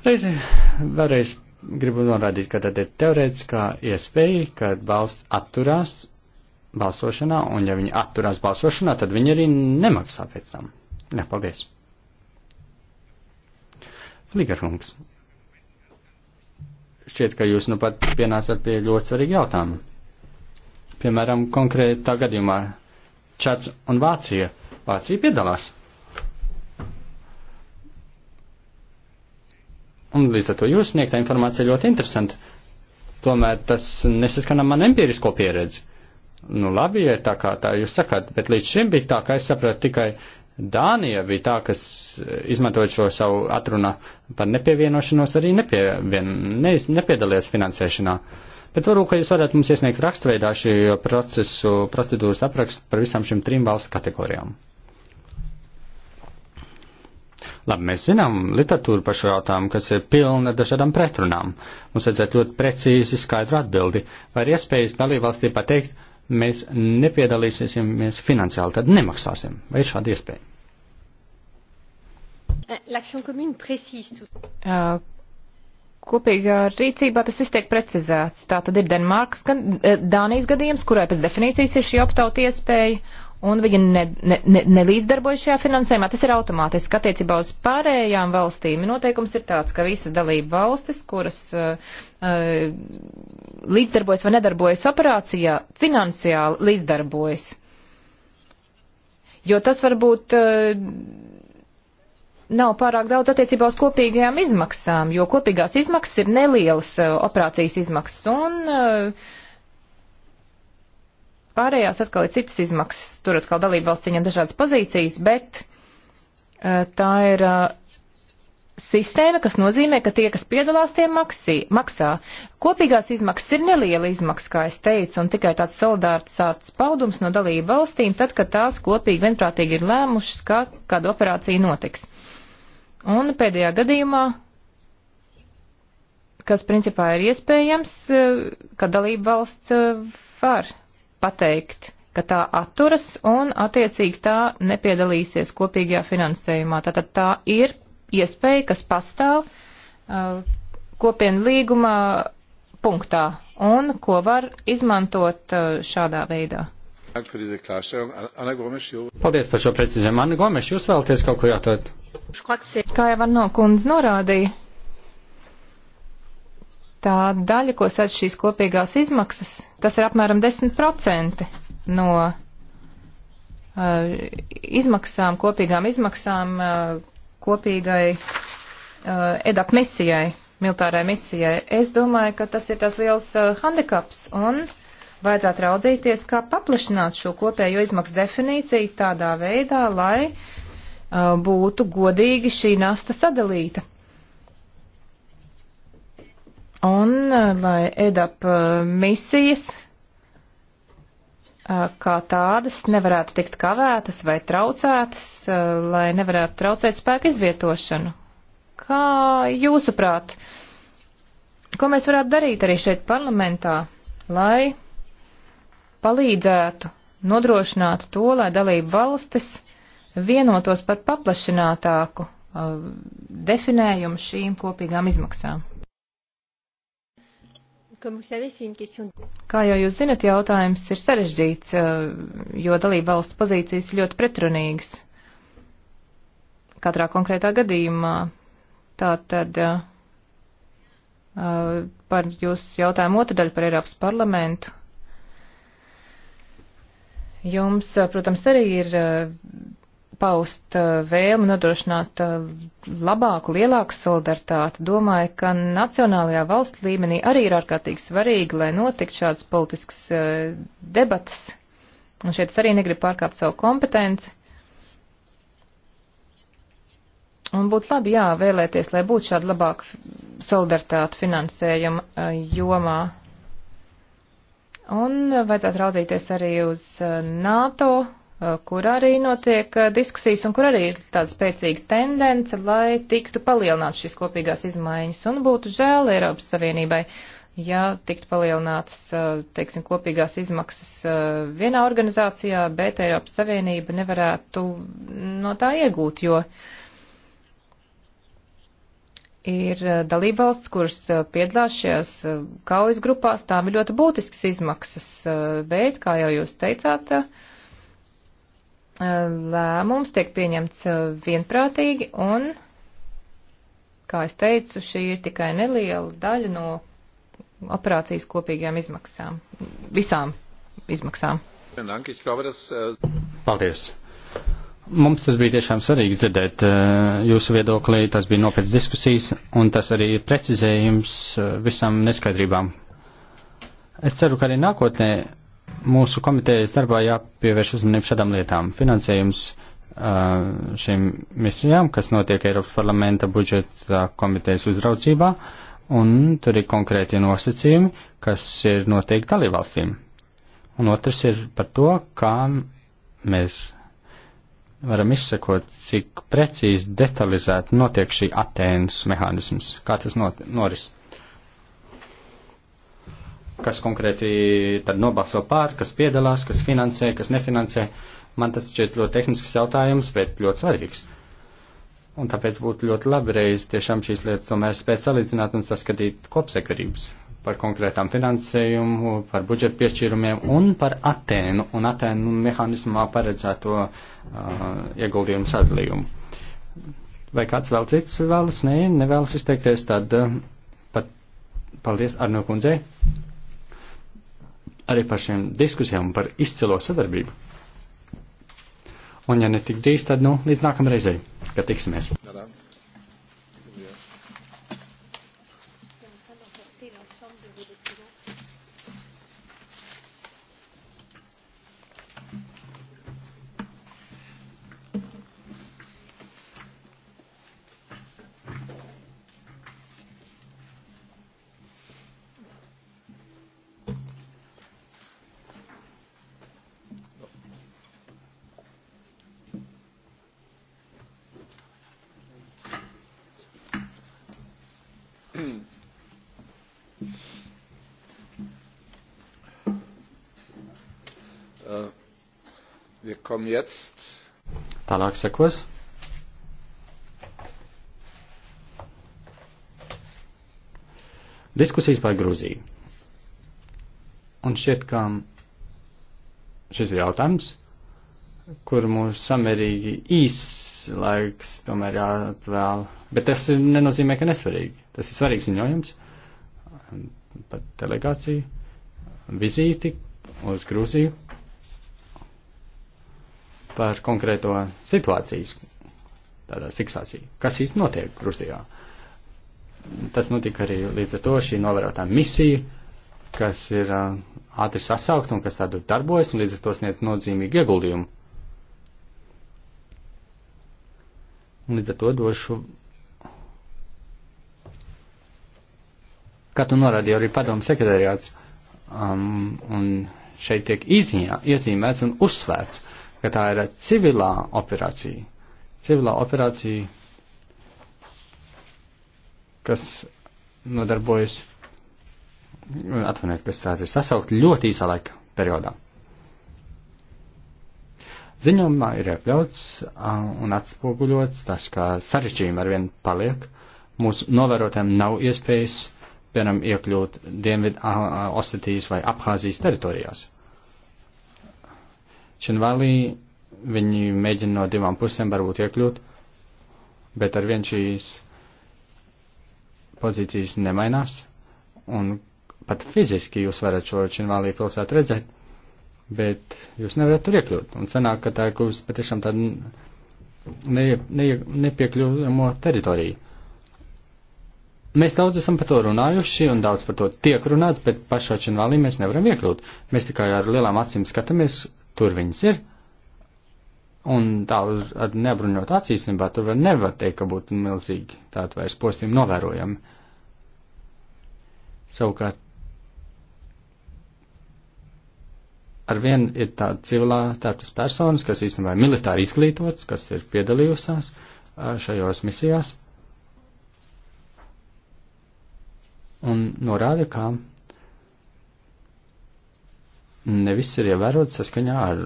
Reizi vēlreiz gribu norādīt, ka tad ir teorētiskā iespēja, ka valsts atturās balsošanā, un ja viņi atturās balsošanā, tad viņi arī nemaksā pēc tam. Jā, paldies. Fligerhungs šķiet, ka jūs nu pat pienācat pie ļoti svarīgi jautājumi. Piemēram, konkrētā gadījumā Čats un Vācija. Vācija piedalās. Un līdz ar to jūs sniegtā informācija ļoti interesanta. Tomēr tas nesaskanā man empirisko pieredzi. Nu labi, ja tā kā tā jūs sakāt, bet līdz šim bija tā, ka es sapratu tikai Dānija bija tā, kas eh, izmantojot šo savu atrunu par nepievienošanos, arī nepievien, ne, nepiedalījās finansēšanā. Bet varbūt, ka jūs varētu mums iesniegt rakstveidā šī procesu, procedūras aprakstu par visām šīm trim valstu kategorijām. Labi, mēs zinām literatūru par šo jautājumu, kas ir pilna dažādām pretrunām. Mums vajadzētu ļoti precīzi skaidru atbildi. Vai ir iespējas dalībvalstī pateikt, mēs nepiedalīsimies finansiāli, tad nemaksāsim? Vai ir šāda iespēja? Kopīgā rīcībā tas viss tiek precizēts. Tā tad ir Denmārkas, Dānijas gadījums, kurai pēc definīcijas ir šī optauta iespēja, un viņi nelīdzdarbojas ne, ne, ne šajā finansējumā. Tas ir automātiski. Attiecībā uz pārējām valstīm noteikums ir tāds, ka visas dalība valstis, kuras uh, uh, līdzdarbojas vai nedarbojas operācijā, finansiāli līdzdarbojas. Jo tas var būt. Uh, nav pārāk daudz attiecībā uz kopīgajām izmaksām, jo kopīgās izmaksas ir nelielas eh, operācijas izmaksas un eh, pārējās atkal ir citas izmaksas. Tur atkal dalība valsts ieņem dažādas pozīcijas, bet eh, tā ir sistēma, kas nozīmē, ka tie, kas piedalās, tie maksī, maksā. Kopīgās izmaksas ir neliela izmaksa, kā es teicu, un tikai tāds solidārts paudums no dalību valstīm, tad, kad tās kopīgi vienprātīgi ir lēmušas, kā kāda operācija notiks. Uh, Un pēdējā gadījumā, kas principā ir iespējams, eh, ka dalība valsts eh, var pateikt, ka tā atturas un attiecīgi tā nepiedalīsies kopīgajā finansējumā. Tātad tā ir iespēja, kas pastāv eh, kopienu līguma punktā un ko var izmantot šādā veidā. Paldies par šo precizējumu. Anna Gomes, jūs vēlaties kaut ko jautāt? Kā jau Anna Kundze norādīja, tā daļa, ko sadz šīs kopīgās izmaksas, tas ir apmēram 10% no uh, izmaksām, kopīgām izmaksām uh, kopīgai uh, eh, EDAP misijai, militārai misijai. Es domāju, ka tas ir tas liels uh, handikaps un uh, vajadzētu raudzīties, kā paplašināt šo kopējo izmaksu definīciju tādā veidā, lai uh, būtu godīgi šī nasta sadalīta. Un uh, lai EDAP uh, misijas uh, kā tādas nevarētu tikt kavētas vai traucētas, uh, lai nevarētu traucēt spēku izvietošanu. Kā jūsuprāt, ko mēs varētu darīt arī šeit parlamentā, lai palīdzētu nodrošināt to, lai dalību valstis vienotos par paplašinātāku uh, definējumu šīm kopīgām izmaksām. Kā jau jūs zinat, jautājums ir sarežģīts, uh, jo dalību valstu pozīcijas ļoti pretrunīgas katrā konkrētā gadījumā. Tātad uh, uh par jūsu jautājumu otru daļu par Eiropas parlamentu Jums, eh, protams, arī ir eh, paust eh, vēlmi nodrošināt labāku, lielāku solidaritāti. Domāju, ka nacionālajā valstu līmenī arī ir ārkārtīgi svarīgi, lai notiek šāds politisks debats. Un šeit es arī negribu pārkāpt savu kompetenci. Un būtu labi, jā, vēlēties, lai būtu šāda labāka solidaritāte finansējuma jomā. Un vajadzētu raudzīties arī uz eh, NATO, eh, kur arī notiek eh, diskusijas un kur arī ir tāda spēcīga tendence, lai tiktu palielināts šis kopīgās izmaiņas. Un būtu žēl Eiropas Savienībai, ja tiktu palielināts, teiksim, kopīgās izmaksas vienā organizācijā, bet Eiropas Savienība nevarētu no tā iegūt, jo uh, ir eh, dalībvalsts, kuras eh, piedalās šajās eh, kaujas grupās, tām ir ļoti būtisks izmaksas, bet, kā jau jūs teicāt, lēmums tiek pieņemts vienprātīgi un, kā es teicu, šī ir tikai neliela daļa no operācijas kopīgajām izmaksām, visām izmaksām. Äh, Paldies. Mums tas bija tiešām svarīgi dzirdēt eh, jūsu viedoklī, tas bija nopietnas diskusijas, un tas arī ir precizējums eh, visam neskaidrībām. Es ceru, ka arī nākotnē mūsu komitejas darbā jāpievērš uzmanību šādām lietām. Finansējums eh, šīm misijām, kas notiek Eiropas parlamenta budžeta komitejas uzraucībā, un tur ir konkrēti nosacījumi, kas ir noteikti dalībvalstīm. Un otrs ir par to, kā mēs varam izsekot, cik precīzi detalizēti notiek šī Atēnas mehānisms, kā tas not, noris. Kas konkrēti tad nobalso pār, kas piedalās, kas finansē, kas nefinansē. Man tas šķiet ļoti tehnisks jautājums, bet ļoti svarīgs. Un tāpēc būtu ļoti labi reiz tiešām šīs lietas tomēr spēt salīdzināt un saskatīt kopsekarības, par konkrētām finansējumu, par budžeta piešķīrumiem un par Atēnu un Atēnu mehānismā paredzēto uh, ieguldījumu sadalījumu. Vai kāds vēl cits vēlas? Nē, ne, nevēlas izteikties, tad uh, pat paldies Arno kundzei arī par šiem diskusijām par izcilo sadarbību. Un ja ne tik drīz, tad nu līdz nākamreizai, kad tiksimies. Tadā. jetzt. Tālāk sekos. Diskusijas par Grūziju. Un šķiet, ka šis ir jautājums, kur mums samērīgi īss laiks tomēr jāatvēl. Bet tas nenozīmē, ka nesvarīgi. Tas ir svarīgs ziņojums par delegāciju, vizīti uz Grūziju par konkrēto situācijas, tādā fiksāciju, kas īsti notiek Gruzijā. Tas notika arī līdz ar to šī novērotā misija, kas ir uh, ātri sasaukt un kas tādu darbojas un līdz ar to sniedz nozīmīgu ieguldījumu. Un līdz ar to došu. Kā tu norādīji, arī padomu sekretariāts um, un šeit tiek izņā, iezīmēts un uzsvērts. Uh, ka tā ir civilā operācija. Civilā operācija, kas nodarbojas, atvainojiet, kas tā ir sasaukt ļoti īsā laika periodā. Ziņojumā ir iekļauts un atspoguļots tas, ka sarežģījumi arvien paliek. Mūsu novērotēm nav iespējas, piemēram, iekļūt Dienvidu Osetijas vai Abhāzijas teritorijās. Čenvalī viņi mēģina no divām pusēm varbūt iekļūt, bet ar vien šīs pozīcijas nemainās, un pat fiziski jūs varat šo Čenvalī pilsētu redzēt, bet jūs nevarat tur iekļūt, un sanāk, ka tā ir kļūst patiešām tāda ne, ne, nepiekļūjamo teritoriju. Mēs daudz esam par to runājuši un daudz par to tiek runāts, bet pašā Čenvalī mēs nevaram iekļūt. Mēs tikai ar lielām acīm skatāmies, Tur viņas ir. Un tā uz, ar nebruņot acīs, nebā tur var nevar teikt, ka būtu milzīgi tātad vairs postījumi novērojami. Savukārt, arvien ir tāda civilā tērpas personas, kas īstenībā ir militāri izglītots, kas ir piedalījusies šajos misijās, un norāda, kā nevis ir ievērots saskaņā ar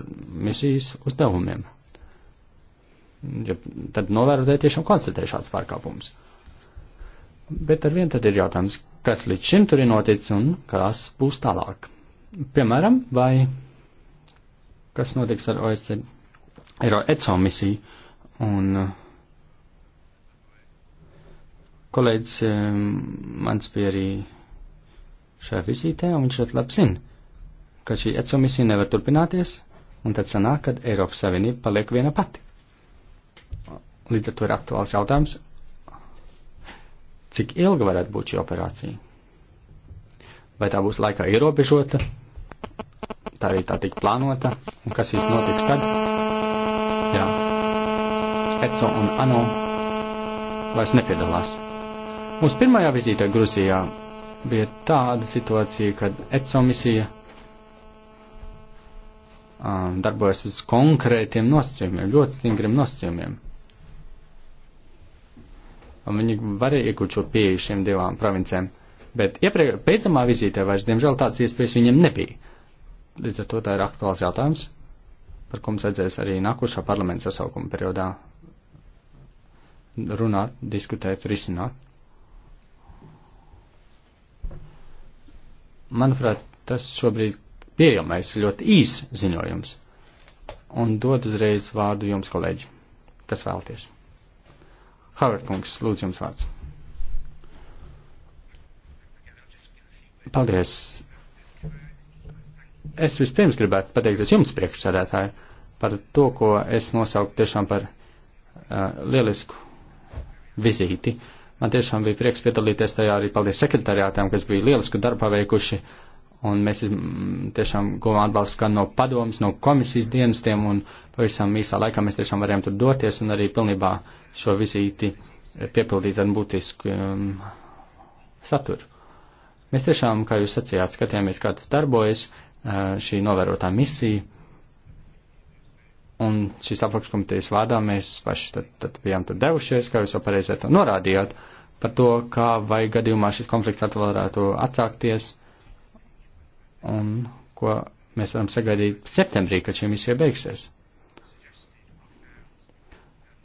misijas uzdevumiem. Ja tad novērotēji tiešām konstatē šāds pārkāpums. Bet ar vienu tad ir jautājums, kas līdz šim tur ir noticis un kas būs tālāk. Piemēram, vai kas notiks ar OSC, ar ECO misiju un uh, kolēģis um, mans bija arī šajā vizītē, un viņš ļoti labi zina, ka šī ECO misija nevar turpināties, un tad sanāk, ka Eiropas Savienība paliek viena pati. Līdz ar to ir aktuāls jautājums, cik ilga varētu būt šī operācija? Vai tā būs laikā ierobežota, tā arī tā tika plānota, un kas viss notiks tad? Jā, ECO un ANO vairs nepiedalās. Mūsu pirmajā vizītē Gruzijā bija tāda situācija, kad ECO misija um, darbojas uz konkrētiem nosacījumiem, ļoti stingriem nosacījumiem. Un viņi varēja iegūt šo pieeju šiem divām provincēm, bet iepriek, pēcamā vizītē vairs, diemžēl, tāds iespējas viņiem nebija. Līdz ar to tā ir aktuāls jautājums, par ko mums vajadzēs arī nākošā parlamenta sasaukuma periodā runāt, diskutēt, risināt. Manuprāt, tas šobrīd pieejamais, ļoti īs ziņojums. Un dod uzreiz vārdu jums, kolēģi, kas vēlties. Haverkungs, lūdzu jums vārds. Paldies. Es vispirms gribētu pateikties jums, priekšsēdētāji, par to, ko es nosauku tiešām par uh, lielisku vizīti. Man tiešām bija prieks piedalīties tajā arī paldies sekretariātām, kas bija lielisku darbu paveikuši. Uh, Un mēs mm, tiešām guvām atbalstu gan no padomas, no komisijas dienestiem, un pavisam īsā laikā mēs tiešām varējām tur doties un arī pilnībā šo vizīti piepildīt ar būtisku um, saturu. Mēs tiešām, kā jūs sacījāt, skatījāmies, kā tas darbojas, šī novērotā misija, un šīs apakškomitejas vārdā mēs paši tad, tad bijām tur devušies, kā jūs jau pareizi to norādījāt, par to, kā vai gadījumā šis konflikts varētu atsākties un ko mēs varam sagaidīt septembrī, kad šie misija beigsies.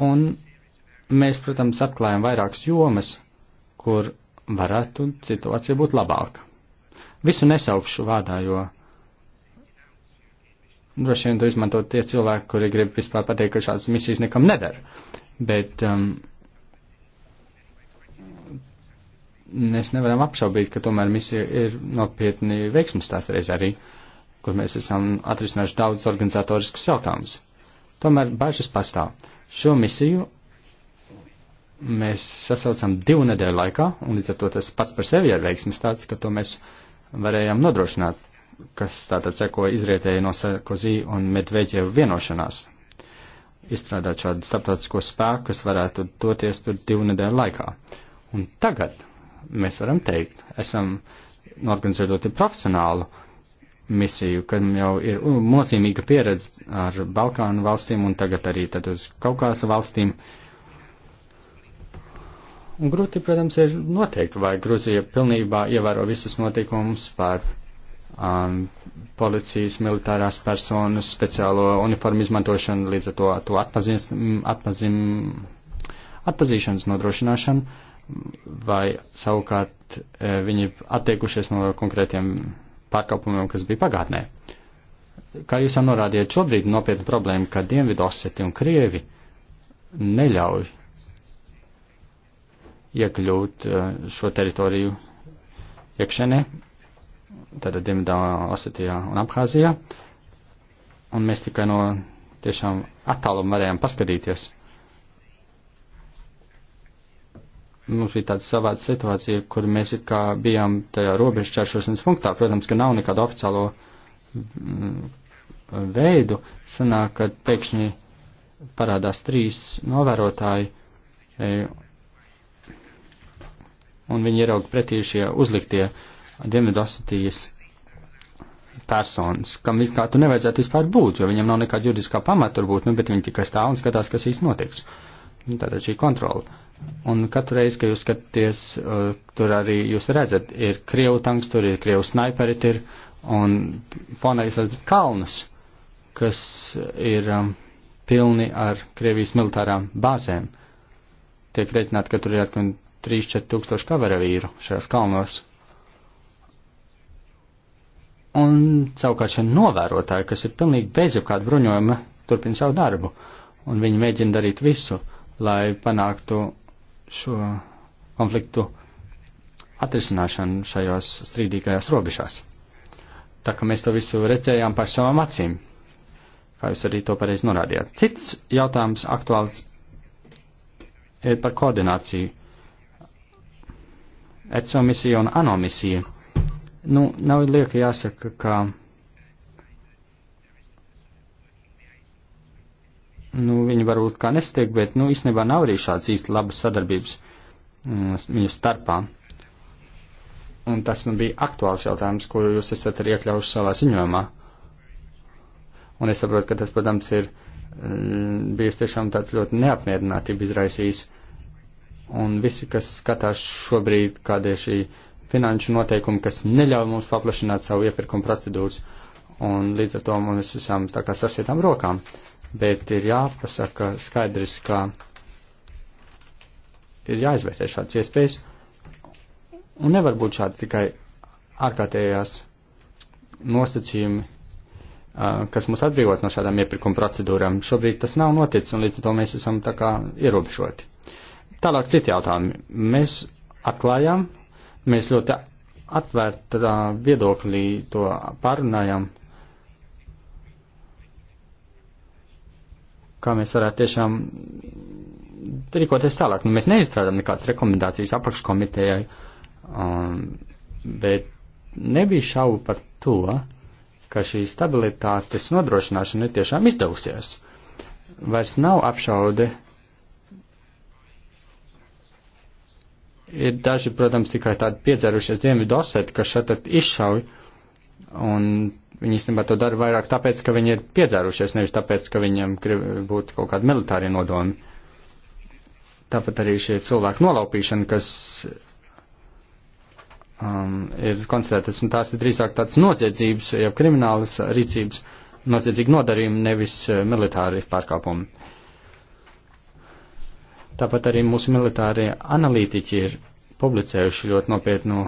Un mēs, protams, atklājam vairākas jomas, kur varētu situācija būt labāka. Visu nesaukšu vārdā, jo droši vien to izmanto tie cilvēki, kuri grib vispār pateikt, ka šādas misijas nekam nedara. Bet um, mēs nevaram apšaubīt, ka tomēr misija ir nopietni veiksmes tās reiz arī, kur mēs esam atrisinājuši daudz organizatoriskus jautājumus. Tomēr bažas pastāv. Šo misiju mēs sasaucam divu nedēļu laikā, un līdz ar to tas pats par sevi ir veiksmes tāds, ka to mēs varējām nodrošināt, kas tātad seko izrietēja no Sarkozī un Medveģeva vienošanās. Izstrādāt šādu starptautisko spēku, kas varētu doties tur divu nedēļu laikā. Un tagad mēs varam teikt, esam norganizējuši ļoti profesionālu misiju, kad jau ir mocīmīga pieredze ar Balkānu valstīm un tagad arī tad uz Kaukāsa valstīm. Un grūti, protams, ir noteikt, vai Gruzija pilnībā ievēro visus noteikumus par um, policijas, militārās personas, speciālo uniformu izmantošanu, līdz ar to, to atpazin, mm, atpazin, atpazīšanas nodrošināšanu vai savukārt e, viņi attiekušies no konkrētiem pārkāpumiem, kas bija pagātnē. Kā jūs jau norādījāt, šobrīd nopietna problēma, ka Dienvidu Oseti un Krievi neļauj iekļūt e, šo teritoriju iekšēnē, tātad Dienvidā Osetijā un Abhāzijā, un mēs tikai no tiešām attālumu varējām paskatīties mums nu, bija tāda savāda situācija, kur mēs it kā bijām tajā robežu čēršošanas punktā. Protams, ka nav nekādu oficiālo mm, veidu. Sanāk, ka pēkšņi parādās trīs novērotāji, e, un viņi ierauga pretī šie uzliktie Dienvidosatijas personas, kam vispār tu nevajadzētu vispār būt, jo viņam nav nekāda juridiskā pamata tur būt, nu, bet viņi tikai stāv un skatās, kas īsti notiks. Nu, tātad šī kontrola. Un katru reizi, kad jūs skatāties, uh, tur arī jūs redzat, ir krievu tanks, tur ir krievu snaiperi, tur, un fonā jūs redzat kalnus, kas ir um, pilni ar Krievijas militārām bāzēm. Tiek reiķināti, ka tur ir apmēram 3-4 tūkstoši kavaravīru šajās kalnos. Un savukārt šie novērotāji, kas ir pilnīgi bez jebkāda bruņojuma, turpina savu darbu, un viņi mēģina darīt visu, lai panāktu šo konfliktu atrisināšanu šajos strīdīgajās robežās. Tā kā mēs to visu redzējām par savām acīm, kā jūs arī to pareizi norādījāt. Cits jautājums aktuāls ir par koordināciju. ECO misija un ANO misija. Nu, nav lieka jāsaka, ka. nu, viņi varbūt kā nestiek, bet, nu, īstenībā nav arī šāds īsti labas sadarbības mm, viņu starpā. Un tas, nu, bija aktuāls jautājums, kuru jūs esat arī iekļaujuši savā ziņojumā. Un es saprotu, ka tas, protams, ir mm, bijis tiešām tāds ļoti neapmierinātība izraisījis. Un visi, kas skatās šobrīd, kāda ir šī finanšu noteikuma, kas neļauj mums paplašināt savu iepirkumu procedūras, un līdz ar to mēs esam tā kā sasietām rokām. Uh, bet ir jāpasaka skaidrs, ka ir jāizvērtē šādas iespējas, un nevar būt šādi tikai ārkārtējās nosacījumi, kas mūs atbrīvot no šādām iepirkuma procedūrām. Šobrīd tas nav noticis, un līdz ar to mēs esam tā kā ierobežoti. Tālāk citi jautājumi. Mēs atklājām, mēs ļoti atvērtā viedoklī to pārunājām, kā mēs varētu tiešām rīkoties tālāk. Nu, mēs neizstrādājam nekādas rekomendācijas apakškomitejai, um, bet nebija šaubu par to, ka šī stabilitātes nodrošināšana ir tiešām izdevusies. Vairs nav apšaude. Ir daži, protams, tikai tādi piedzērušies dienvidu oseti, kas šeit izšauj, un Viņi īstenībā to dara vairāk tāpēc, ka viņi ir piedzērušies, nevis tāpēc, ka viņiem būtu kaut kādi militāri nodomi. Tāpat arī šie cilvēki nolaupīšana, kas um, ir konstatētas, un tās ir drīzāk tāds noziedzības, jau kriminālas rīcības, noziedzīgi nodarījumi, nevis eh, militāri pārkāpumi. Tāpat arī mūsu militārie analītiķi ir publicējuši ļoti nopietnu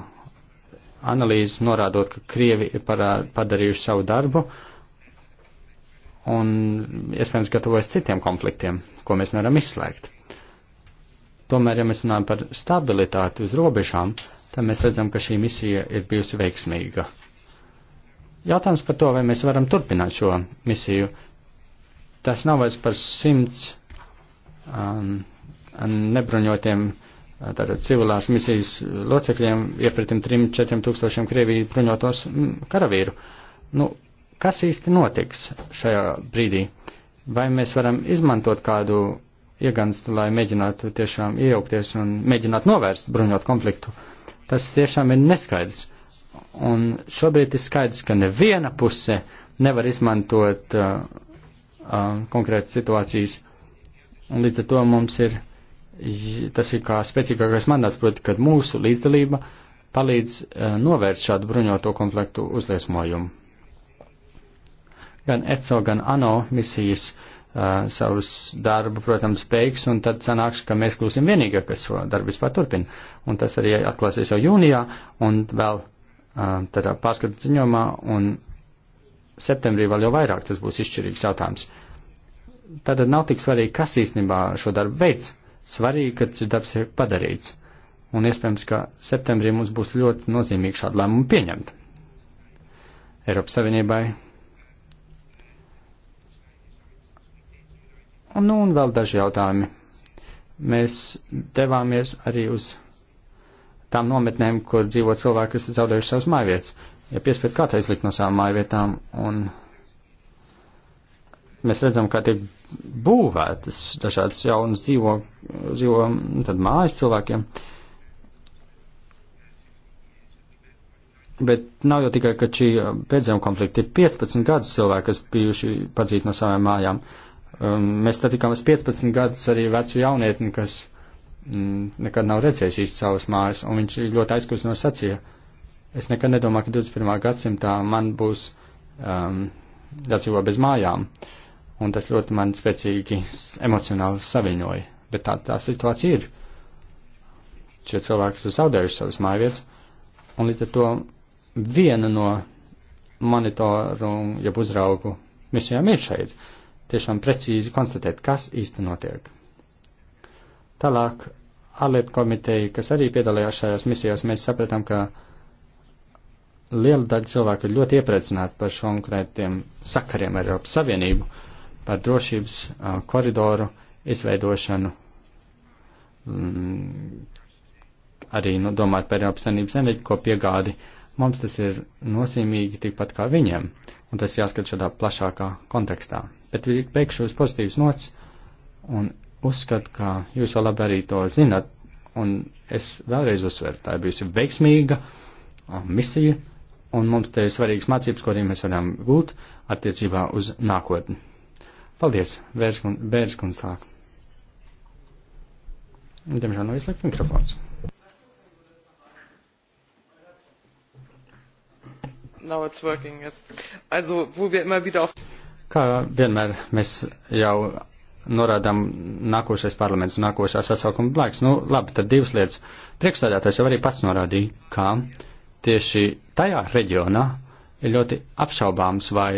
analīzes norādot, ka Krievi ir parā, padarījuši savu darbu un iespējams gatavojas citiem konfliktiem, ko mēs nevaram izslēgt. Tomēr, ja mēs runājam par stabilitāti uz robežām, tad mēs redzam, ka šī misija ir bijusi veiksmīga. Jautājums par to, vai mēs varam turpināt šo misiju, tas nav vairs par simts um, nebruņotiem uh, tātad civilās misijas locekļiem iepratim 3-4 tūkstošiem Krieviju bruņotos mm, karavīru. Nu, kas īsti notiks šajā brīdī? Vai mēs varam izmantot kādu ieganstu, lai mēģinātu tiešām iejaukties un mēģināt novērst bruņot konfliktu? Tas tiešām ir neskaidrs. Un šobrīd ir skaidrs, ka neviena puse nevar izmantot uh, uh, konkrētas situācijas. Un līdz ar to mums ir tas ir kā spēcīgākais mandāts, proti, kad mūsu līdzdalība palīdz uh, novērst šādu bruņoto konfliktu uzliesmojumu. Gan ECO, gan ANO misijas uh, savus darbu, protams, beigs, un tad sanāks, ka mēs kļūsim vienīgie, kas šo darbu vispār turpina. Un tas arī atklāsies jau jūnijā, un vēl uh, tādā pārskatu ziņomā, un septembrī vēl jau vairāk tas būs izšķirīgs jautājums. Tātad nav tik svarīgi, kas īstenībā šo darbu veids Svarīgi, ka šis darbs ir padarīts, un iespējams, ka septembrī mums būs ļoti nozīmīgi šādu lēmumu pieņemt. Eiropas Savienībai. Un, nu, un vēl daži jautājumi. Mēs devāmies arī uz tām nometnēm, kur dzīvo cilvēki, kas ir zaudējuši savas mājvietas. Ja piespēt kā tā izlikt no savām mājvietām un mēs redzam, kā tiek būvētas dažādas jaunas dzīvo, dzīvo nu, tad mājas cilvēkiem. Bet nav jau tikai, ka šī pēdējā konflikta ir 15 gadus cilvēki, kas bijuši padzīti no savām mājām. Um, mēs satikām uz 15 gadus arī vecu jaunietni, kas mm, nekad nav redzējis īsti savas mājas, un viņš ļoti aizkus no sacīja. Es nekad nedomāju, ka 21. gadsimtā man būs um, jādzīvo bez mājām. Uh, un tas ļoti man spēcīgi emocionāli saviņoja. Bet tā, tā situācija ir. Šie cilvēki ir zaudējuši savas mājvietas, un līdz ar to viena no monitoru, jeb uzraugu misijām ir šeit. Tiešām precīzi konstatēt, kas īsti notiek. Tālāk, ārlietu komiteja, kas arī piedalījās šajās misijās, mēs sapratām, ka liela daļa cilvēku ir ļoti iepriecināti par šo konkrētiem sakariem ar Eiropas Savienību, par drošības koridoru izveidošanu, mm, arī nu, domāt par Eiropas Savienības enerģiko piegādi, mums tas ir nozīmīgi tikpat kā viņiem, un tas jāskat šādā plašākā kontekstā. Bet beigšu uz pozitīvas nots, un uzskatu, ka jūs jau labi arī to zinat, un es vēlreiz uzsveru, tā ir bijusi veiksmīga misija, un mums te ir svarīgas mācības, ko arī mēs varam gūt attiecībā uz nākotni. Paldies, Bērns kundz tālāk. Diemžēl nav izslēgts mikrofons. Now it's working, yes. Also, wo wir immer wieder auf. Kā vienmēr mēs jau norādām nākošais parlaments un nākošā sasaukuma laiks. Nu, labi, tad divas lietas. Priekšstādātais jau arī pats norādīja, ka tieši tajā reģionā ir ļoti apšaubāms, vai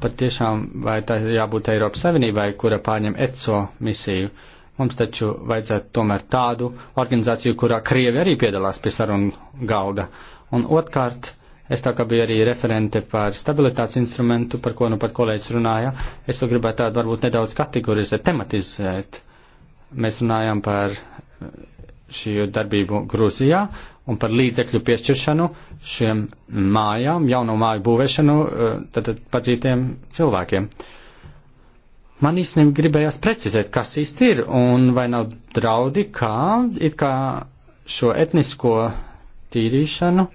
Pat tiešām, vai tā jābūt Eiropas Savienībai, kura pārņem ECO misiju. Mums taču vajadzētu tomēr tādu organizāciju, kurā Krievi arī piedalās pie sarunu galda. Un otrkārt, Es tā kā biju arī referente par stabilitātes instrumentu, par ko nu pat kolēģis runāja, es to gribētu tādu varbūt nedaudz kategorizēt, tematizēt. Mēs runājam par šī darbību Grūzijā, un par līdzekļu piešķiršanu šiem mājām, jauno māju būvēšanu tātad eh, padzītiem cilvēkiem. Man īstenībā gribējās precizēt, kas īsti ir un vai nav draudi, kā it kā šo etnisko tīrīšanu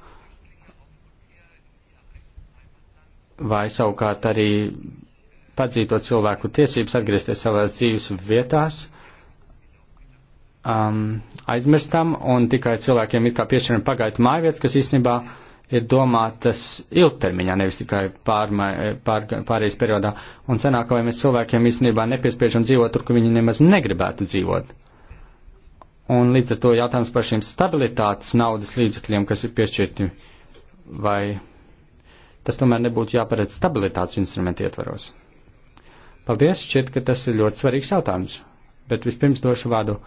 vai savukārt arī padzīto cilvēku tiesības atgriezties savās dzīves vietās um, aizmirstam un tikai cilvēkiem ir kā piešķiram pagaidu mājvietas, kas īstenībā ir domātas ilgtermiņā, nevis tikai pārmai, pār, pārējais periodā. Un senāk, vai mēs cilvēkiem īstenībā nepiespiežam dzīvot tur, kur viņi nemaz negribētu dzīvot. Un līdz ar to jautājums par šiem stabilitātes naudas līdzekļiem, kas ir piešķirti, vai tas tomēr nebūtu jāparedz stabilitātes instrumentu ietvaros. Paldies, šķiet, ka tas ir ļoti svarīgs jautājums. Bet vispirms došu vārdu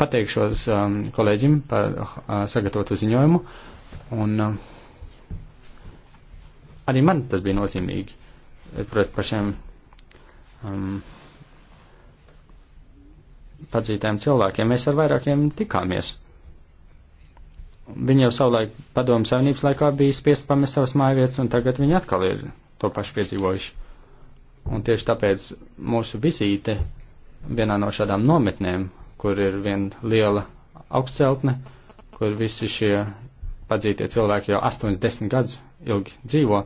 pateikšos um, kolēģim par uh, sagatavotu ziņojumu, un uh, arī man tas bija nozīmīgi, eh, protams, par šiem um, padzītājiem cilvēkiem. Mēs ar vairākiem tikāmies. Viņi jau savulaik padomu savienības laikā bija spiest pamest savas mājvietas, un tagad viņi atkal ir to pašu piedzīvojuši. Un tieši tāpēc mūsu vizīte vienā no šādām nometnēm kur ir viena liela augstceltne, kur visi šie padzītie cilvēki jau 80 gadus ilgi dzīvo.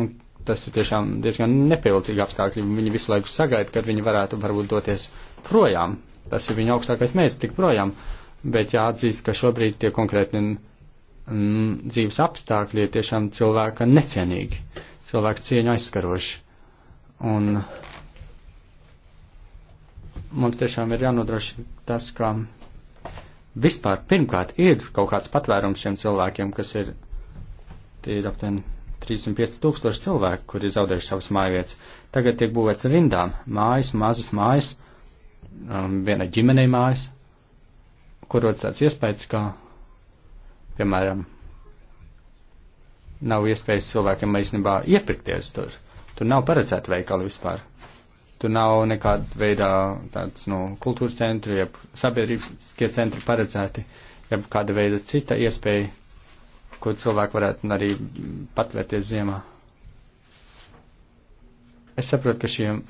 Un tas ir tiešām diezgan nepilnīgi apstākļi. Viņi visu laiku sagaida, kad viņi varētu varbūt doties projām. Tas ir viņa augstākais mērķis, tik projām. Bet jāatzīst, ka šobrīd tie konkrēti mm, dzīves apstākļi ir tiešām cilvēka necienīgi, cilvēka cieņa aizskaroši. Un mums tiešām ir jānodrošina tas, ka vispār pirmkārt ir kaut kāds patvērums šiem cilvēkiem, kas ir, tie ir aptuveni 35 tūkstoši cilvēku, kuri ir zaudējuši savas mājvietas. Tagad tiek būvēts rindām mājas, mazas mājas, um, viena ģimenei mājas, kur rodas tāds iespējas, ka, piemēram, nav iespējas cilvēkiem īstenībā iepirkties tur. Tur nav paredzēta veikali vispār. Tur nav nekāda veidā tāds, nu, kultūras centri, jeb sabiedrības centri paredzēti, jeb kāda veida cita iespēja, ko cilvēki varētu arī patvērties ziemā. Es saprotu, ka šiem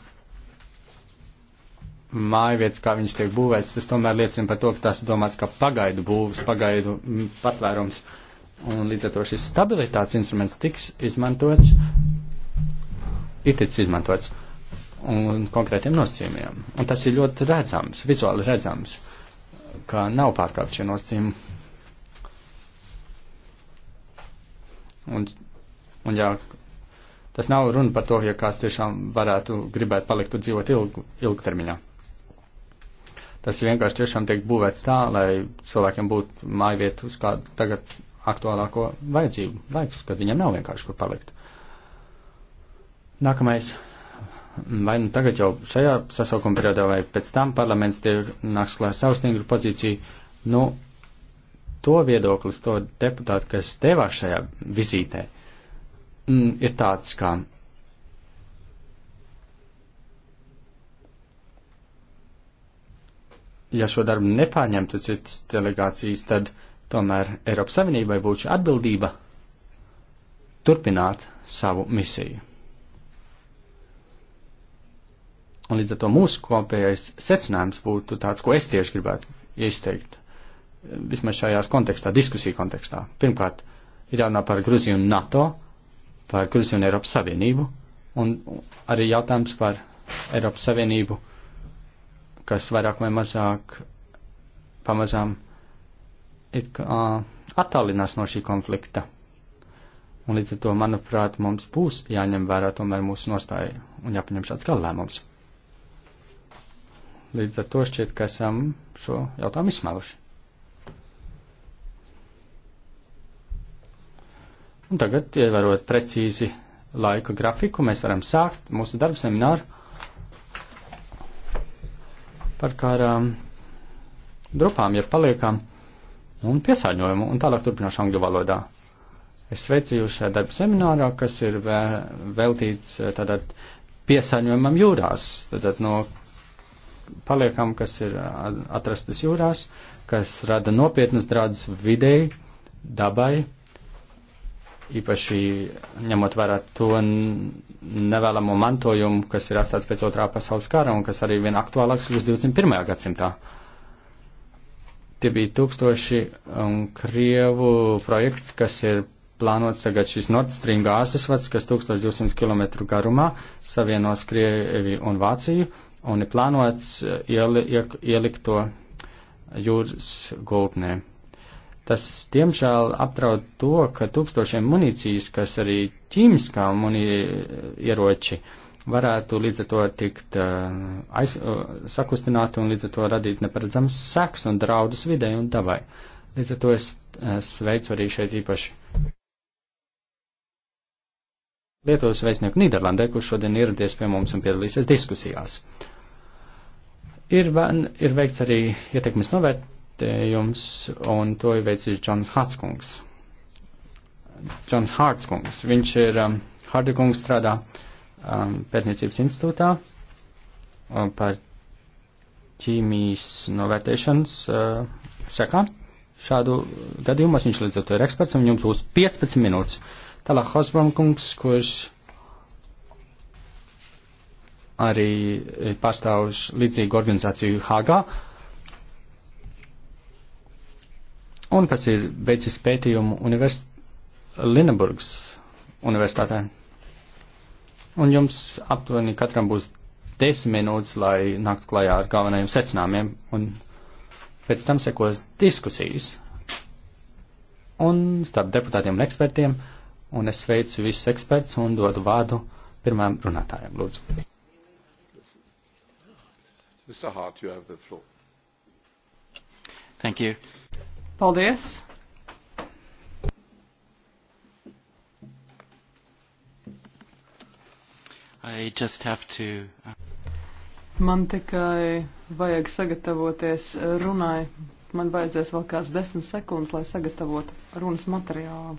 mājvietas, kā viņas tiek būvētas, tas tomēr liecina par to, ka tās ir domāts kā pagaidu būvs, pagaidu mm, patvērums. Un līdz ar to šis stabilitātes instruments tiks izmantots, ir ticis izmantots un konkrētiem nosacījumiem. Un tas ir ļoti redzams, vizuāli redzams, ka nav pārkāpt šie nosacījumi. Un, un jā, tas nav runa par to, ja kāds tiešām varētu gribēt palikt un dzīvot ilg, ilgtermiņā. Tas vienkārši tiešām tiek būvēts tā, lai cilvēkiem būtu mājvieta uz kādu tagad aktuālāko vajadzību, laiks, kad viņam nav vienkārši kur palikt. Nākamais vai nu tagad jau šajā sasaukuma periodā, vai pēc tam parlaments tiek nāks klāt savu stingru pozīciju, nu, to viedoklis, to deputātu, kas devās šajā vizītē, mm, ir tāds, kā. Ja šo darbu nepāņemtu citas delegācijas, tad tomēr Eiropas Savienībai būtu atbildība turpināt savu misiju. Un līdz ar to mūsu kopējais secinājums būtu tāds, ko es tieši gribētu izteikt, vismaz šajās kontekstā, diskusiju kontekstā. Pirmkārt, ir jārunā par Gruziju un NATO, par Gruziju un Eiropas Savienību, un arī jautājums par Eiropas Savienību, kas vairāk vai mazāk pamazām it kā uh, attālinās no šī konflikta. Un līdz ar to, manuprāt, mums būs jāņem vērā tomēr mūsu nostāja un jāpaņem šāds galvlēmums. Līdz ar to šķiet, ka esam šo jautājumu izsmēluši. Un tagad, ievērot precīzi laika grafiku, mēs varam sākt mūsu darbu semināru par kādām grupām, ja paliekām, un piesārņojumu, un tālāk turpināšu angļu valodā. Es sveicu jūs šajā darbu seminārā, kas ir veltīts eh, tātad piesārņojumam jūrās, tātad no paliekam, kas ir uh, atrastas jūrās, kas rada nopietnas draudus videi, dabai, īpaši ņemot vērā to nevēlamo mantojumu, kas ir atstāts pēc otrā pasaules kara un kas arī vien aktuālāks kļūst 21. gadsimtā. Tie bija tūkstoši um, krievu projekts, kas ir plānots tagad šis Nord Stream gāzes vads, kas 1200 km garumā savienos Krieviju un Vāciju, un ir plānots eh, ieli, ielikt to jūras gultnē. Tas, diemžēl, apdraud to, ka tūkstošiem munīcijas, kas arī ķīmiskā munī ieroči, varētu līdz ar to tikt uh, aiz, uh, eh, sakustināti un līdz ar to radīt neparedzams seks un draudus vidē un davai. Līdz ar to es sveicu arī šeit īpaši Lietuvas vēstnieku Nīderlandē, kurš šodien ieradies pie mums un piedalīsies diskusijās. Ir, ir veikts arī ietekmes novērtējums, un to ir veicis Džons Hartskungs. Džons Hartskungs, viņš ir, um, Hardekungs strādā um, pētniecības institūtā um, par ķīmijas novērtēšanas uh, sekām. Šādu gadījumos viņš līdz ar to ir eksperts, un jums būs 15 minūtes. Uh, tal-aħħosbom kungs kurx arī pārstāvs līdzīgu organizāciju Hāgā, un kas ir beidzis pētījumu universit Lineburgas universitātē. Un jums aptuveni katram būs desmit minūtes, lai nākt klajā ar galvenajiem secinājumiem, un pēc tam sekos diskusijas un starp deputātiem un ekspertiem un es sveicu visus ekspertus un dodu vārdu pirmajam runātājam, lūdzu. Mr. Hart, you have the floor. Thank you. Paldies. I just have to... Uh, Man tikai vajag sagatavoties runai. Man vajadzēs vēl kāds desmit sekundes, lai sagatavotu runas materiālu.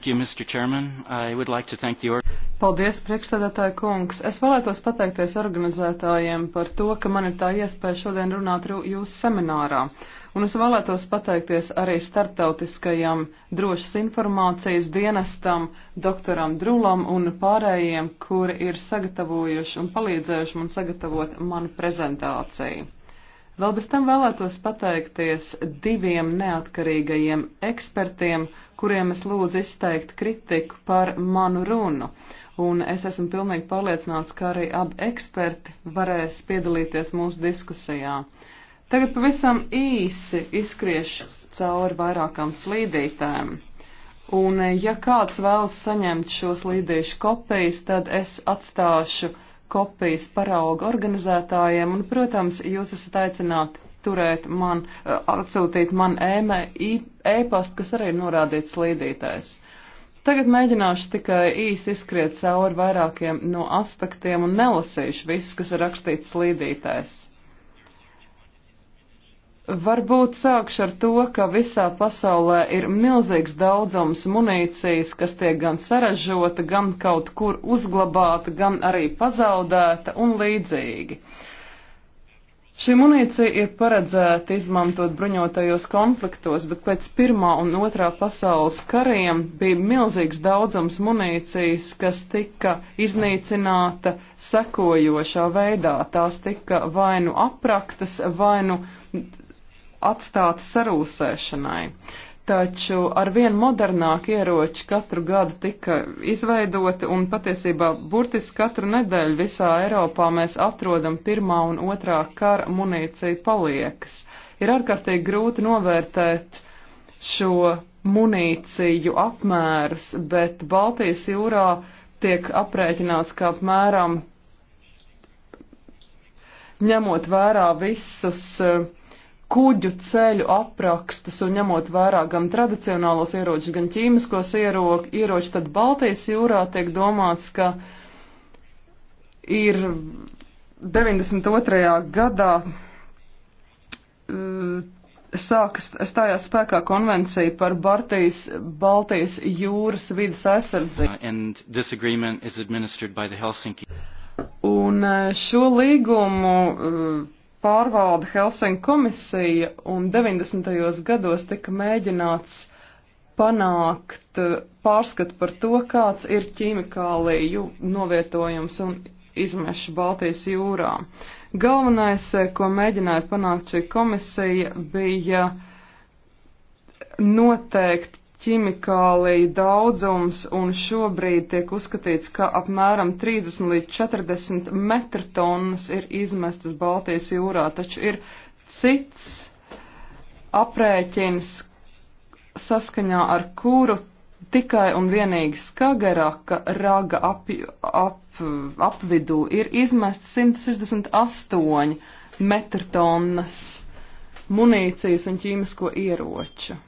You, like your... Paldies, priekšsēdētāja kungs. Es vēlētos pateikties organizētājiem par to, ka man ir tā iespēja šodien runāt jūsu seminārā. Un es vēlētos pateikties arī starptautiskajam drošas informācijas dienestam, doktoram Drulam un pārējiem, kuri ir sagatavojuši un palīdzējuši man sagatavot manu prezentāciju. Vēl bez tam vēlētos pateikties diviem neatkarīgajiem ekspertiem, kuriem es lūdzu izteikt kritiku par manu runu. Un es esmu pilnīgi pārliecināts, ka arī abi eksperti varēs piedalīties mūsu diskusijā. Tagad pavisam īsi izskriešu cauri vairākām slīdītēm. Un, ja kāds vēlas saņemt šo slīdīšu kopijas, tad es atstāšu kopijas parauga organizētājiem, un, protams, jūs esat aicināti turēt man, eh, atsūtīt man e-pastu, kas arī ir norādīts slīdītājs. Tagad mēģināšu tikai īsi izskriet cauri vairākiem no aspektiem un nelasīšu visus, kas ir rakstīts slīdītājs. Varbūt sākšu ar to, ka visā pasaulē ir milzīgs daudzums munīcijas, kas tiek gan saražota, gan kaut kur uzglabāta, gan arī pazaudēta un līdzīgi. Šī munīcija ir paredzēta izmantot bruņotajos konfliktos, bet pēc Pirmā un Otrā pasaules kariem bija milzīgs daudzums munīcijas, kas tika iznīcināta sekojošā veidā. Tās tika vai nu apraktas, vai nu atstāti sarūsēšanai. Taču ar vien modernāku ieroči katru gadu tika izveidoti un patiesībā burtiski katru nedēļu visā Eiropā mēs atrodam pirmā un otrā kara munīcija paliekas. Ir ārkārtīgi grūti novērtēt šo munīciju apmērus, bet Baltijas jūrā tiek aprēķināts, ka apmēram ņemot vērā visus eh, kuģu ceļu aprakstus un ņemot vērā gan tradicionālos ieročus, gan ķīmiskos ieročus, tad Baltijas jūrā tiek domāts, ka ir 92. gadā uh, sākas stājās spēkā konvencija par Baltijas, Baltijas jūras vidas aizsardzību. Uh, un uh, šo līgumu pārvalda Helsinku komisija, un 90. gados tika mēģināts panākt eh, pārskatu par to, kāds ir ķīmikāliju novietojums un izmešu Baltijas jūrā. Galvenais, eh, ko mēģināja panākt šī komisija, bija noteikt ķimikāliju daudzums, un šobrīd tiek uzskatīts, ka apmēram 30 līdz 40 metritonnas ir izmestas Baltijas jūrā, taču ir cits aprēķins, saskaņā ar kuru tikai un vienīgi skagaraka raga ap, ap, apvidū ir izmestas 168 metritonnas munīcijas un ķīmisko ieroču.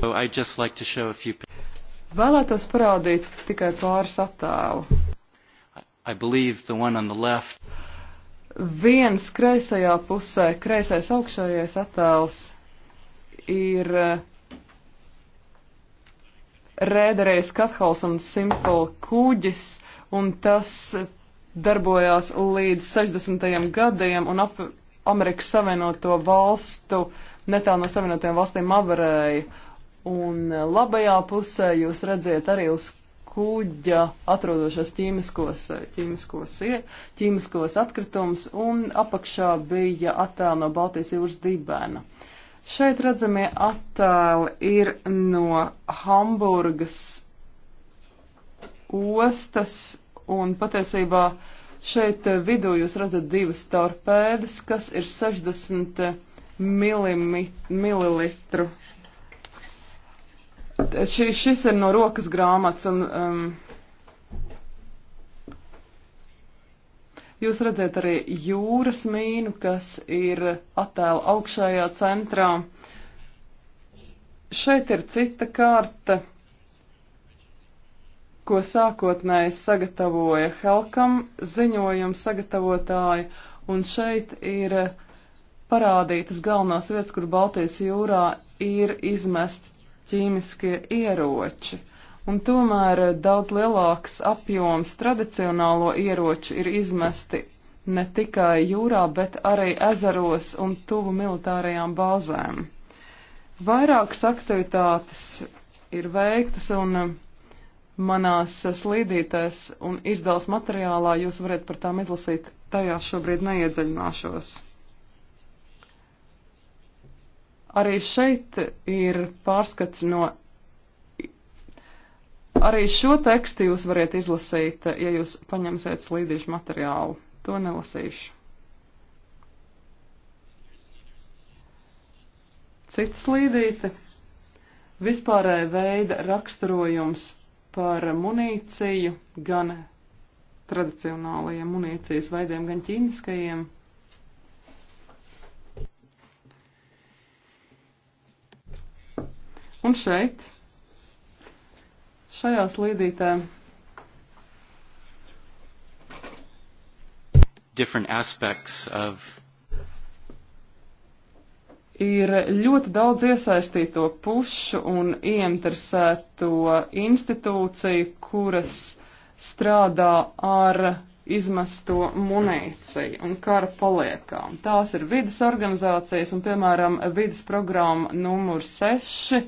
So like few... Vēlētos parādīt tikai pāris attēlu. Left... Viens kreisajā pusē, kreisais augšējais attēls ir eh, rēderējs Katholsons Simple kuģis, un tas darbojās līdz 60. gadiem un ap Amerikas Savienoto valstu, netālu no Savienotajām valstīm avarēja. Un eh, labajā pusē jūs redziet arī uz kuģa atrodošos ķīmiskos, eh, ķīmiskos, ķīmiskos atkritumus, un apakšā bija attēli no Baltijas jūras dibēna. Šeit redzamie attēli ir no Hamburgas ostas, un patiesībā šeit eh, vidū jūs redzat divas torpēdas, kas ir 60 milimit, mililitru Tātad eh, šī, šis ir no rokas grāmatas un um, jūs redzēt arī jūras mīnu, kas ir attēla augšējā centrā. Šeit ir cita kārta, ko sākotnēji sagatavoja Helkam ziņojuma sagatavotāji, un šeit ir parādītas galvenās vietas, kur Baltijas jūrā ir izmest ķīmiskie ieroči. Un tomēr eh, daudz lielāks apjoms tradicionālo ieroču ir izmesti ne tikai jūrā, bet arī ezeros un tuvu militārajām bāzēm. Vairākas aktivitātes ir veiktas un eh, manās slīdītēs un izdevuma materiālā jūs varat par tām izlasīt. Tajā šobrīd neiedziļināšos. Arī šeit ir pārskats no. Arī šo tekstu jūs variet izlasīt, ja jūs paņemsiet slīdīšu materiālu. To nelasīšu. Cita slīdīte - vispārēja veida raksturojums par munīciju, gan tradicionālajiem munīcijas veidiem, gan ķīmiskajiem. Un šeit, šajā slīdītē, different aspects of ir ļoti daudz iesaistīto pušu un ieinteresēto institūciju, kuras strādā ar izmesto munīciju un kara paliekām. Tās ir vidas organizācijas un, piemēram, vidas programma numur 6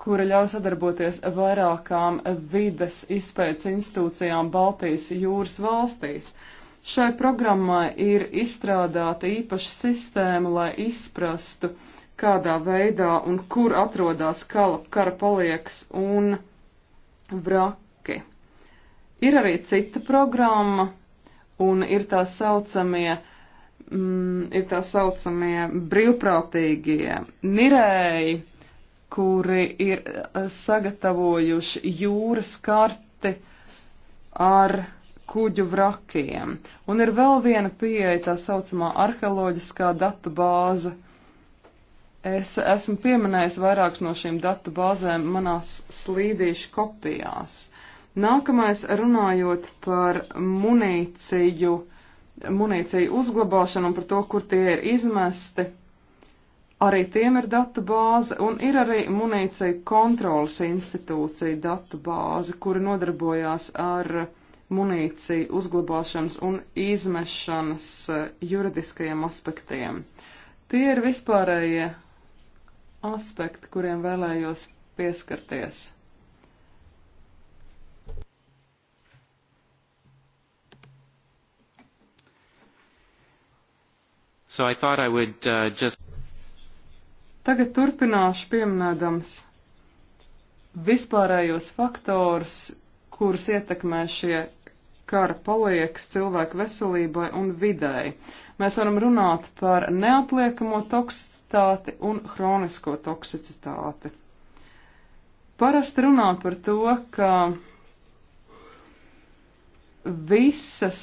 kura ļauj sadarboties vairākām vides izpētes institūcijām Baltijas jūras valstīs. Šai programmai ir izstrādāta īpaša sistēma, lai izprastu, kādā veidā un kur atrodas kala, kara palieks un vraki. Ir arī cita programma, un ir tā saucamie, mm, ir tā saucamie brīvprātīgie nirēji, kuri ir eh, sagatavojuši jūras karti ar kuģu vrakiem. Un ir vēl viena pieeja, tā saucamā arheoloģiskā datu bāze. Es esmu pieminējis vairākas no šīm datu bāzēm manās slīdīšu kopijās. Nākamais runājot par munīciju, munīciju uzglabāšanu un par to, kur tie ir izmesti. Arī tiem ir datu bāze un ir arī munīcija kontrolas institūcija datu bāze, kura nodarbojās ar munīciju uzglabāšanas un izmešanas eh, juridiskajiem aspektiem. Tie ir vispārējie aspekti, kuriem vēlējos pieskarties. So I thought I would uh, just Tagad turpināšu pieminēdams vispārējos faktors, kurus ietekmē šie kara palieks cilvēku veselībai un videi. Mēs varam runāt par neatliekamo toksicitāti un hronisko toksicitāti. Parasti runā par to, ka visas,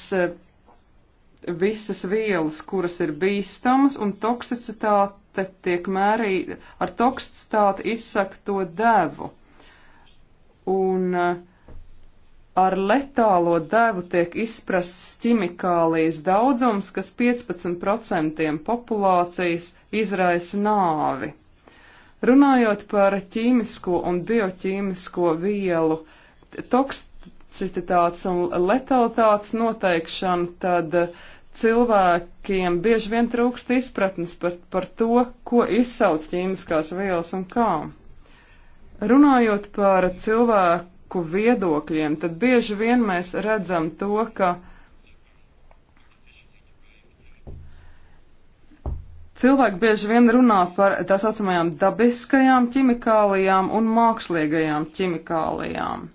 visas vielas, kuras ir bīstamas un toksicitāte, kaste tiek mērīta ar tokststātu izsakto devu. Un eh, ar letālo devu tiek izprasts ķimikālijas daudzums, kas 15% populācijas izraisa nāvi. Runājot par ķīmisko un bioķīmisko vielu, toksicitātes un letalitātes noteikšanu, tad uh, cilvēkiem bieži vien trūkst izpratnes par, par to, ko izsauc ķīmiskās vielas un kā. Runājot par cilvēku viedokļiem, tad bieži vien mēs redzam to, ka cilvēki bieži vien runā par tā saucamajām dabiskajām ķimikālijām un mākslīgajām ķimikālijām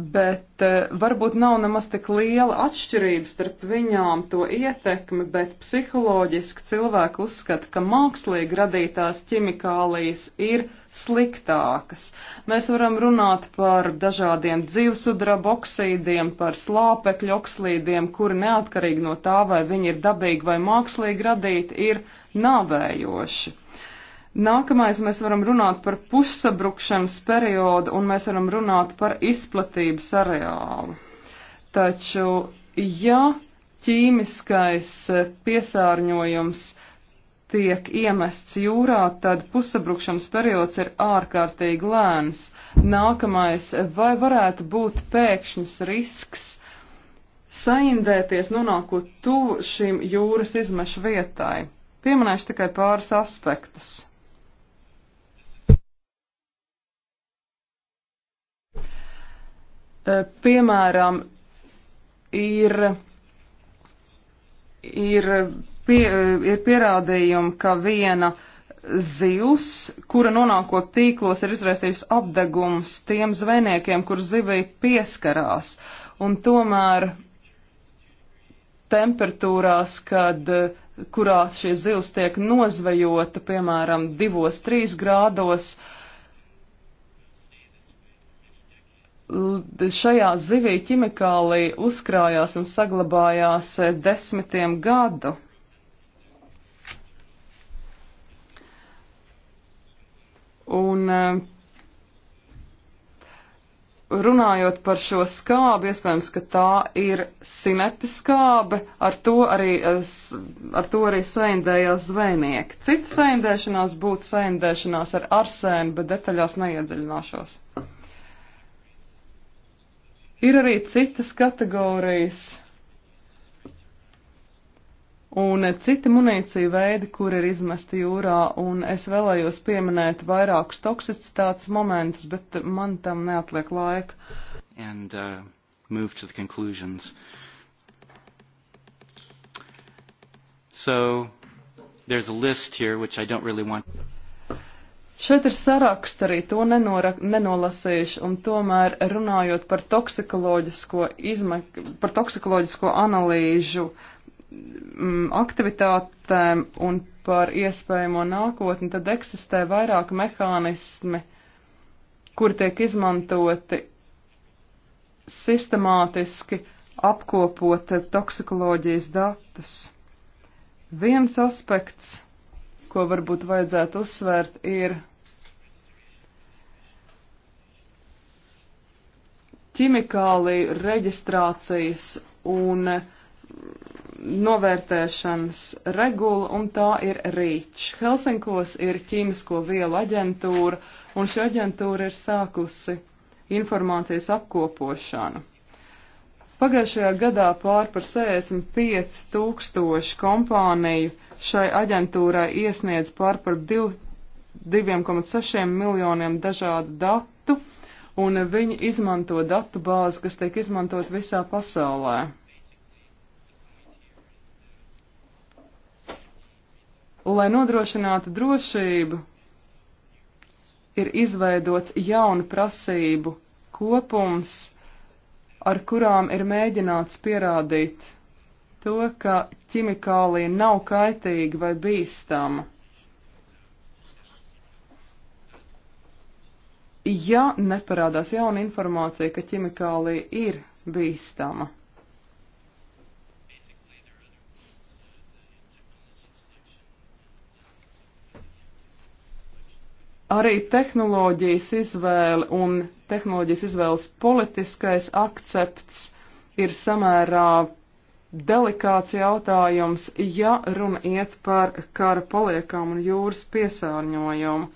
bet eh, varbūt nav nemaz tik liela atšķirība starp viņām to ietekmi, bet psiholoģiski cilvēki uzskata, ka mākslīgi radītās ķimikālijas ir sliktākas. Mēs varam runāt par dažādiem dzīvesudraba oksīdiem, par slāpekļu okslīdiem, kuri neatkarīgi no tā, vai viņi ir dabīgi vai mākslīgi radīti, ir nāvējoši. Nākamais mēs varam runāt par pussabrukšanas periodu un mēs varam runāt par izplatības areālu. Taču, ja ķīmiskais piesārņojums tiek iemests jūrā, tad pusabrukšanas periods ir ārkārtīgi lēns. Nākamais, vai varētu būt pēkšņs risks saindēties, nonākot tuvu šīm jūras izmešu vietai? Pieminēšu tikai pāris aspektus. Eh, piemēram, ir, ir, pie, eh, ir pierādījumi, ka viena zivs, kura nonākot tīklos, ir izraisījusi apdegums tiem zvejniekiem, kur zivī pieskarās. Un tomēr temperatūrās, kad, kurās šie zivs tiek nozvejota, piemēram, divos, trīs grādos, uh, šajā zivī ķimikālija uzkrājās un saglabājās eh, desmitiem gadu. Un eh, runājot par šo skābi, iespējams, ka tā ir sinepiskābe, ar to arī, eh, ar to arī saindējās zvejnieki. Cita saindēšanās būtu saindēšanās ar arsēnu, bet detaļās neiedziļināšos. Ir arī citas kategorijas un citi munīcija veidi, kur ir izmesti jūrā, un es vēlējos pieminēt vairākus toksicitātes momentus, bet man tam neatliek laika. And, uh, move to the conclusions. So, there's a list here which I don't really want. Šeit ir saraksts, arī to nenora, nenolasīšu, un tomēr runājot par toksikoloģisko, izme, par toksikoloģisko analīžu m, mm, aktivitātēm un par iespējamo nākotni, tad eksistē vairāk mehānismi, kur tiek izmantoti sistemātiski apkopot toksikoloģijas datus. Viens aspekts, ko varbūt vajadzētu uzsvērt, ir ķimikāliju reģistrācijas un novērtēšanas regula, un tā ir REACH. Helsinkos ir ķīmisko vielu aģentūra, un šī aģentūra ir sākusi informācijas apkopošanu. Pagājušajā gadā pār par 65 tūkstoši kompāniju šai aģentūrai iesniedz pār par 2,6 miljoniem dažādu datu un viņi izmanto datu bāzi, kas tiek izmantot visā pasaulē. Lai nodrošinātu drošību, ir izveidots jaunu prasību kopums, ar kurām ir mēģināts pierādīt to, ka ķimikālija nav kaitīga vai bīstama. ja neparādās jauna informācija, ka ķimikālija ir bīstama. arī tehnoloģijas izvēle un tehnoloģijas izvēles politiskais akcepts ir samērā delikāts jautājums, ja runa iet par kara paliekām un jūras piesārņojumu.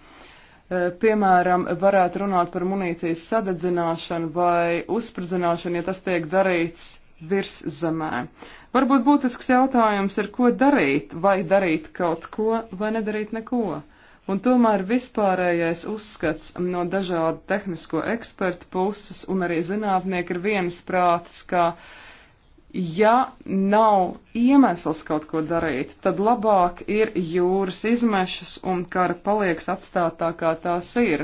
Eh, piemēram, varētu runāt par munīcijas sadedzināšanu vai uzspridzināšanu, ja tas tiek darīts virs zemē. Varbūt būtisks jautājums ir, ko darīt, vai darīt kaut ko, vai nedarīt neko. Un tomēr vispārējais uzskats no dažādu tehnisko ekspertu puses un arī zinātnieku ir vienas prātas, ka uh, ja nav iemesls kaut ko darīt, tad labāk ir jūras izmešas un kara palieks atstātā, kā tās ir.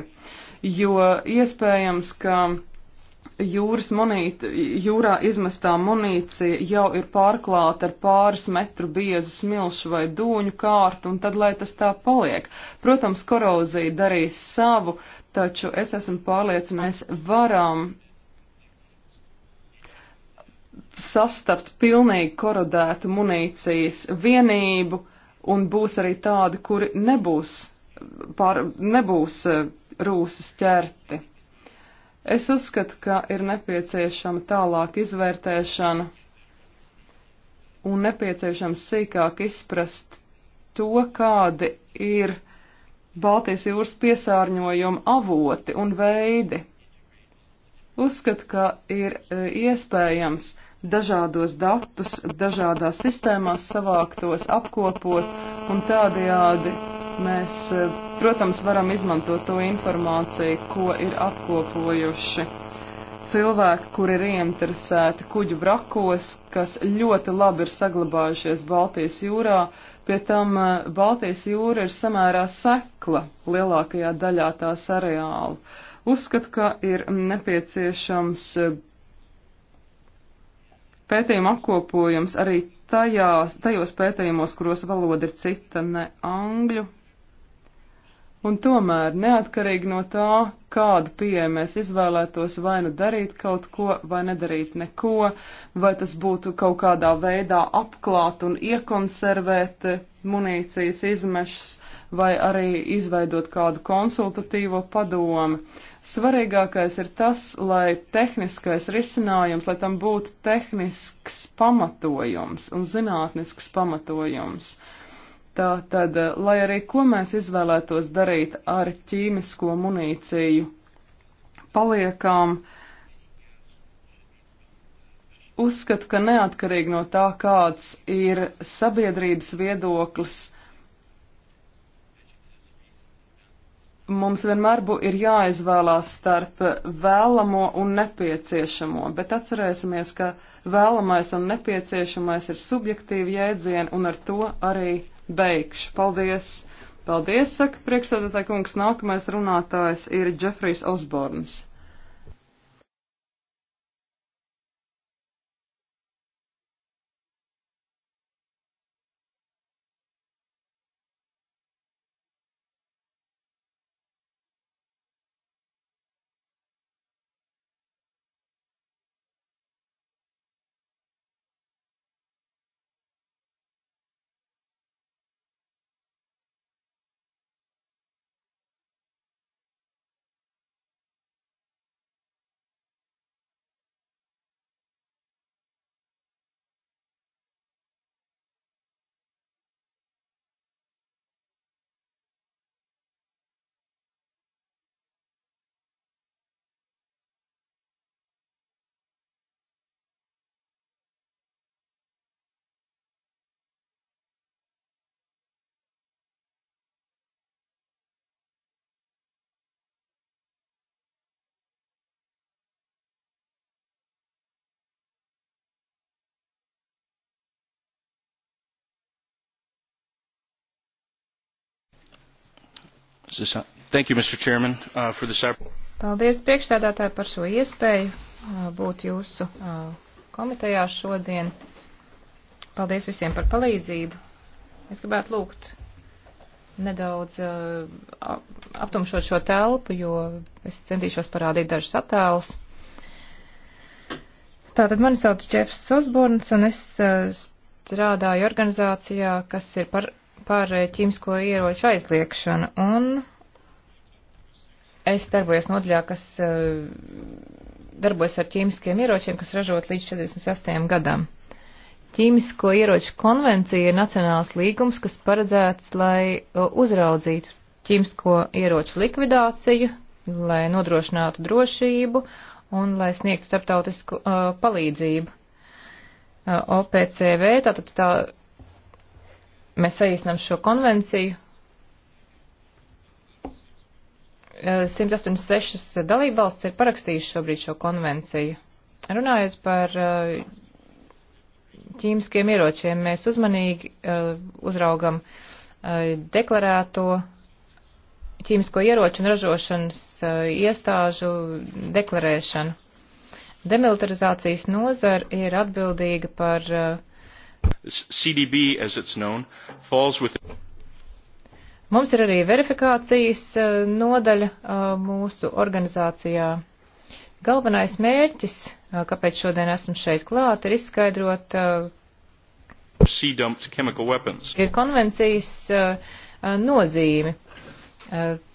Jo iespējams, ka jūras monīt, jūrā izmestā munīcija jau ir pārklāta ar pāris metru biezu smilšu vai dūņu kārtu, un tad lai tas tā paliek. Protams, korozija darīs savu, taču es esmu pārliecināts, varam sastapt pilnīgi korodētu munīcijas vienību, un būs arī tādi, kuri nebūs, pār, nebūs e, rūsas ķerti. Es uzskatu, ka ir nepieciešama tālāka izvērtēšana un nepieciešams sīkāk izprast to, kādi ir Baltijas jūras piesārņojuma avoti un veidi. Uzskatu, ka ir e, iespējams dažādos datus, dažādās sistēmās savāktos, apkopot, un tādējādi mēs, e, protams, varam izmantot to informāciju, ko ir apkopojuši cilvēki, kuri ir ieinteresēti kuģu vrakos, kas ļoti labi ir saglabājušies Baltijas jūrā. Pie tam e, Baltijas jūra ir samērā sekla lielākajā daļā tās areāla. Uh, Uzskatu, ka ir nepieciešams eh, pētījuma apkopojums arī tajās, tajos pētījumos, kuros valoda ir cita, ne angļu. Un tomēr, neatkarīgi no tā, kādu pieeju mēs izvēlētos, vai nu darīt kaut ko, vai nedarīt neko, vai tas būtu kaut kādā veidā apklāt un iekonservēt eh, munīcijas izmešus, vai arī izveidot kādu konsultatīvo padomu. Svarīgākais ir tas, lai tehniskais risinājums, lai tam būtu tehnisks pamatojums un zinātnisks pamatojums. Tā tad, lai arī ko mēs izvēlētos darīt ar ķīmisko munīciju, paliekām uh, uzskatu, ka neatkarīgi no tā, kāds ir sabiedrības viedoklis, mums vienmēr bū, ir jāizvēlās starp vēlamo un nepieciešamo, bet atcerēsimies, ka vēlamais un nepieciešamais ir subjektīvi jēdzieni, un ar to arī beigšu. Paldies! Paldies, saka priekšstādātāja kungs. Nākamais runātājs ir Džefrijs Osborns. You, Chairman, uh, this... Paldies priekšstādātāji par šo iespēju uh, būt jūsu uh, komitejā šodien. Paldies visiem par palīdzību. Es gribētu lūgt nedaudz uh, aptumšot šo telpu, jo es centīšos parādīt dažus attēlus. Tātad mani sauc Džefs Osborns un es uh, strādāju organizācijā, kas ir par par eh, ķīmisko ieroču aizliekšanu, un es darbojos nodaļā, kas eh, darbojas ar ķīmiskiem ieročiem, kas ražot līdz 48 gadam. Ķīmisko ieroču konvencija ir nacionāls līgums, kas paredzēts, lai eh, uzraudzītu ķīmisko ieroču likvidāciju, lai nodrošinātu drošību un lai sniegtu starptautisku uh, palīdzību. Uh, OPCV, tātad tā mēs saīsinām šo konvenciju. 186 eh, dalībvalsts ir parakstījuši šobrīd šo konvenciju. Runājot par eh, ķīmiskiem ieročiem, mēs uzmanīgi eh, uzraugam deklarēto ķīmisko ieroču un ražošanas iestāžu deklarēšanu. Demilitarizācijas nozara ir atbildīga par uh, CDB, as it's known, falls within. Mums ir arī verifikācijas uh, nodaļa uh, mūsu organizācijā. Galvenais mērķis, uh, kāpēc šodien esmu šeit klāt, ir izskaidrot, ir konvencijas nozīmi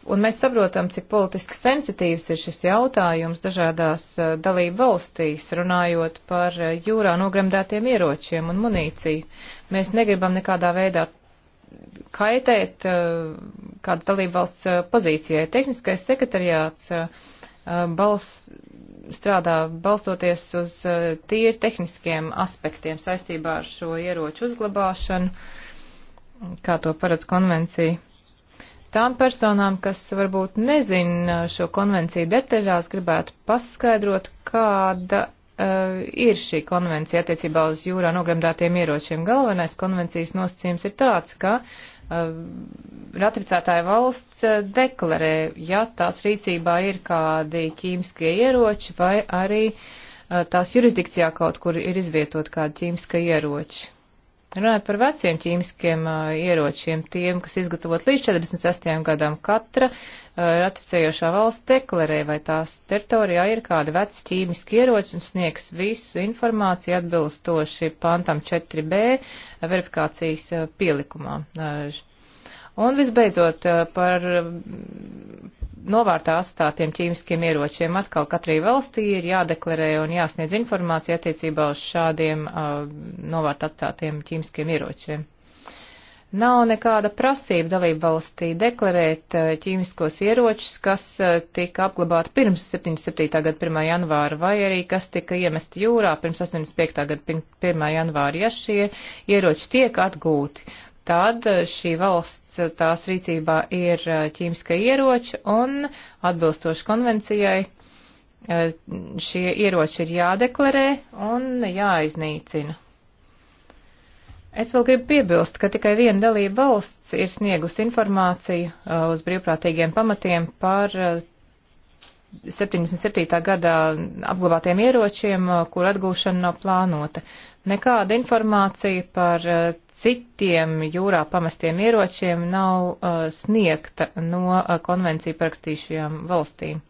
Un mēs saprotam, cik politiski sensitīvs ir šis jautājums dažādās dalību valstīs, runājot par jūrā nogremdētiem ieročiem un munīciju. Mēs negribam nekādā veidā kaitēt kādas dalību valsts pozīcijai. Tehniskais sekretariāts bals, strādā balstoties uz tīri tehniskiem aspektiem saistībā ar šo ieroču uzglabāšanu, kā to paredz konvencija tām personām, kas varbūt nezina uh, šo konvenciju detaļās, gribētu paskaidrot, kāda uh, ir šī konvencija attiecībā uz jūrā nogremdētiem ieročiem. Galvenais konvencijas nosacījums ir tāds, ka uh, ratificētāja valsts uh, deklarē, ja tās rīcībā ir kādi ķīmiskie ieroči vai arī uh, tās jurisdikcijā kaut kur ir izvietot kādi ķīmiskie ieroči. Runājot par veciem ķīmiskiem uh, ieročiem, tiem, kas izgatavot līdz 48. gadam, katra uh, ratificējošā valsts deklarē, vai tās teritorijā ir kāda veca ķīmiska ieroča un sniegs visu informāciju atbilstoši pantam 4b verifikācijas uh, pielikumā. Uh, Un visbeidzot eh, par mm, novārtā atstātiem ķīmiskiem ieročiem atkal katrai valstī ir jādeklarē un jāsniedz informācija attiecībā uz šādiem uh, novārtā atstātiem ķīmiskiem ieročiem. Nav nekāda prasība dalību valstī deklarēt uh, ķīmiskos ieročus, kas uh, tika apglabāti pirms 77. gada 1. janvāra vai arī kas tika iemesti jūrā pirms 85. gada 1. janvāra, ja šie ieroči tiek atgūti tad šī valsts tās rīcībā ir ķīmiska ieroča un atbilstoši konvencijai šie ieroči ir jādeklarē un jāiznīcina. Es vēl gribu piebilst, ka tikai viena dalība valsts ir sniegusi informāciju uz brīvprātīgiem pamatiem par 77. gadā apglabātiem ieročiem, kur atgūšana nav plānota. Nekāda informācija par citiem jūrā pamestiem ieročiem nav uh, sniegta no uh, konvenciju parakstījušajām valstīm.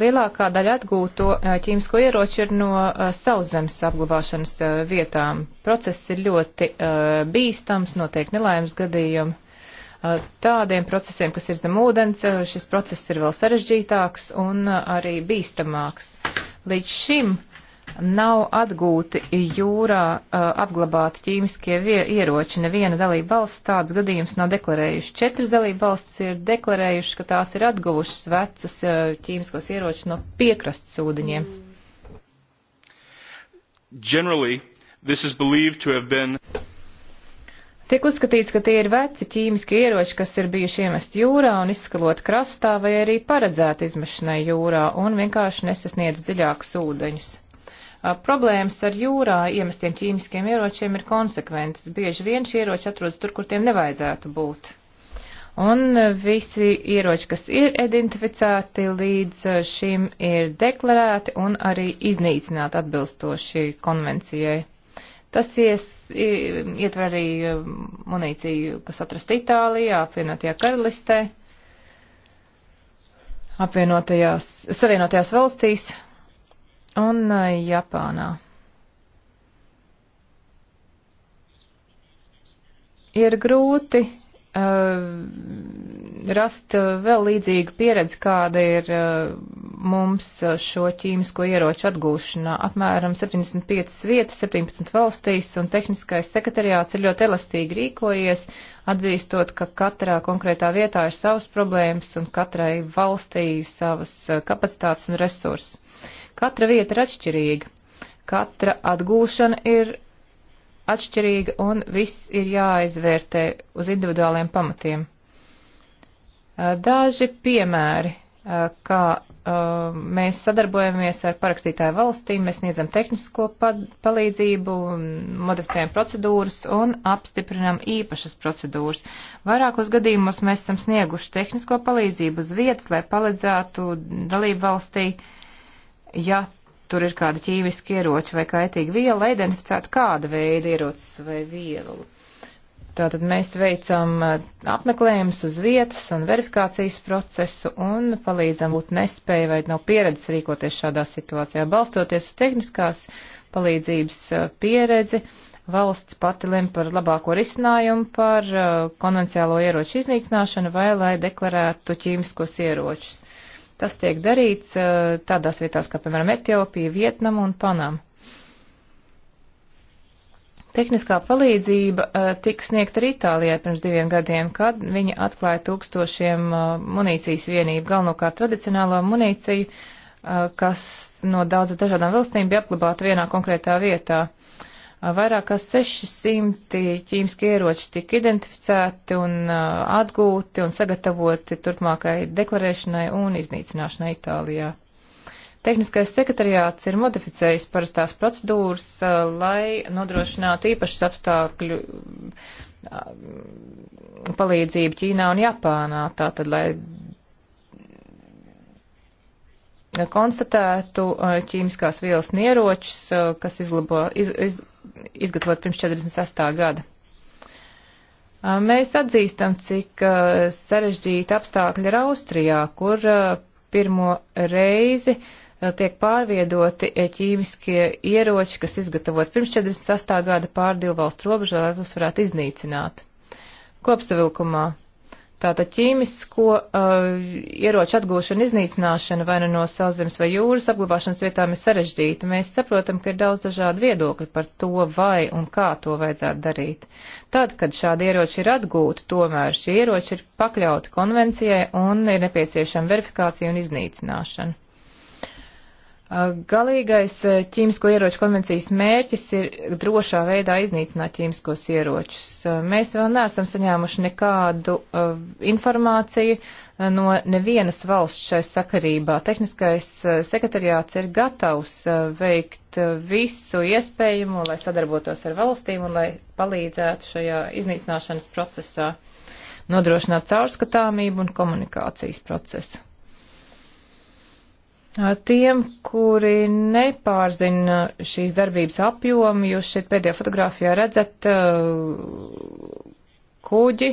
Lielākā daļa atgūto uh, ķīmisko ieroču ir no uh, sauszemes apglabāšanas uh, vietām. Process ir ļoti uh, bīstams, notiek nelaimes gadījumi. Uh, tādiem procesiem, kas ir zem ūdens, uh, šis process ir vēl sarežģītāks un uh, arī bīstamāks. Līdz šim uh, nav atgūti jūrā uh, apglabāti ķīmiskie ieroči. Neviena dalība valsts tāds gadījums nav deklarējuši. Četras dalība valsts ir deklarējuši, ka tās ir atguvušas vecus uh, ķīmiskos ieročus no piekrastes ūdeņiem. Generally, this is believed to have been Tiek uzskatīts, ka tie ir veci ķīmiski ieroči, kas ir bijuši iemesti jūrā un izskalot krastā vai arī paredzēti izmešanai jūrā un vienkārši nesasniedz dziļākus ūdeņus. Problēmas ar jūrā iemestiem ķīmiskiem ieročiem ir konsekventas. Bieži vien šie ieroči atrodas tur, kur tiem nevajadzētu būt. Un e, visi ieroči, kas ir identificēti līdz e, šim, ir deklarēti un arī iznīcināti atbilstoši konvencijai. Tas ies, ietver arī e, munīciju, kas atrasta Itālijā, apvienotajā karalistē, apvienotajās, savienotajās valstīs, un uh, Japānā. Ir grūti uh, rast vēl līdzīgu pieredzi, kāda ir uh, mums uh, šo ķīmisko ieroču atgūšanā. Apmēram 75 vietas, 17 valstīs, un tehniskais sekretariāts ir ļoti elastīgi rīkojies, atzīstot, ka katrā konkrētā vietā ir savas problēmas un katrai valstī savas uh, kapacitātes un resursi. Katra vieta ir atšķirīga, katra atgūšana ir atšķirīga un viss ir jāizvērtē uz individuāliem pamatiem. Daži piemēri, kā mēs sadarbojamies ar parakstītāju valstīm, mēs sniedzam tehnisko palīdzību, modificējam procedūras un apstiprinam īpašas procedūras. Vairākos gadījumos mēs esam snieguši tehnisko palīdzību uz vietas, lai palīdzētu dalību valstī uh, ja tur ir kāda ķīmiska ieroča vai kaitīga viela, lai identificētu kāda veida ierocis vai vielu. Tātad mēs veicam eh, apmeklējumus uz vietas un verifikācijas procesu un palīdzam būt nespēju vai nav pieredzes rīkoties šādā situācijā. Balstoties uz tehniskās palīdzības eh, pieredzi, valsts pati lem par labāko risinājumu par eh, konvenciālo ieroču iznīcināšanu vai lai deklarētu ķīmiskos ieročus. Tas tiek darīts eh, tādās vietās kā, piemēram, Etiopija, Vietnama un Panama. Tehniskā palīdzība uh, tika sniegta arī Itālijai pirms diviem gadiem, kad viņi atklāja tūkstošiem uh, munīcijas vienību, galvenokārt tradicionālo munīciju, uh, kas no daudzas dažādām valstīm bija apglabāta vienā konkrētā vietā. Uh, Vairāk kā 600 ķīmiski ieroči tika identificēti un atgūti un sagatavoti turpmākai deklarēšanai un iznīcināšanai Itālijā. Tehniskais sekretariāts ir modificējis parastās procedūras, lai nodrošinātu īpašas apstākļu palīdzību Ķīnā un Japānā, tātad, lai konstatētu ķīmiskās vielas un ieročus, kas izlabo, iz, iz, izgatavot pirms 48. gada. Mēs atzīstam, cik sarežģīti apstākļi ir Austrijā, kur pirmo reizi tiek pārviedoti ķīmiskie ieroči, kas izgatavot pirms 48. gada pār divu valstu robežu, lai tos varētu iznīcināt. Kopsavilkumā Tātad ķīmisko uh, ieroču atgūšana, iznīcināšana vai nu no sauszemes vai jūras apglabāšanas vietām ir sarežģīta. Mēs saprotam, ka ir daudz dažādu viedokļu par to, vai un kā to vajadzētu darīt. Tad, kad šādi ieroči ir atgūti, tomēr šie ieroči ir pakļauti konvencijai un ir nepieciešama verifikācija un iznīcināšana. Galīgais ķīmisko ieroču konvencijas mērķis ir drošā veidā iznīcināt ķīmiskos ieročus. Mēs vēl neesam saņēmuši nekādu uh, informāciju no nevienas valsts šai sakarībā. Tehniskais uh, sekretariāts ir gatavs uh, veikt visu iespējamo, lai sadarbotos ar valstīm un lai palīdzētu šajā iznīcināšanas procesā nodrošināt caurskatāmību un komunikācijas procesu. Tiem, kuri nepārzina šīs darbības apjomu, jūs šeit pēdējā fotografijā redzat kuģi.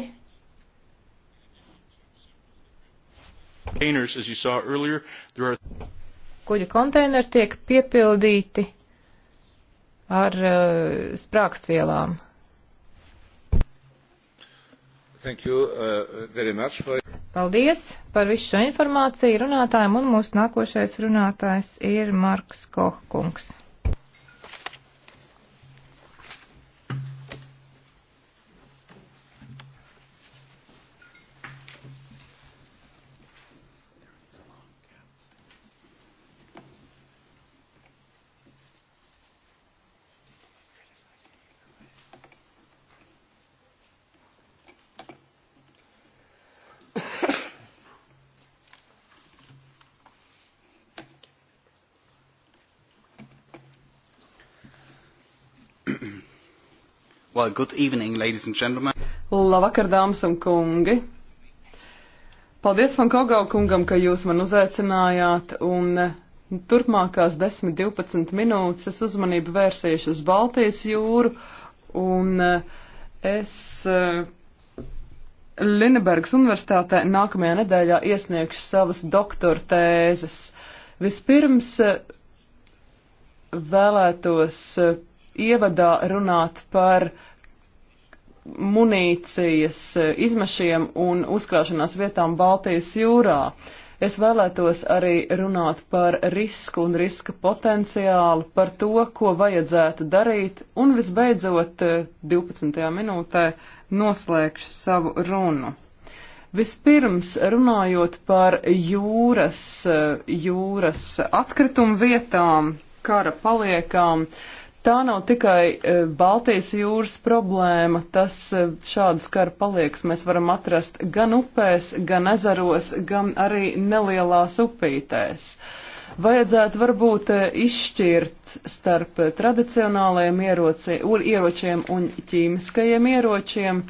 Kuģi konteineri tiek piepildīti ar sprākstvielām. Thank you, uh, very much for... Paldies par visu šo informāciju runātājiem, un mūsu nākošais runātājs ir Marks Kohkungs. Well, good evening, ladies and gentlemen. Labvakar, dāmas un kungi. Paldies man Kogau kungam, ka jūs man uzaicinājāt, un turpmākās 10-12 minūtes es uzmanību vērsīšu uz Baltijas jūru, un eh, es eh, Linebergas universitātē nākamajā nedēļā iesniegšu savas doktora tēzes. Vispirms eh, vēlētos ievadā runāt par munīcijas e, izmešiem un uzkrāšanās vietām Baltijas jūrā. Es vēlētos arī runāt par risku un riska potenciālu, par to, ko vajadzētu darīt, un visbeidzot 12. E, minūtē noslēgšu savu runu. Vispirms runājot par jūras, e, jūras atkritumu vietām, kara paliekām, uh, Tā nav tikai e, Baltijas jūras problēma, tas e, šādas kara paliekas mēs varam atrast gan upēs, gan ezeros, gan arī nelielās upītēs. Vajadzētu varbūt e, izšķirt starp tradicionālajiem ieroci, ieročiem un ķīmiskajiem ieročiem,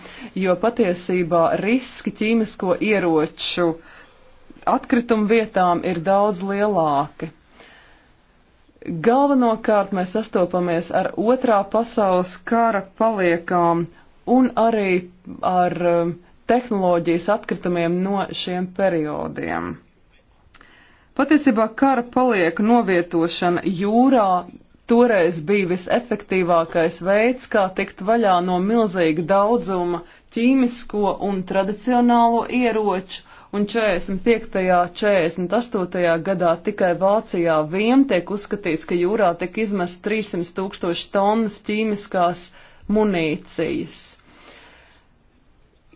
jo patiesībā riski ķīmisko ieroču atkritumu vietām ir daudz lielāki. Galvenokārt mēs sastopamies ar otrā pasaules kara paliekām un arī ar um, tehnoloģijas atkritumiem no šiem periodiem. Patiesībā kara palieku novietošana jūrā toreiz bija visefektīvākais veids, kā tikt vaļā no milzīga daudzuma ķīmisko un tradicionālo ieroču un 45. 48. gadā tikai Vācijā vien tiek uzskatīts, ka jūrā tiek izmest 300 tūkstoši tonnas ķīmiskās munīcijas.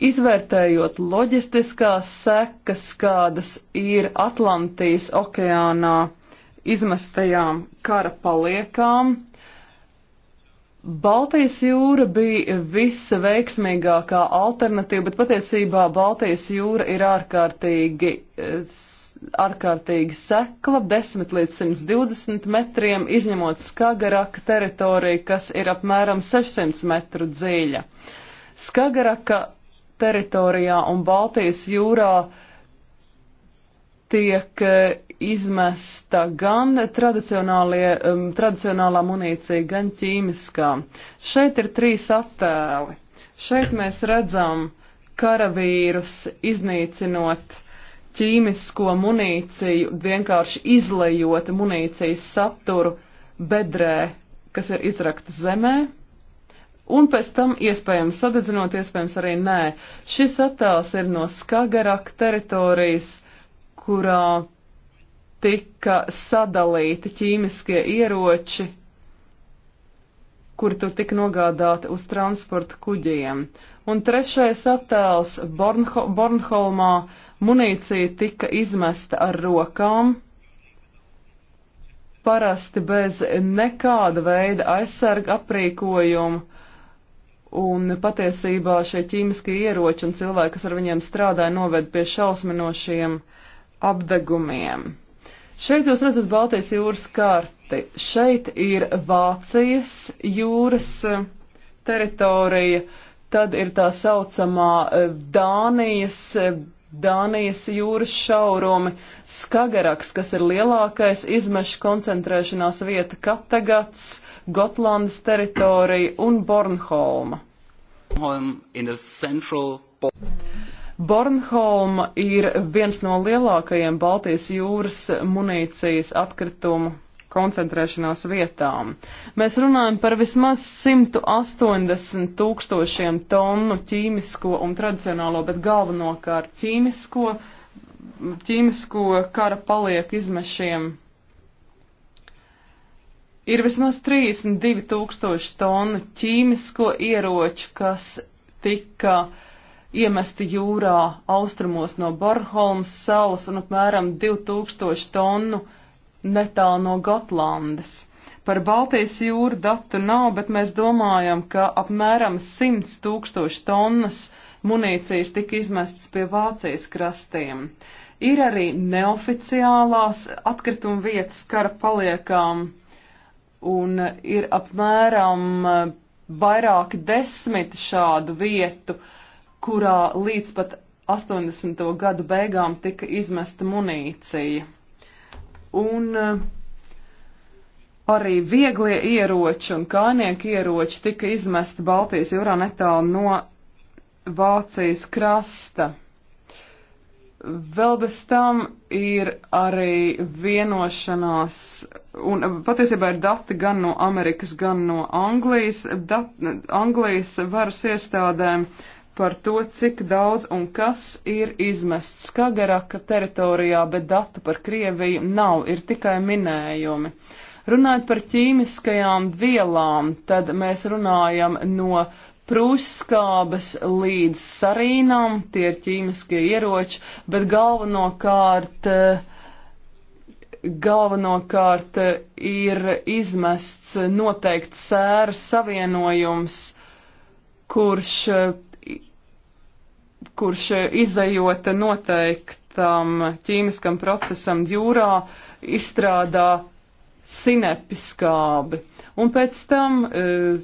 Izvērtējot loģistiskās sekas, kādas ir Atlantijas okeānā izmestajām kara paliekām, Baltijas jūra bija visveiksmīgākā alternatīva, bet patiesībā Baltijas jūra ir ārkārtīgi, eh, ārkārtīgi sekla, 10 līdz 120 metriem, izņemot Skagaraka teritoriju, kas ir apmēram 600 metru dziļa. Skagaraka teritorijā un Baltijas jūrā tiek eh, izmesta gan um, tradicionālā munīcija, gan ķīmiskā. Šeit ir trīs attēli. Šeit mēs redzam karavīrus iznīcinot ķīmisko munīciju, vienkārši izlejot munīcijas saturu bedrē, kas ir izrakta zemē, un pēc tam iespējams sadedzinot, iespējams arī nē. Šis attēls ir no Skagerak teritorijas, kurā tika sadalīti ķīmiskie ieroči, kuri tur tika nogādāti uz transporta kuģiem. Un trešais attēls Bornho Bornholmā munīcija tika izmesta ar rokām, parasti bez nekāda veida aizsarga aprīkojuma, un patiesībā šie ķīmiskie ieroči un cilvēki, kas ar viņiem strādāja, noved pie šausminošiem apdegumiem. Šeit jūs redzat Baltijas jūras karti. Šeit ir Vācijas jūras eh, teritorija, tad ir tā saucamā eh, Dānijas, eh, Dānijas jūras šaurumi, Skageraks, kas ir lielākais izmešu koncentrēšanās vieta Katagats, Gotlandes teritorija un Bornholma. Bornholm Bornholma ir viens no lielākajiem Baltijas jūras munīcijas atkritumu koncentrēšanās vietām. Mēs runājam par vismaz 180 tūkstošiem tonu ķīmisko un tradicionālo, bet galvenokārt ķīmisko, ķīmisko kara palieku izmešiem. Ir vismaz 32 tūkstoši tonu ķīmisko ieroču, kas tika uh, iemesti jūrā austrumos no Bornholmas salas un apmēram 2000 tonu netālu no Gotlandes. Par Baltijas jūru datu nav, bet mēs domājam, ka apmēram 100 tūkstoši tonnas munīcijas tika izmestas pie Vācijas krastiem. Ir arī neoficiālās atkrituma vietas kara paliekām, un ir apmēram eh, vairāki desmit šādu vietu, uh, kurā līdz pat 80. gadu beigām tika izmesta munīcija. Un eh, arī vieglie ieroči un kājnieki ieroči tika izmesti Baltijas jūrā netālu no Vācijas krasta. Vēl bez tam ir arī vienošanās, un eh, patiesībā ir dati gan no Amerikas, gan no Anglijas, dat, Anglijas varas iestādēm, uh, par to, cik daudz un kas ir izmests Skageraka teritorijā, bet datu par Krieviju nav, ir tikai minējumi. Runājot par ķīmiskajām vielām, tad mēs runājam no prūskābes līdz sarīnām, tie ir ķīmiskie ieroči, bet galvenokārt, galvenokārt ir izmests noteikts sēras savienojums kurš kurš e, izējot noteiktam ķīmiskam procesam jūrā, izstrādā sinepiskābi. Un pēc tam, e,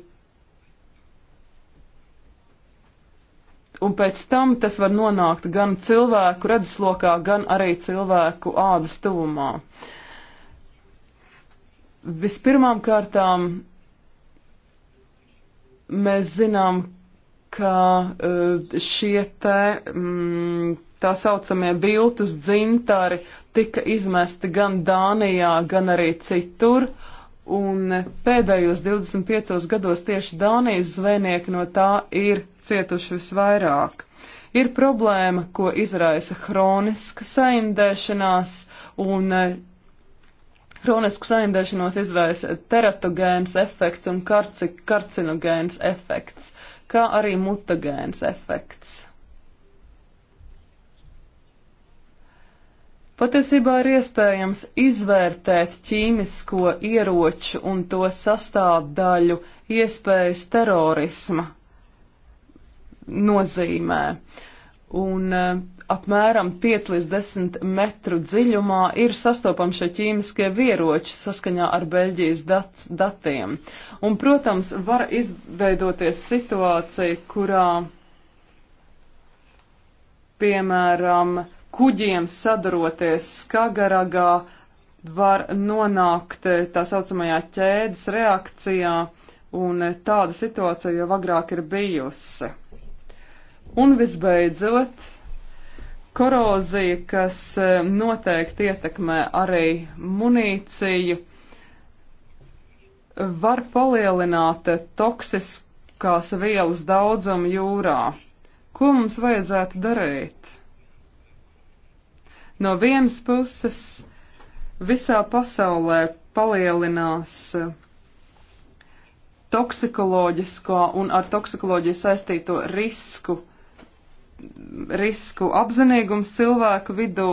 un pēc tam tas var nonākt gan cilvēku redzeslokā, gan arī cilvēku ādas tuvumā. Vispirmām kārtām mēs zinām, ka eh, šie te mm, tā saucamie viltus dzintari tika izmesti gan Dānijā, gan arī citur. Un pēdējos 25 gados tieši Dānijas zvejnieki no tā ir cietuši visvairāk. Ir problēma, ko izraisa hroniska saindēšanās, un eh, Hronisku saindēšanos izraisa teratogēns efekts un karci, karcinogēns efekts kā arī mutagēns efekts. Patiesībā ir iespējams izvērtēt ķīmisko ieroču un to sastāvdaļu iespējas terorisma nozīmē. Uh, un eh, apmēram 5 līdz 10 metru dziļumā ir sastopami šie ķīmiskie vieroči saskaņā ar Beļģijas dat datiem. Un, protams, var izveidoties situācija, kurā, piemēram, kuģiem sadaroties skagaragā, var nonākt eh, tā saucamajā ķēdes reakcijā, un eh, tāda situācija jau agrāk ir bijusi. Un visbeidzot, korozija, kas e, noteikti ietekmē arī munīciju, var palielināt toksiskās vielas daudzumu jūrā. Ko mums vajadzētu darīt? No vienas puses, visā pasaulē palielinās e, toksikoloģisko un ar toksikoloģiju saistīto risku risku apzinīgums cilvēku vidū.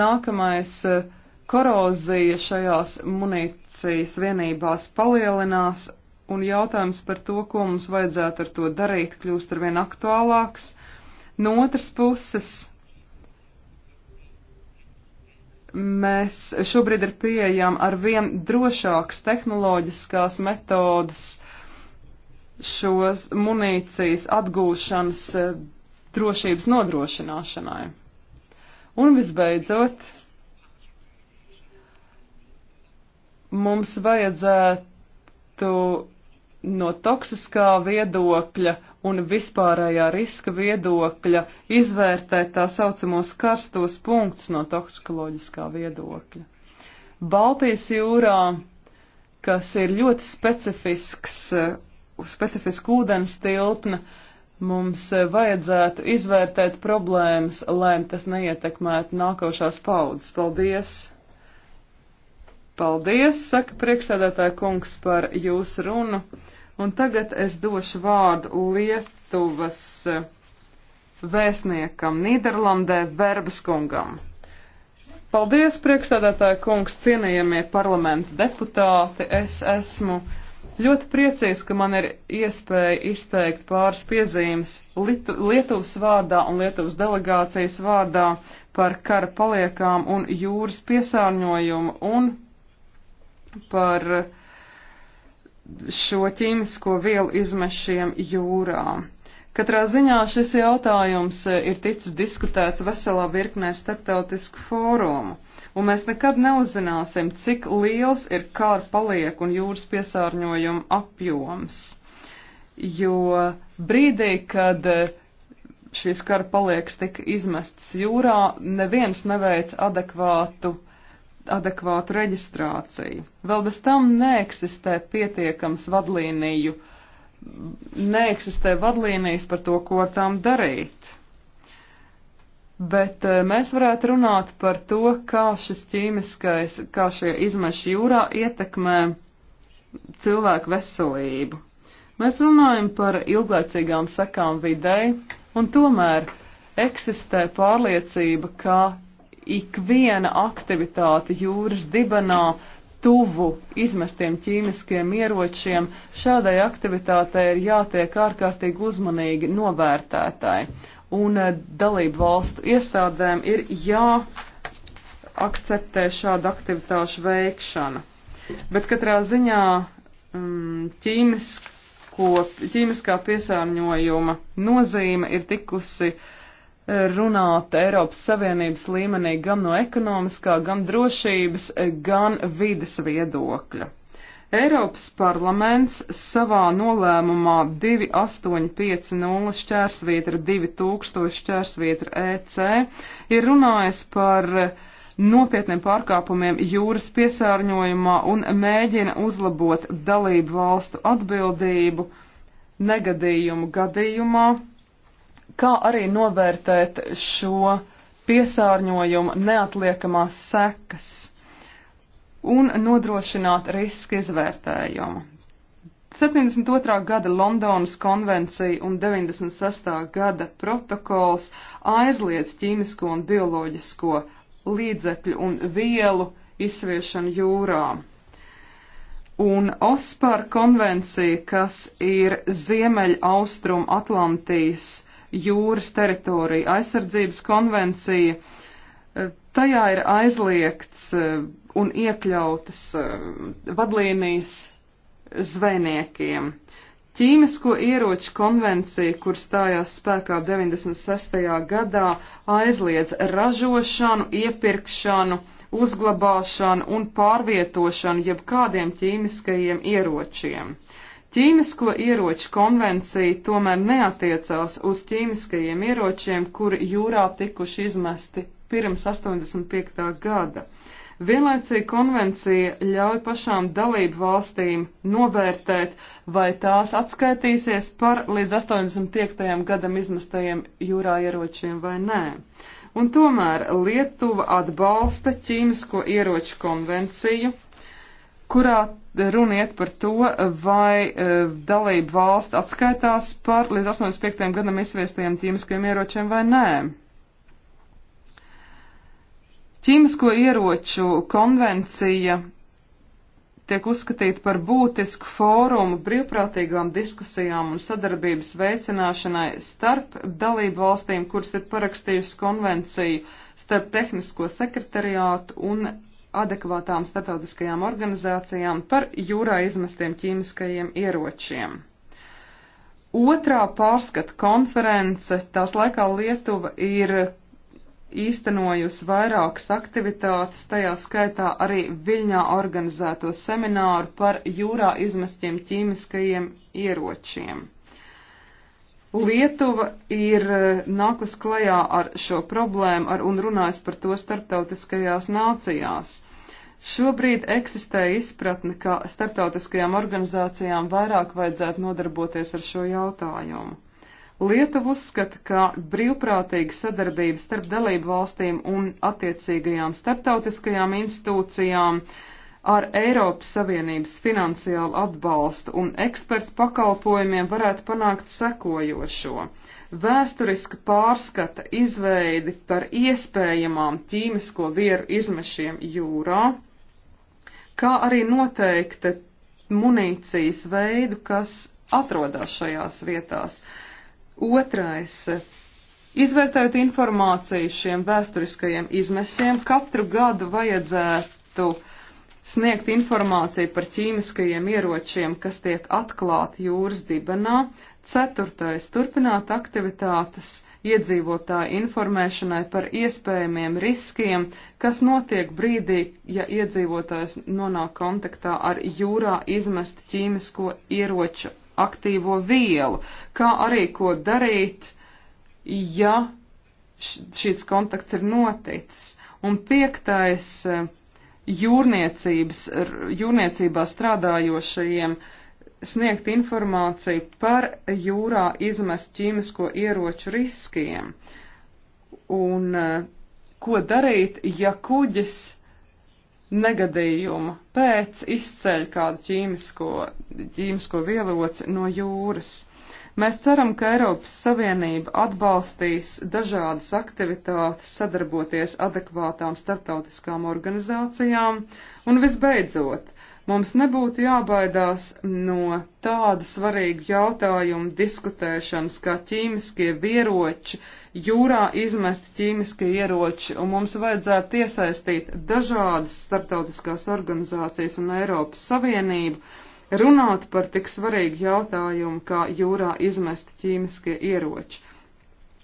Nākamais eh, korozija šajās munīcijas vienībās palielinās, un jautājums par to, ko mums vajadzētu ar to darīt, kļūst arvien aktuālāks. No otras puses, mēs šobrīd ir pieejam ar vien drošākas tehnoloģiskās metodas šos munīcijas atgūšanas eh, drošības nodrošināšanai. Un visbeidzot, mums vajadzētu no toksiskā viedokļa un vispārējā riska viedokļa izvērtēt tā saucamos karstos punktus no toksikoloģiskā viedokļa. Baltijas jūrā, kas ir ļoti specifisks, specifiska ūdens tilpne, uh, Mums vajadzētu izvērtēt problēmas, lai tas neietekmētu nākošās paudzes. Paldies! Paldies, saka priekšsēdētāja kungs par jūsu runu. Un tagad es došu vārdu Lietuvas vēstniekam Nīderlandē Verbaskungam. Paldies, priekšstādātāja kungs, cienījamie parlamenta deputāti. Es esmu Ļoti priecīgs, ka man ir iespēja izteikt pāris piezīmes Litu, Lietuvas vārdā un Lietuvas delegācijas vārdā par kara paliekām un jūras piesārņojumu un par šo ķīmisko vielu izmešiem jūrā. Katrā ziņā šis jautājums ir ticis diskutēts veselā virknē starptautisku fórumu un mēs nekad neuzzināsim, cik liels ir kāra paliek un jūras piesārņojuma apjoms. Jo brīdī, kad eh, šīs kara paliekas tika izmestas jūrā, neviens neveic adekvātu adekvātu reģistrāciju. Vēl bez tam neeksistē pietiekams vadlīniju, neeksistē vadlīnijas par to, ko tām darīt. Bet eh, mēs varētu runāt par to, kā šis ķīmiskais, kā šie izmeši jūrā ietekmē cilvēku veselību. Mēs runājam par ilglaicīgām sekām videi, un tomēr eksistē pārliecība, ka ikviena aktivitāte jūras dibenā tuvu izmestiem ķīmiskiem ieročiem šādai aktivitātei ir jātiek ārkārtīgi uzmanīgi novērtētai un eh, dalību valstu iestādēm ir jāakceptē šāda aktivitāšu veikšana. Bet katrā ziņā mm, ķīmisko, ķīmiskā piesārņojuma nozīme ir tikusi eh, runāt Eiropas Savienības līmenī gan no ekonomiskā, gan drošības, eh, gan vides viedokļa. Eiropas parlaments savā nolēmumā 2850 šķērsvietra 2000 šķērsvietra EC ir runājis par nopietniem pārkāpumiem jūras piesārņojumā un mēģina uzlabot dalību valstu atbildību negadījumu gadījumā, kā arī novērtēt šo piesārņojumu neatliekamās sekas un nodrošināt riska izvērtējumu. 72. gada Londonas konvencija un 96. gada protokols aizliedz ķīmisko un bioloģisko līdzekļu un vielu izsviešanu jūrā. Un OSPAR konvencija, kas ir Ziemeļa Austrum Atlantijas jūras teritorija aizsardzības konvencija, tajā ir aizliegts eh, un iekļautas eh, vadlīnijas zvejniekiem. Ķīmisko ieroču konvencija, kur stājās spēkā 96. gadā, aizliedz ražošanu, iepirkšanu, uzglabāšanu un pārvietošanu jebkādiem ķīmiskajiem ieročiem. Ķīmisko ieroču konvencija tomēr neatiecās uz ķīmiskajiem ieročiem, kuri jūrā tikuši izmesti pirms 85. gada. Vienlaicīgi konvencija ļauj pašām dalību valstīm novērtēt, vai tās atskaitīsies par līdz 85. gadam izmestajiem jūrā ieročiem vai nē. Un tomēr Lietuva atbalsta ķīmisko ieroču konvenciju, kurā runa iet par to, vai uh, dalību valsts atskaitās par līdz 85. gadam izviestajiem ķīmiskiem ieročiem vai nē. Ķīmisko ieroču konvencija tiek uzskatīta par būtisku fórumu brīvprātīgām diskusijām un sadarbības veicināšanai starp dalību valstīm, kuras ir parakstījusi konvenciju, starp tehnisko sekretariātu un adekvātām starptautiskajām organizācijām par jūrā izmestiem ķīmiskajiem ieročiem. Otrā pārskata konference, tās laikā Lietuva ir īstenojusi vairākas aktivitātes, tajā skaitā arī Viļņā organizēto semināru par jūrā izmestiem ķīmiskajiem ieročiem. Lietuva ir e, nākus klajā ar šo problēmu ar un runājas par to starptautiskajās nācijās. Šobrīd eksistē izpratne, ka starptautiskajām organizācijām vairāk vajadzētu nodarboties ar šo jautājumu. Lietuva uzskata, ka brīvprātīga sadarbība starp dalību valstīm un attiecīgajām starptautiskajām institūcijām ar Eiropas Savienības finansiālu atbalstu un ekspertu pakalpojumiem varētu panākt sekojošo vēsturiska pārskata izveidi par iespējamām ķīmisko vieru izmešiem jūrā, kā arī noteikta munīcijas veidu, kas atrodas šajās vietās. Uh, Otrais. Izvērtējot informāciju šiem vēsturiskajiem izmesiem, katru gadu vajadzētu sniegt informāciju par ķīmiskajiem ieročiem, kas tiek atklāti jūras dibenā. Ceturtais. Turpināt aktivitātes iedzīvotāju informēšanai par iespējamiem riskiem, kas notiek brīdī, ja iedzīvotājs nonāk kontaktā ar jūrā izmestu ķīmisko ieroču aktīvo vielu, kā arī ko darīt, ja šis kontakts ir noticis. Un piektais e, jūrniecības, jūrniecībā strādājošajiem sniegt informāciju par jūrā izmest ķīmisko ieroču riskiem. Un e, ko darīt, ja kuģis negadījuma pēc izceļ kādu ķīmisko, ķīmisko vieloci no jūras. Mēs ceram, ka Eiropas Savienība atbalstīs dažādas aktivitātes, sadarboties adekvātām starptautiskām organizācijām, un visbeidzot, Mums nebūtu jābaidās no tādu svarīgu jautājumu diskutēšanas kā ķīmiskie ieroči, jūrā izmesti ķīmiskie ieroči, un mums vajadzētu iesaistīt dažādas starptautiskās organizācijas un Eiropas Savienību, runāt par tik svarīgu jautājumu kā jūrā izmesti ķīmiskie ieroči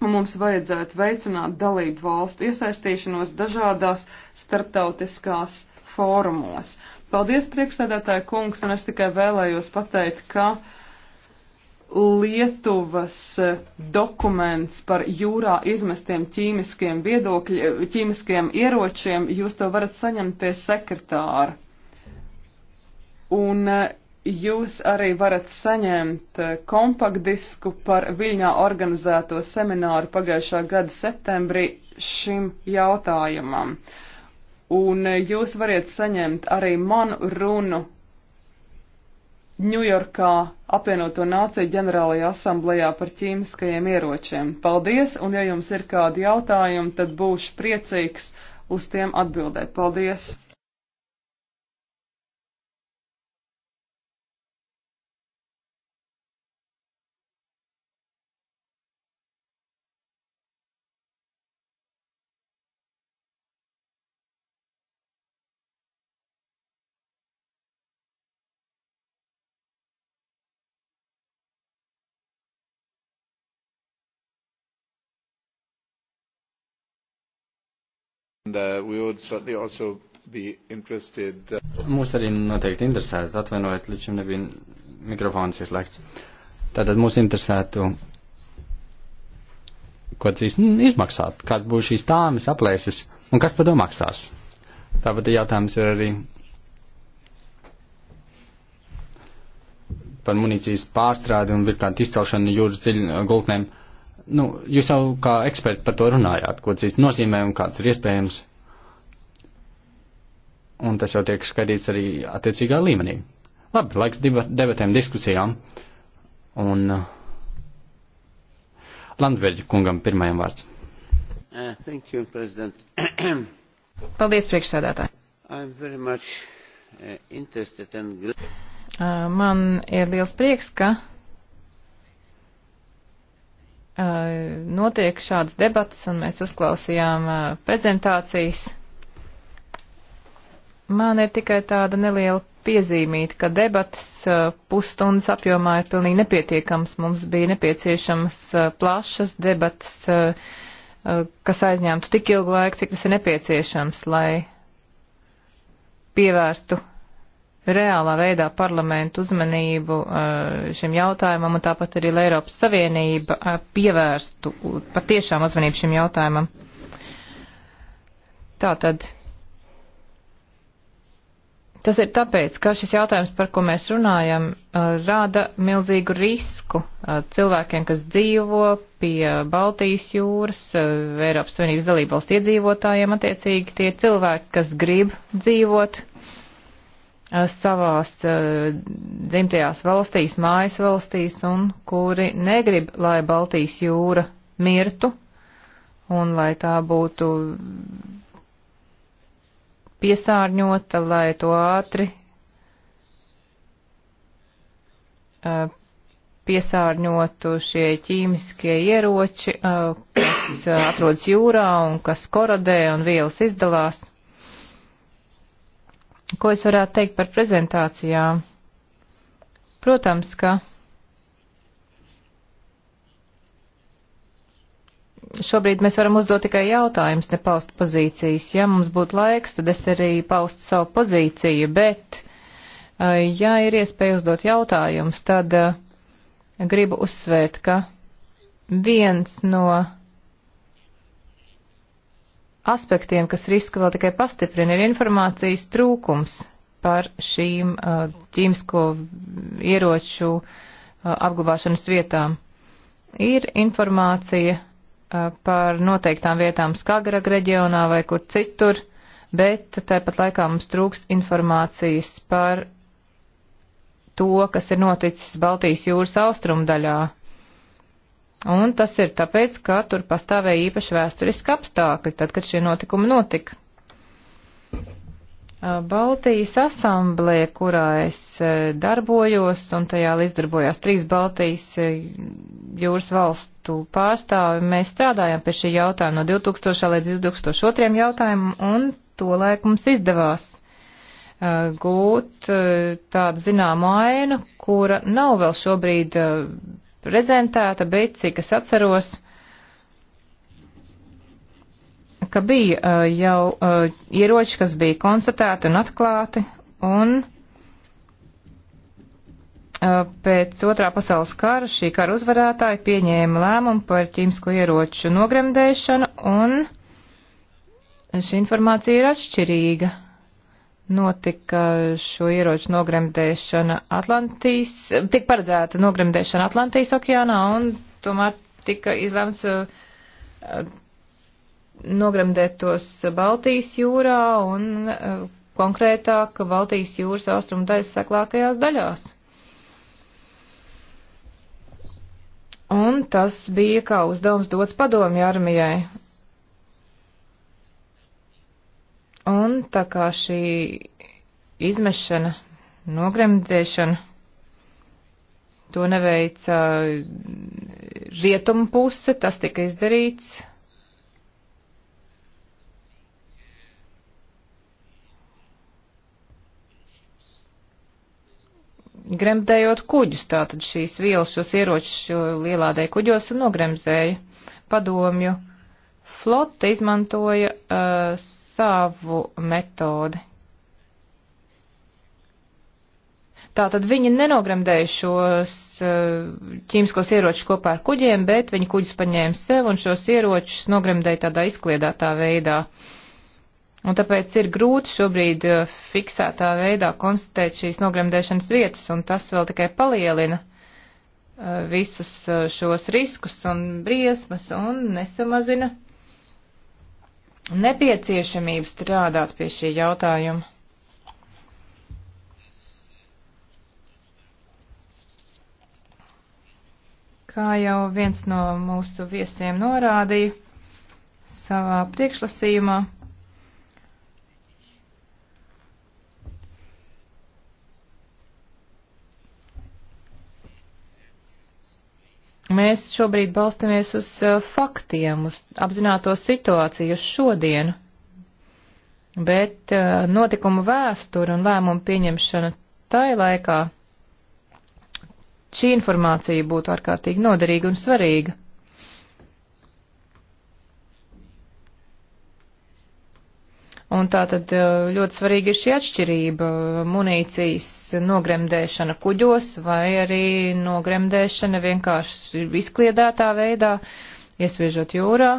un mums vajadzētu veicināt dalību valstu iesaistīšanos dažādās starptautiskās fórumos. Paldies, priekšsēdētāja kungs, un es tikai vēlējos pateikt, ka Lietuvas e, dokuments par jūrā izmestiem ķīmiskiem viedokļiem, ķīmiskiem ieročiem, jūs to varat saņemt pie sekretāra. Un e, jūs arī varat saņemt e, kompaktdisku par Viļņā organizēto semināru pagājušā gada septembrī šim jautājumam un jūs variet saņemt arī manu runu Ņujorkā apvienoto nāciju ģenerālajā asamblējā par ķīmiskajiem ieročiem. Paldies, un ja jums ir kādi jautājumi, tad būšu priecīgs uz tiem atbildēt. Paldies! and uh, we would certainly also be interested. Uh, mūs arī noteikti interesētu, atvainojiet, līdz šim nebija mikrofons ieslēgts. Tātad mūs interesētu, ko tas mm, izmaksāt, kāds būs šīs tāmas aplēses un kas par to maksās. Tāpat jautājums ir arī par munīcijas pārstrādi un virkāt izcelšanu jūras dziļ gultnēm. Uh, Nu, jūs jau kā eksperti par to runājāt, ko tas īsti nozīmē un kāds ir iespējams. Un tas jau tiek skatīts arī attiecīgā līmenī. Labi, laiks debatēm, diskusijām. Un uh, Landsbergi kungam pirmajam vārds. Uh, thank you, President. Paldies, priekšsēdētāji. I'm very much uh, interested and... Uh, man ir liels prieks, ka Eh, notiek šādas debatas un mēs uzklausījām eh, prezentācijas. Man ir tikai tāda neliela piezīmīta, ka debatas eh, pusstundas apjomā ir pilnīgi nepietiekams. Mums bija nepieciešamas plašas debatas, kas aizņemtu tik ilgu laiku, cik tas ir nepieciešams, lai pievērstu reālā veidā parlamentu uzmanību uh, šim jautājumam un tāpat arī, lai Eiropas Savienība uh, pievērstu patiešām uzmanību šim jautājumam. Tātad. Tas ir tāpēc, ka šis jautājums, par ko mēs runājam, uh, rāda milzīgu risku cilvēkiem, kas dzīvo pie Baltijas jūras, Eiropas Savienības dalībvalsts iedzīvotājiem attiecīgi tie cilvēki, kas grib dzīvot Eh, savās eh, dzimtajās valstīs, mājas valstīs un kuri negrib, lai Baltijas jūra mirtu un lai tā būtu piesārņota, lai to ātri eh, piesārņotu šie ķīmiskie ieroči, kas atrodas jūrā un kas korodē un vielas izdalās. Ko es varētu teikt par prezentācijām? Protams, ka šobrīd mēs varam uzdot tikai jautājumus, ne paust pozīcijas. Ja mums būtu laiks, tad es arī paustu savu pozīciju, bet, eh, ja ir iespēja uzdot jautājumus, tad eh, gribu uzsvērt, ka viens no aspektiem, kas risku vēl tikai pastiprina, ir informācijas trūkums par šīm uh, ķīmisko ieroču uh, apglabāšanas vietām. Ir informācija uh, par noteiktām vietām Skagrag reģionā vai kur citur, bet tāpat laikā mums trūkst informācijas par to, kas ir noticis Baltijas jūras austrumu daļā, Un tas ir tāpēc, ka tur pastāvēja īpaši vēsturiski apstākļi, tad, kad šie notikumi notika. Baltijas asamblē, kurā es darbojos, un tajā līdzdarbojās trīs Baltijas jūras valstu pārstāvi, mēs strādājām pie šī jautājuma no 2000 līdz 2002 jautājumu, un to laik mums izdevās gūt tādu zināmu ainu, kura nav vēl šobrīd prezentēta, bet cik es atceros, ka bija uh, jau uh, ieroči, kas bija konstatēti un atklāti, un uh, pēc otrā pasaules kara šī kara uzvarētāja pieņēma lēmumu par ķīmisko ieroču nogremdēšanu, un šī informācija ir atšķirīga notika šo ieroču nogremdēšana Atlantijas, tika paredzēta nogremdēšana Atlantijas okeānā un tomēr tika izlemts uh, uh, nogremdēt tos Baltijas jūrā un uh, konkrētāk Baltijas jūras austrumu daļas seklākajās daļās. Un tas bija kā uzdevums dots padomju armijai. Un tā kā šī izmešana, nogremdēšana, to neveica rietumu puse, tas tika izdarīts. Gremdējot kuģus, tātad šīs vielas, šos ieročus lielādēja kuģos un nogremzēja. Padomju flote izmantoja uh, savu metodi. Tātad viņi nenogremdēja šos eh, ķīmiskos ieročus kopā ar kuģiem, bet viņi kuģis paņēma sev un šos ieročus nogremdēja tādā izkliedētā veidā. Un tāpēc ir grūti šobrīd eh, fiksētā veidā konstatēt šīs nogremdēšanas vietas, un tas vēl tikai palielina eh, visus šos riskus un briesmas un nesamazina nepieciešamību strādāt pie šī jautājuma. Kā jau viens no mūsu viesiem norādīja savā priekšlasījumā, Mēs šobrīd balstamies uz eh, faktiem, uz apzināto situāciju, uz šodienu. Bet eh, notikumu vēsture un lēmumu pieņemšana tai laikā šī informācija būtu ārkārtīgi noderīga un svarīga. Un tā tad eh, ļoti svarīgi ir šī atšķirība - munīcijas nogremdēšana kuģos vai arī nogremdēšana vienkārši izkliedētā veidā, iesviežot jūrā.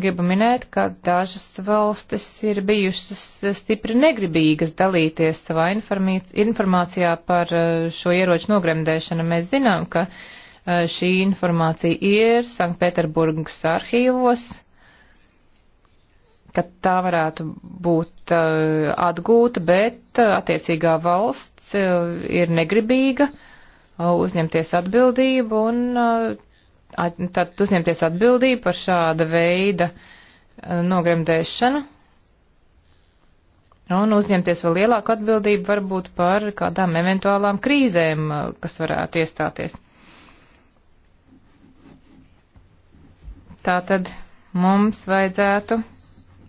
Gribu minēt, ka dažas valstis ir bijušas stipri negribīgas dalīties savā informācijā par eh, šo ieroču nogremdēšanu. Mēs zinām, ka uh, Eh, šī informācija ir Sanktpēterburgas arhīvos, ka tā varētu būt uh, atgūta, bet uh, attiecīgā valsts uh, ir negribīga uzņemties atbildību un at, tad uzņemties atbildību par šāda veida nogremdēšanu un uzņemties vēl lielāku atbildību varbūt par kādām eventuālām krīzēm, kas varētu iestāties. Tātad mums vajadzētu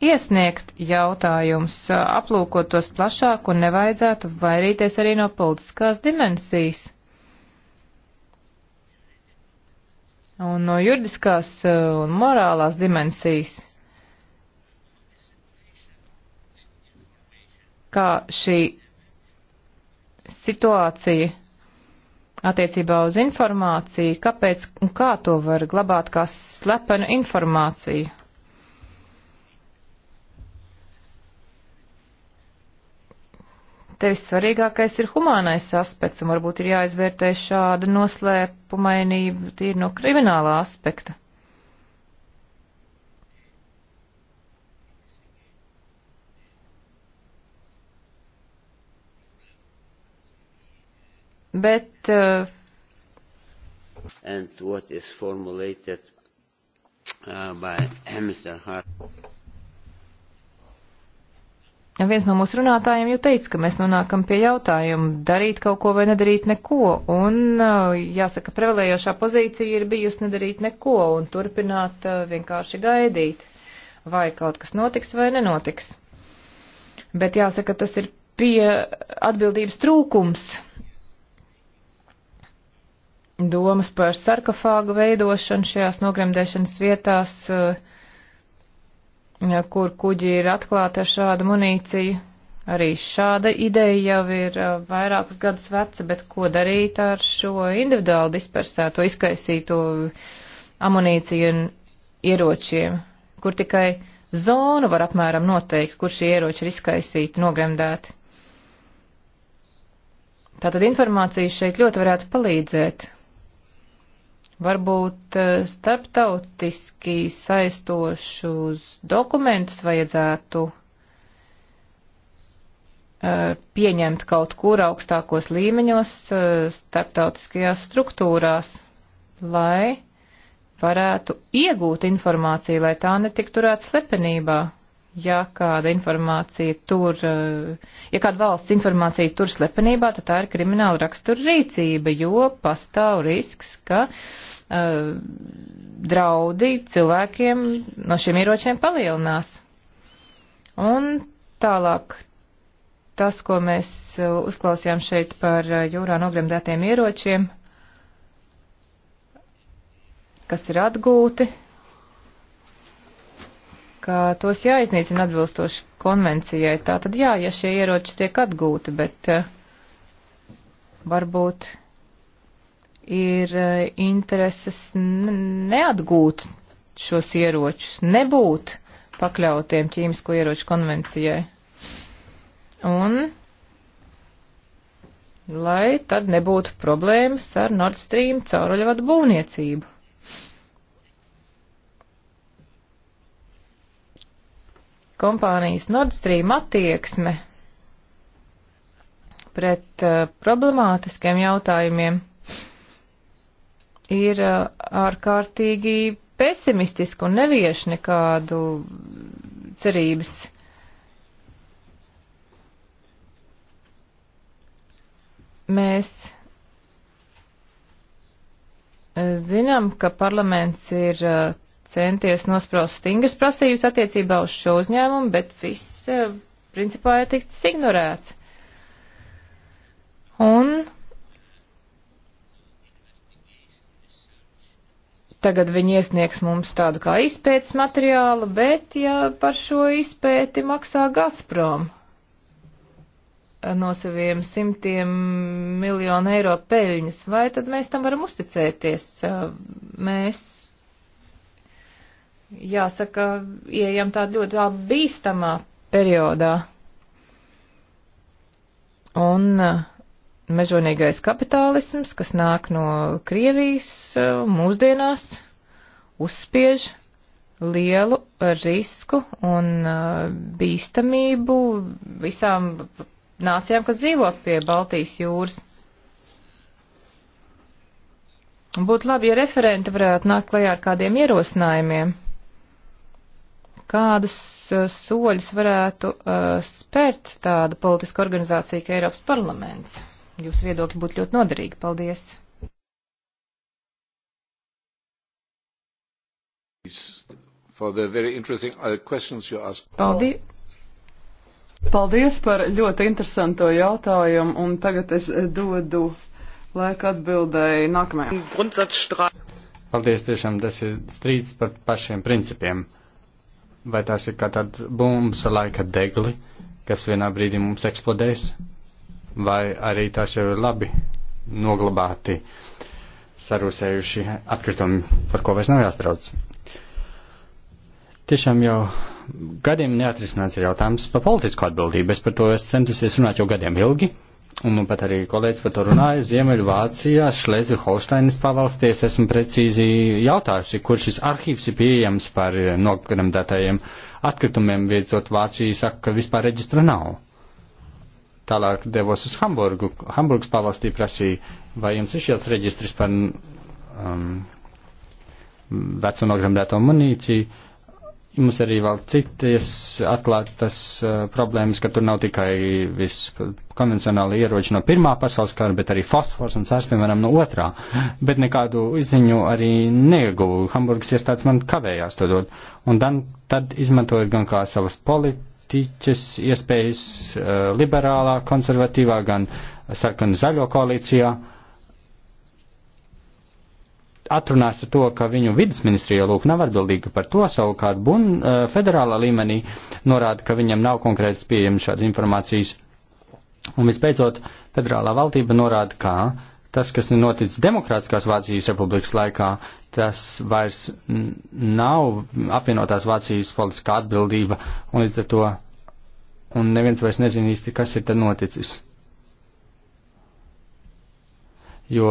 iesniegt jautājumus, aplūkot tos plašāk un nevajadzētu vairīties arī no politiskās dimensijas. Un no juridiskās uh, un morālās dimensijas. Kā šī situācija attiecībā uz informāciju, kāpēc un kā to var glabāt kā slepenu informāciju. Te vissvarīgākais ir humānais aspekts, un varbūt ir jāizvērtē šāda noslēpumainība tīri no kriminālā aspekta. Bet. Uh, And what is formulated uh, by Mr. Hart. Viens no mūsu runātājiem jau teica, ka mēs nonākam pie jautājuma darīt kaut ko vai nedarīt neko, un uh, jāsaka, prevalējošā pozīcija ir bijusi nedarīt neko un turpināt uh, vienkārši gaidīt, vai kaut kas notiks vai nenotiks. Bet jāsaka, tas ir pie atbildības trūkums domas par sarkofāgu veidošanu šajās nogremdēšanas vietās, eh, kur kuģi ir atklāti ar šādu munīciju. Arī šāda ideja jau ir eh, vairākus gadus veca, bet ko darīt ar šo individuāli dispersēto, izkaisīto amunīciju un ieročiem, kur tikai zonu var apmēram noteikt, kur šie ieroči ir izkaisīti, nogremdēti. Tātad informācija šeit ļoti varētu palīdzēt, Varbūt eh, starptautiski saistošus dokumentus vajadzētu eh, pieņemt kaut kur augstākos līmeņos eh, starptautiskajās struktūrās, lai varētu iegūt informāciju, lai tā netiktu turēta slepenībā ja kāda informācija tur, eh, ja kāda valsts informācija tur slepenībā, tad tā ir krimināla rakstura rīcība, jo pastāv risks, ka uh, draudi cilvēkiem no šiem ieročiem palielinās. Un tālāk tas, ko mēs eh, uzklausījām šeit par jūrā nogremdētiem ieročiem, kas ir atgūti ka tos jāiznīcina atbilstoši konvencijai. Tā tad jā, ja šie ieroči tiek atgūti, bet eh, varbūt ir eh, intereses neatgūt šos ieročus, nebūt pakļautiem ķīmisko ieroču konvencijai. Un lai tad nebūtu problēmas ar Nord Stream cauruļvadu būvniecību. kompānijas Nord Stream attieksme pret uh, problemātiskiem jautājumiem ir uh, ārkārtīgi pesimistiska un nevieš nekādu cerības. Mēs uh, zinām, ka parlaments ir uh, centies nospraust stingras prasības attiecībā uz šo uzņēmumu, bet viss eh, principā ir tikts ignorēts. Un tagad viņi iesniegs mums tādu kā izpētes materiālu, bet ja par šo izpēti maksā Gazprom eh, no saviem simtiem miljonu eiro peļņas, vai tad mēs tam varam uzticēties? Eh, mēs jāsaka, ieejam tādā ļoti bīstamā periodā. Un uh, mežonīgais kapitālisms, kas nāk no Krievijas uh, mūsdienās, uzspiež lielu risku un uh, bīstamību visām nācijām, kas dzīvo pie Baltijas jūras. Būtu labi, ja referenti varētu nākt klajā ar kādiem ierosinājumiem kādus uh, soļus varētu uh, spērt tāda politiska organizācija kā Eiropas parlaments. Jūsu viedokļi būtu ļoti noderīgi. Paldies! Uh, Paldies! Paldies par ļoti interesanto jautājumu, un tagad es dodu laiku atbildēji nākamajam. Paldies, tiešām tas ir strīds par pašiem principiem. Uh, Vai tās ir kā tāds bumbas laika degli, kas vienā brīdī mums eksplodēs, vai arī tās jau ir labi noglabāti, sarūsējuši atkritumi, par ko vairs nav jāstrauc. Tiešām jau gadiem neatrisināts ir jautājums par politisko atbildību. Es par to esmu centusies runāt jau gadiem ilgi un man nu pat arī kolēģis par to runāja, Ziemeļvācijā, Šlezi-Holsteinas pavalsties, esmu precīzi jautājusi, kur šis arhīvs ir pieejams par nogremdētajiem atkritumiem, viedzot Vācija saka, ka vispār reģistra nav. Tālāk devos uz Hamburgu. Hamburgas pavalstī prasīja, vai jums ir šis reģistrs par um, veco nogremdēto munīciju. Mums arī vēl citas atklātas uh, problēmas, ka tur nav tikai viss konvencionāli ieroči no Pirmā pasaules kara, bet arī fosfors un sēs, piemēram, no otrā. Bet nekādu izziņu arī neieguvu. Hamburgas iestādes man kavējās to dot. Un dan, tad izmantojot gan kā savas politiķas iespējas uh, liberālā, konservatīvā, gan sarkan zaļo koalīcijā. Uh, atrunās ar to, ka viņu vidas ministrija lūk nav atbildīga par to, savukārt bun eh, federālā līmenī norāda, ka viņam nav konkrētas pieejamas šādas informācijas. Un visbeidzot, federālā valdība norāda, ka tas, kas ir noticis Demokrātiskās Vācijas republikas laikā, tas vairs nav apvienotās Vācijas politiskā atbildība, un līdz ar to, un neviens vairs nezina īsti, kas ir tad noticis jo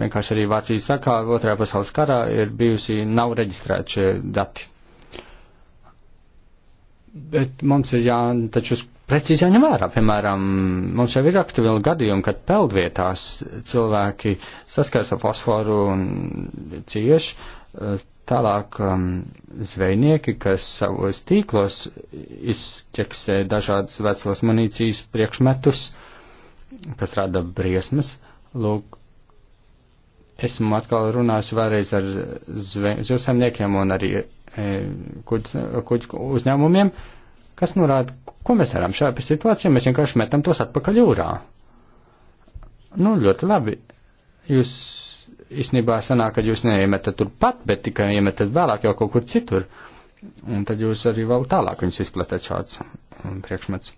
vienkārši arī Vācijas sakā otrajā pasaules karā ir bijusi, nav reģistrēti šie dati. Bet mums ir jā, taču precīzi jāņem vērā, piemēram, mums jau ir aktuāli gadījumi, kad peldvietās cilvēki saskars ar fosforu un cieši, tālāk um, zvejnieki, kas savos tīklos izķeksē dažādas vecos munīcijas priekšmetus, kas rada briesmas, lūk, Esmu atkal runājusi vēlreiz ar zivsaimniekiem un arī e, kuģu uzņēmumiem, kas norāda, ko mēs darām šajā situācijā, mēs vienkārši metam tos atpakaļ jūrā. Nu, ļoti labi. Jūs īstenībā sanāk, ka jūs neiemetat turpat, bet tikai iemetat vēlāk jau kaut kur citur. Un tad jūs arī vēl tālāk viņus izplatāt šāds um, priekšmets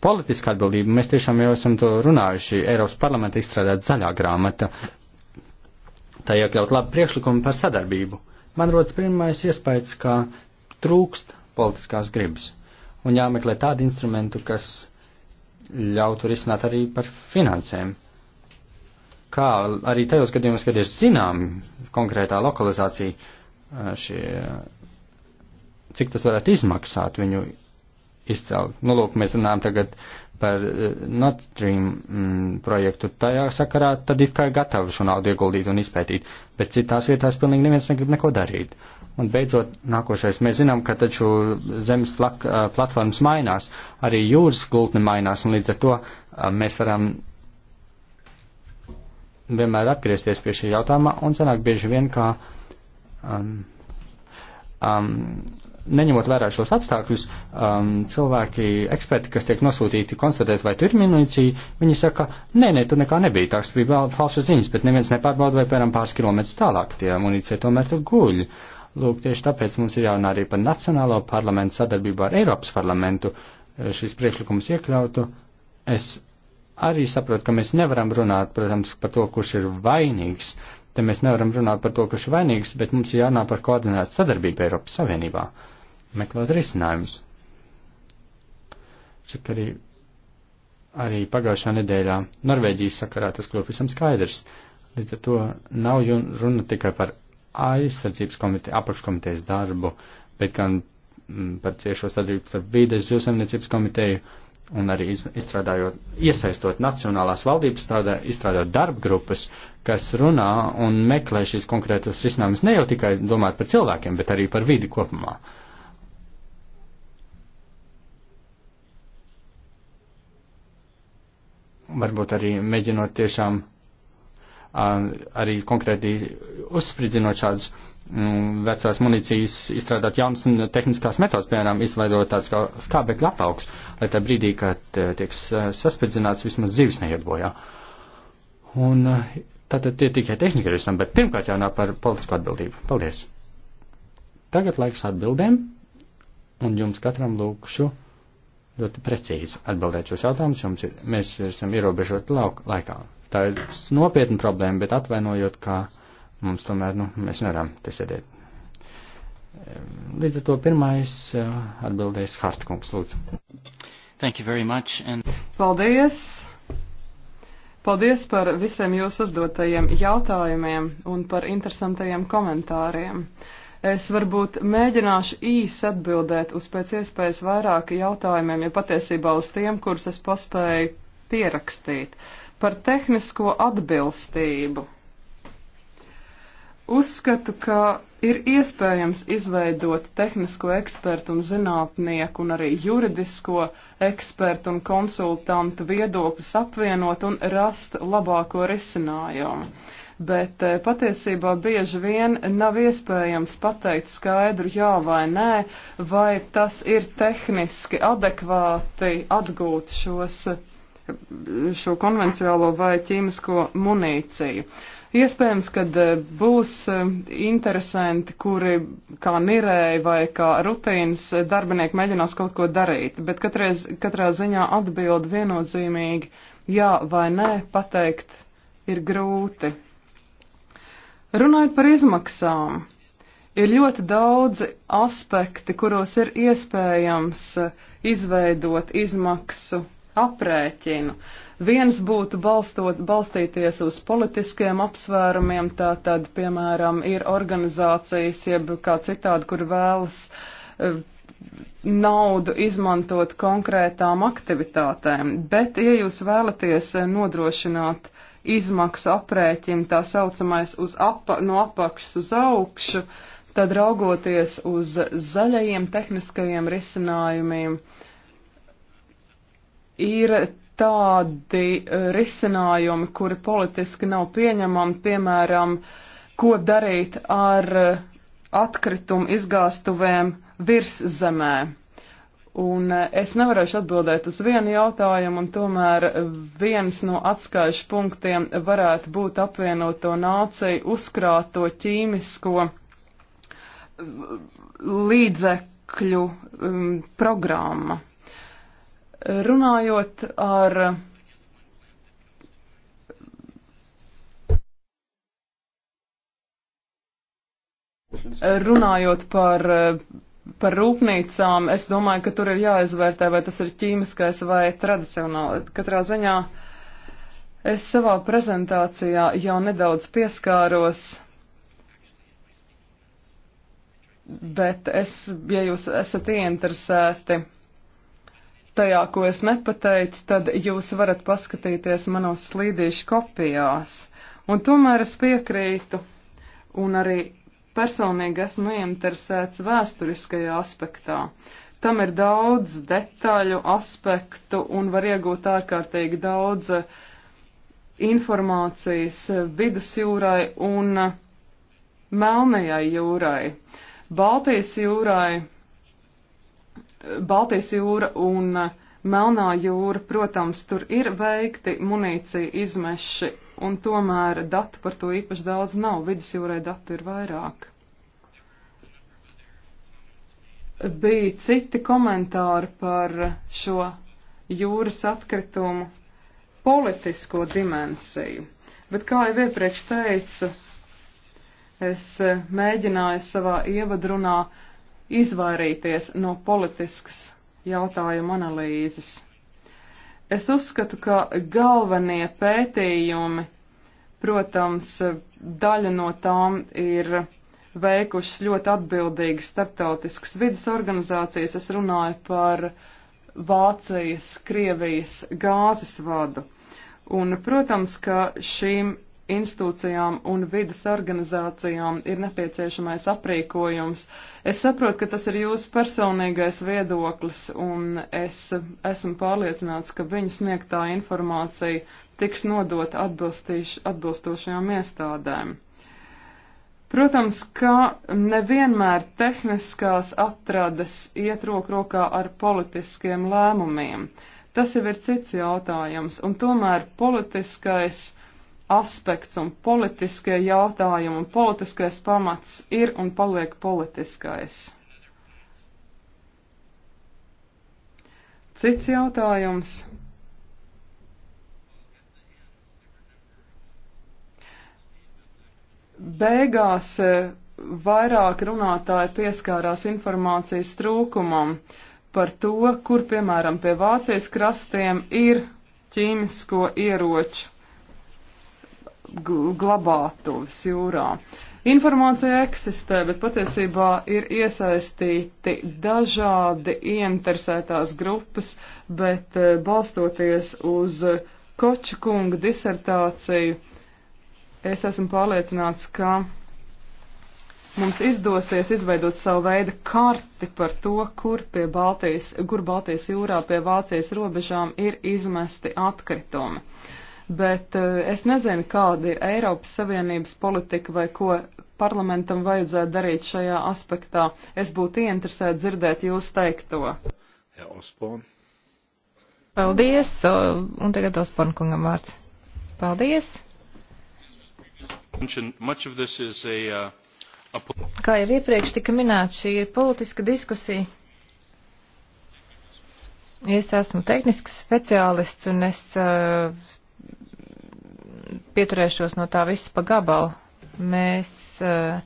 politiska atbildība. Mēs tiešām jau esam to runājuši. Eiropas parlamenta izstrādāt zaļā grāmata. Tā iekļaut labu priekšlikumu par sadarbību. Man rodas pirmais iespējas, ka trūkst politiskās gribas. Un jāmeklē tādu instrumentu, kas ļautu risināt arī par finansēm. Kā arī tajos gadījumos, kad ir zinām konkrētā lokalizācija, šie, cik tas varētu izmaksāt viņu izcelt. Nu, lūk, mēs runājam tagad par eh, Nord Stream mm, projektu. Tajā sakarā tad it kā ir gatavi šo naudu ieguldīt un izpētīt, bet citās vietās pilnīgi neviens negrib neko darīt. Un beidzot, nākošais, mēs zinām, ka taču zemes plak, eh, platformas mainās, arī jūras gultne mainās, un līdz ar to eh, mēs varam vienmēr atgriezties pie šī jautājuma, un sanāk bieži vien, ka um, um, neņemot vērā šos apstākļus, um, cilvēki, eksperti, kas tiek nosūtīti konstatēt, vai tur ir munīcija, viņi saka, nē, nē, tur nekā nebija, tās bija vēl falšas ziņas, bet neviens nepārbauda, vai pēram pāris kilometrus tālāk tie munīcija tomēr tur guļ. Lūk, tieši tāpēc mums ir jārunā arī par nacionālo parlamentu sadarbību ar Eiropas parlamentu eh, šis priekšlikums iekļautu. Es arī saprotu, ka mēs nevaram runāt, protams, par to, kurš ir vainīgs, te mēs nevaram runāt par to, kurš ir vainīgs, bet mums ir jārunā par koordinētu sadarbību Eiropas Savienībā meklēt risinājumus. Šeit arī, arī pagājušā nedēļā Norvēģijas sakarā tas kļūst visam skaidrs. Līdz ar to nav runa tikai par aizsardzības komite, apakškomitejas darbu, bet gan mm, par ciešo sadarbību starp vīdes zivsaimniecības komiteju un arī izstrādājot, iesaistot nacionālās valdības strādā, izstrādājot darba grupas, kas runā un meklē šīs konkrētos risinājumus ne jau tikai domāt par cilvēkiem, bet arī par vidi kopumā. Uh, varbūt arī mēģinot tiešām arī konkrēti uzspridzinot šādas mm, vecās munīcijas, izstrādāt jaunas tehniskās metodas, piemēram, izveidot tāds kā skābekļa apaugs, lai tā brīdī, kad e, tiek saspridzināts, vismaz zivs neiet bojā. Un e, tātad tie tikai tehniski risinām, bet pirmkārt jānāk par politisku atbildību. Paldies! Tagad laiks atbildēm, un jums katram lūkšu ļoti precīzi atbildēt šos jautājumus, jums ir, mēs esam ierobežoti lauk, laikā. Tā ir nopietna problēma, bet atvainojot, ka mums tomēr, nu, mēs nevaram te sēdēt. Līdz ar to pirmais atbildēs Hartkungs, lūdzu. Thank you very much. And... Paldies! Paldies par visiem jūsu uzdotajiem jautājumiem un par interesantajiem komentāriem. Uh, Es varbūt mēģināšu īsi atbildēt uz pēc iespējas vairāk jautājumiem, ja patiesībā uz tiem, kurus es paspēju pierakstīt. Par tehnisko atbilstību. Uzskatu, ka ir iespējams izveidot tehnisko ekspertu un zinātnieku un arī juridisko ekspertu un konsultantu viedokļus apvienot un rast labāko risinājumu bet eh, patiesībā bieži vien nav iespējams pateikt skaidru jā vai nē, vai tas ir tehniski adekvāti atgūt šos, šo konvencionālo vai ķīmisko munīciju. Iespējams, ka eh, būs eh, interesanti, kuri kā nirēji vai kā rutīnas darbinieki mēģinās kaut ko darīt, bet katreiz, katrā ziņā atbild viennozīmīgi jā vai nē pateikt ir grūti. Runājot par izmaksām, ir ļoti daudzi aspekti, kuros ir iespējams eh, izveidot izmaksu aprēķinu. Viens būtu balstot, balstīties uz politiskiem apsvērumiem, tātad, piemēram, ir organizācijas, jeb kā citādi, kur vēlas eh, naudu izmantot konkrētām aktivitātēm, bet, ja jūs vēlaties eh, nodrošināt izmaksu aprēķina tā saucamais uz apa, no apakšas uz augšu, tad raugoties uz zaļajiem tehniskajiem risinājumiem, ir tādi e, risinājumi, kuri politiski nav pieņemami, piemēram, ko darīt ar e, atkritumu izgāstuvēm virs zemē. Un e, es nevarēšu atbildēt uz vienu jautājumu, un tomēr viens no atskaišu punktiem varētu būt apvienoto nāciju uzkrāto ķīmisko e, līdzekļu um, programma. Runājot ar runājot par e, par rūpnīcām, es domāju, ka tur ir jāizvērtē, vai tas ir ķīmiskais vai tradicionāli. Katrā ziņā es savā prezentācijā jau nedaudz pieskāros, bet es, ja jūs esat ieinteresēti tajā, ko es nepateicu, tad jūs varat paskatīties manos slīdīšu kopijās. Un tomēr es piekrītu, un arī personīgi esmu ieinteresēts vēsturiskajā aspektā. Tam ir daudz detaļu, aspektu un var iegūt ārkārtīgi daudz eh, informācijas vidusjūrai un eh, Melnajai jūrai. Baltijas jūrai, Baltijas jūra un eh, Melnā jūra, protams, tur ir veikti munīcija izmeši un tomēr datu par to īpaši daudz nav. Vidusjūrē datu ir vairāk. Bija citi komentāri par šo jūras atkritumu politisko dimensiju. Bet kā jau iepriekš teicu, es eh, mēģināju savā ievadrunā izvairīties no politiskas jautājuma analīzes. Es uzskatu, ka galvenie pētījumi, protams, daļa no tām ir veikušas ļoti atbildīgas starptautiskas vidas organizācijas. Es runāju par Vācijas, Krievijas gāzes vadu. Un, protams, ka šīm institūcijām un vidas organizācijām ir nepieciešamais aprīkojums. Es saprotu, ka tas ir jūsu personīgais viedoklis, un es esmu pārliecināts, ka viņu sniegtā informācija tiks nodota atbilstošajām iestādēm. Protams, ka nevienmēr tehniskās atrades iet rok rokā ar politiskiem lēmumiem. Tas jau ir cits jautājums, un tomēr politiskais aspekts un politiskie jautājumi un politiskais pamats ir un paliek politiskais. Cits jautājums. Beigās e, vairāk runātāji pieskārās informācijas trūkumam par to, kur, piemēram, pie Vācijas krastiem ir ķīmisko ieroču glabātuvis jūrā. Informācija eksistē, bet patiesībā ir iesaistīti dažādi ieinteresētās grupas, bet eh, balstoties uz Koča kunga disertāciju, es esmu pārliecināts, ka mums izdosies izveidot savu veidu karti par to, kur, Baltijas, kur Baltijas jūrā pie Vācijas robežām ir izmesti atkritumi bet eh, es nezinu, kāda ir Eiropas Savienības politika vai ko parlamentam vajadzētu darīt šajā aspektā. Es būtu ieinteresēta dzirdēt jūs teikto. Jā, Ospon. Paldies, un tagad Ospon kungam vārds. Paldies. Uh, Kā jau iepriekš tika minēts, šī ir politiska diskusija. Es esmu tehnisks speciālists un es uh, pieturēšos no tā viss pa gabalu. Mēs uh,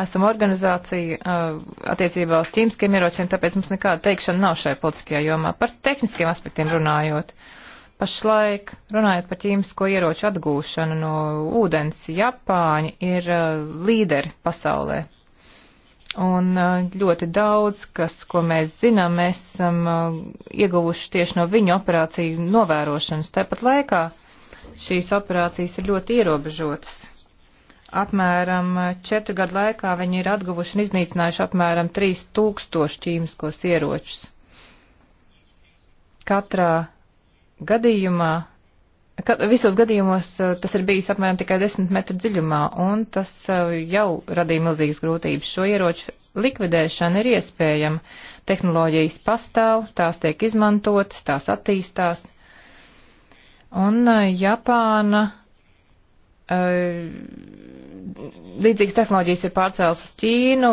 esam organizācija uh, attiecībā uz ķīmiskiem ieročiem, tāpēc mums nekāda teikšana nav šai politiskajā jomā. Par tehniskiem aspektiem runājot. Pašlaik, runājot par ķīmisko ieroču atgūšanu no ūdens, Japāņi ir uh, līderi pasaulē. Un ļoti daudz, kas, ko mēs zinām, mēs esam ieguvuši tieši no viņu operāciju novērošanas. Tāpat laikā šīs operācijas ir ļoti ierobežotas. Apmēram eh, četru gadu laikā viņi ir atguvuši un iznīcinājuši apmēram 3000 ķīmiskos ieročus. Katrā gadījumā, kat, visos gadījumos eh, tas ir bijis apmēram tikai 10 metru dziļumā, un tas eh, jau radīja milzīgas grūtības. Šo ieroču likvidēšana ir iespējama. Tehnoloģijas pastāv, tās tiek izmantotas, tās attīstās. Un uh, Japāna uh, līdzīgas tehnoloģijas ir pārcēlas uz Ķīnu,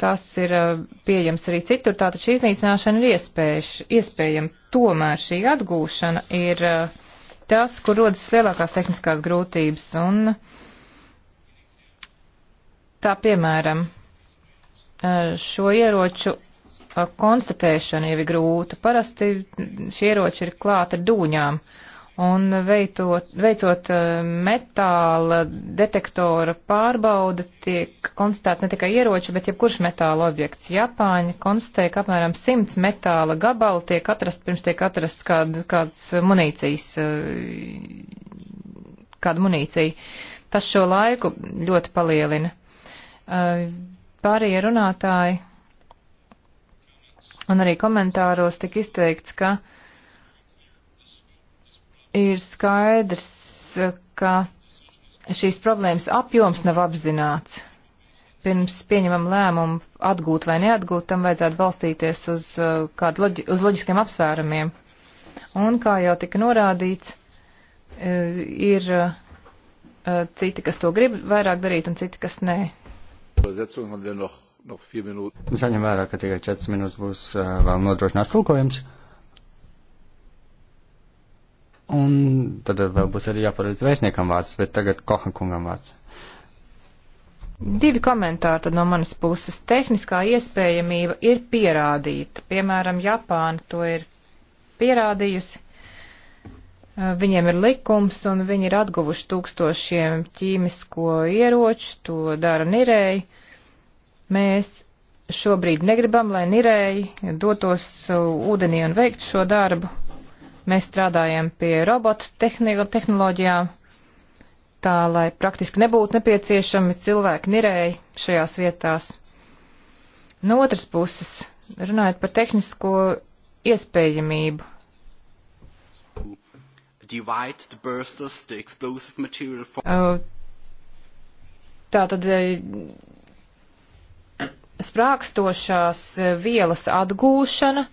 tas ir uh, pieejams arī citur, tātad šī iznīcināšana ir iespēj, iespējama. Tomēr šī atgūšana ir tas, kur rodas vislielākās tehniskās grūtības. Un tā piemēram, šo ieroču konstatēšana jau ir grūta. Parasti šie ieroči ir klāta ar dūņām. Uh, un veitot, veicot eh, metāla detektora pārbauda tiek konstatēta ne tikai ieroči, bet jebkurš metāla objekts. Japāņi konstatēja, ka apmēram 100 metāla gabalu tiek atrast, pirms tiek atrasts kād, kāds munīcijas, eh, kāda munīcija. Tas šo laiku ļoti palielina. Eh, pārējie runātāji un arī komentāros tika izteikts, ka uh, Ir skaidrs, ka šīs problēmas apjoms nav apzināts. Pirms pieņemam lēmumu atgūt vai neatgūt, tam vajadzētu balstīties uz, uh, kādu, loģi, uz loģiskiem apsvērumiem. Un, kā jau tika norādīts, uh, ir uh, citi, kas to grib vairāk darīt, un citi, kas nē. Saņem vērā, ka tikai 4 minūtes būs vēl nodrošinās tulkojums. Un tad vēl būs arī jāparedz vēstniekam vārds, bet tagad Kohan kungam vārds. Divi komentāri tad no manas puses. Tehniskā iespējamība ir pierādīta. Piemēram, Japāna to ir pierādījusi. Eh, viņiem ir likums un viņi ir atguvuši tūkstošiem ķīmisko ieroču, to dara nirēji. Mēs šobrīd negribam, lai nirēji dotos eh, ūdenī un veiktu šo darbu, Mēs strādājam pie robotu tehnoloģijām, tā lai praktiski nebūtu nepieciešami cilvēki nirēji šajās vietās. No otras puses, runājot par tehnisko iespējamību. Tā tad sprākstošās vielas atgūšana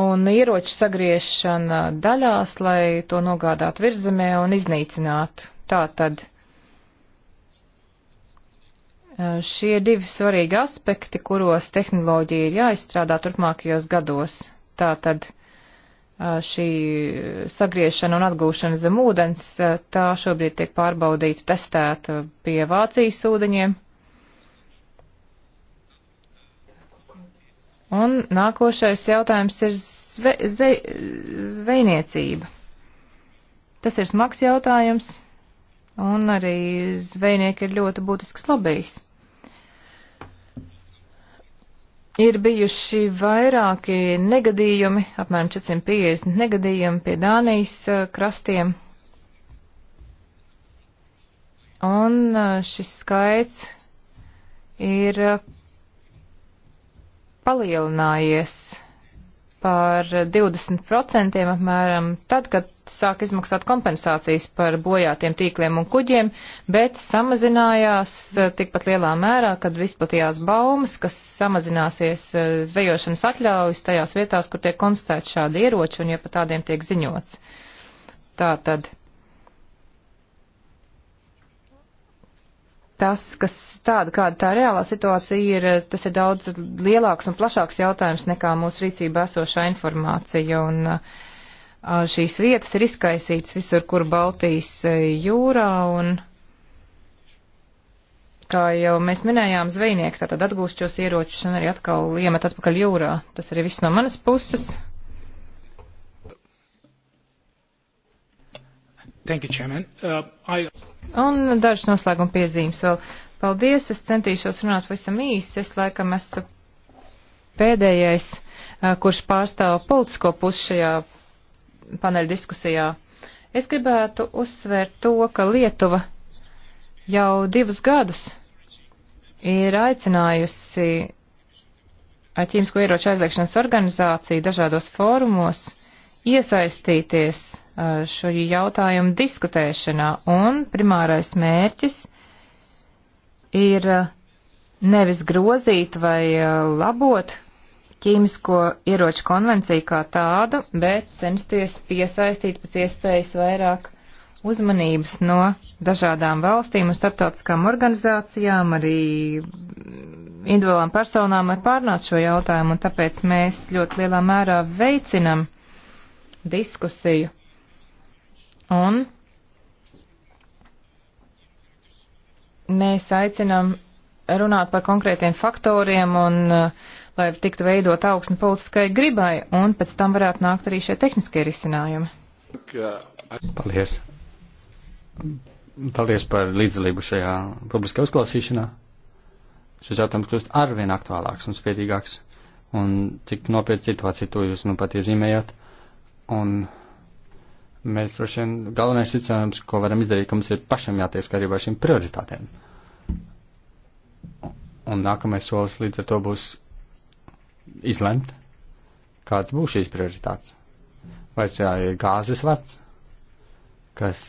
un ieroču sagriešana daļās, lai to nogādātu virzemē un iznīcinātu. Tā tad e, šie divi svarīgi aspekti, kuros tehnoloģija ir jāizstrādā turpmākajos gados. Tā tad e, šī sagriešana un atgūšana zem ūdens, e, tā šobrīd tiek pārbaudīta, testēta pie Vācijas ūdeņiem. Un nākošais jautājums ir zve, ze, zvejniecība. Tas ir smags jautājums, un arī zvejnieki ir ļoti būtisks lobijs. Ir bijuši vairāki negadījumi, apmēram 450 negadījumi pie Dānijas eh, krastiem. Un eh, šis skaits ir eh, palielinājies par 20% apmēram tad, kad sāk izmaksāt kompensācijas par bojātiem tīkliem un kuģiem, bet samazinājās eh, tikpat lielā mērā, kad izplatījās baumas, kas samazināsies eh, zvejošanas atļaujas tajās vietās, kur tiek konstatēti šādi ieroči un ja par tādiem tiek ziņots. Tātad tas, kas tāda, kāda tā reālā situācija ir, tas ir daudz lielāks un plašāks jautājums nekā mūsu rīcībā esošā informācija. Un, Šīs vietas ir izkaisītas visur, kur Baltijas e, jūrā, un, kā jau mēs minējām, zvejnieki tātad atgūst šos ieročus un arī atkal iemet atpakaļ jūrā. Tas arī viss no manas puses. Thank you, Chairman. Uh, I... Un dažas noslēguma piezīmes vēl. Paldies, es centīšos runāt visam īsi. Es laikam esmu pēdējais, uh, kurš pārstāv politisko pusi šajā paneļa diskusijā. Es gribētu uzsvērt to, ka Lietuva jau divus gadus ir aicinājusi ķīmisko ieroču aizliegšanas organizāciju dažādos fórumos iesaistīties šo jautājumu diskutēšanā, un primārais mērķis ir nevis grozīt vai labot ķīmisko ieroču konvenciju kā tādu, bet censties piesaistīt pēc iespējas vairāk uzmanības no dažādām valstīm un starptautiskām organizācijām, arī individuālām personām, lai pārnāc šo jautājumu, un tāpēc mēs ļoti lielā mērā veicinam diskusiju Un mēs aicinām runāt par konkrētiem faktoriem un eh, lai tiktu veidot augsni politiskai gribai, un pēc tam varētu nākt arī šie tehniskie risinājumi. Paldies. Paldies par līdzdalību šajā publiskajā uzklausīšanā. Šis jautājums kļūst arvien aktuālāks un spiedīgāks, un cik nopietna situācija to jūs nu pat iezīmējat. Un Mēs droši vien galvenais secinājums, ko varam izdarīt, ka mums ir pašam jātiek arī ar šīm prioritātēm. Un nākamais solis līdz ar to būs izlemt, kāds būs šīs prioritātes. Vai tā ir gāzes vats, kas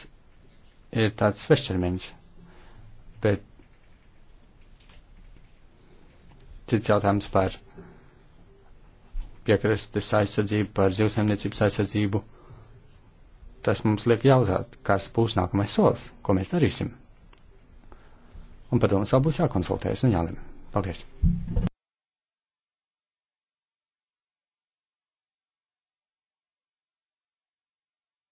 ir tāds svešķermenis, bet cits jautājums par piekrastes aizsardzību, par zivsaimniecības aizsardzību tas mums liek jautāt, kas būs nākamais solis, ko mēs darīsim. Un par to mums vēl būs jākonsultējas un jālem. Paldies!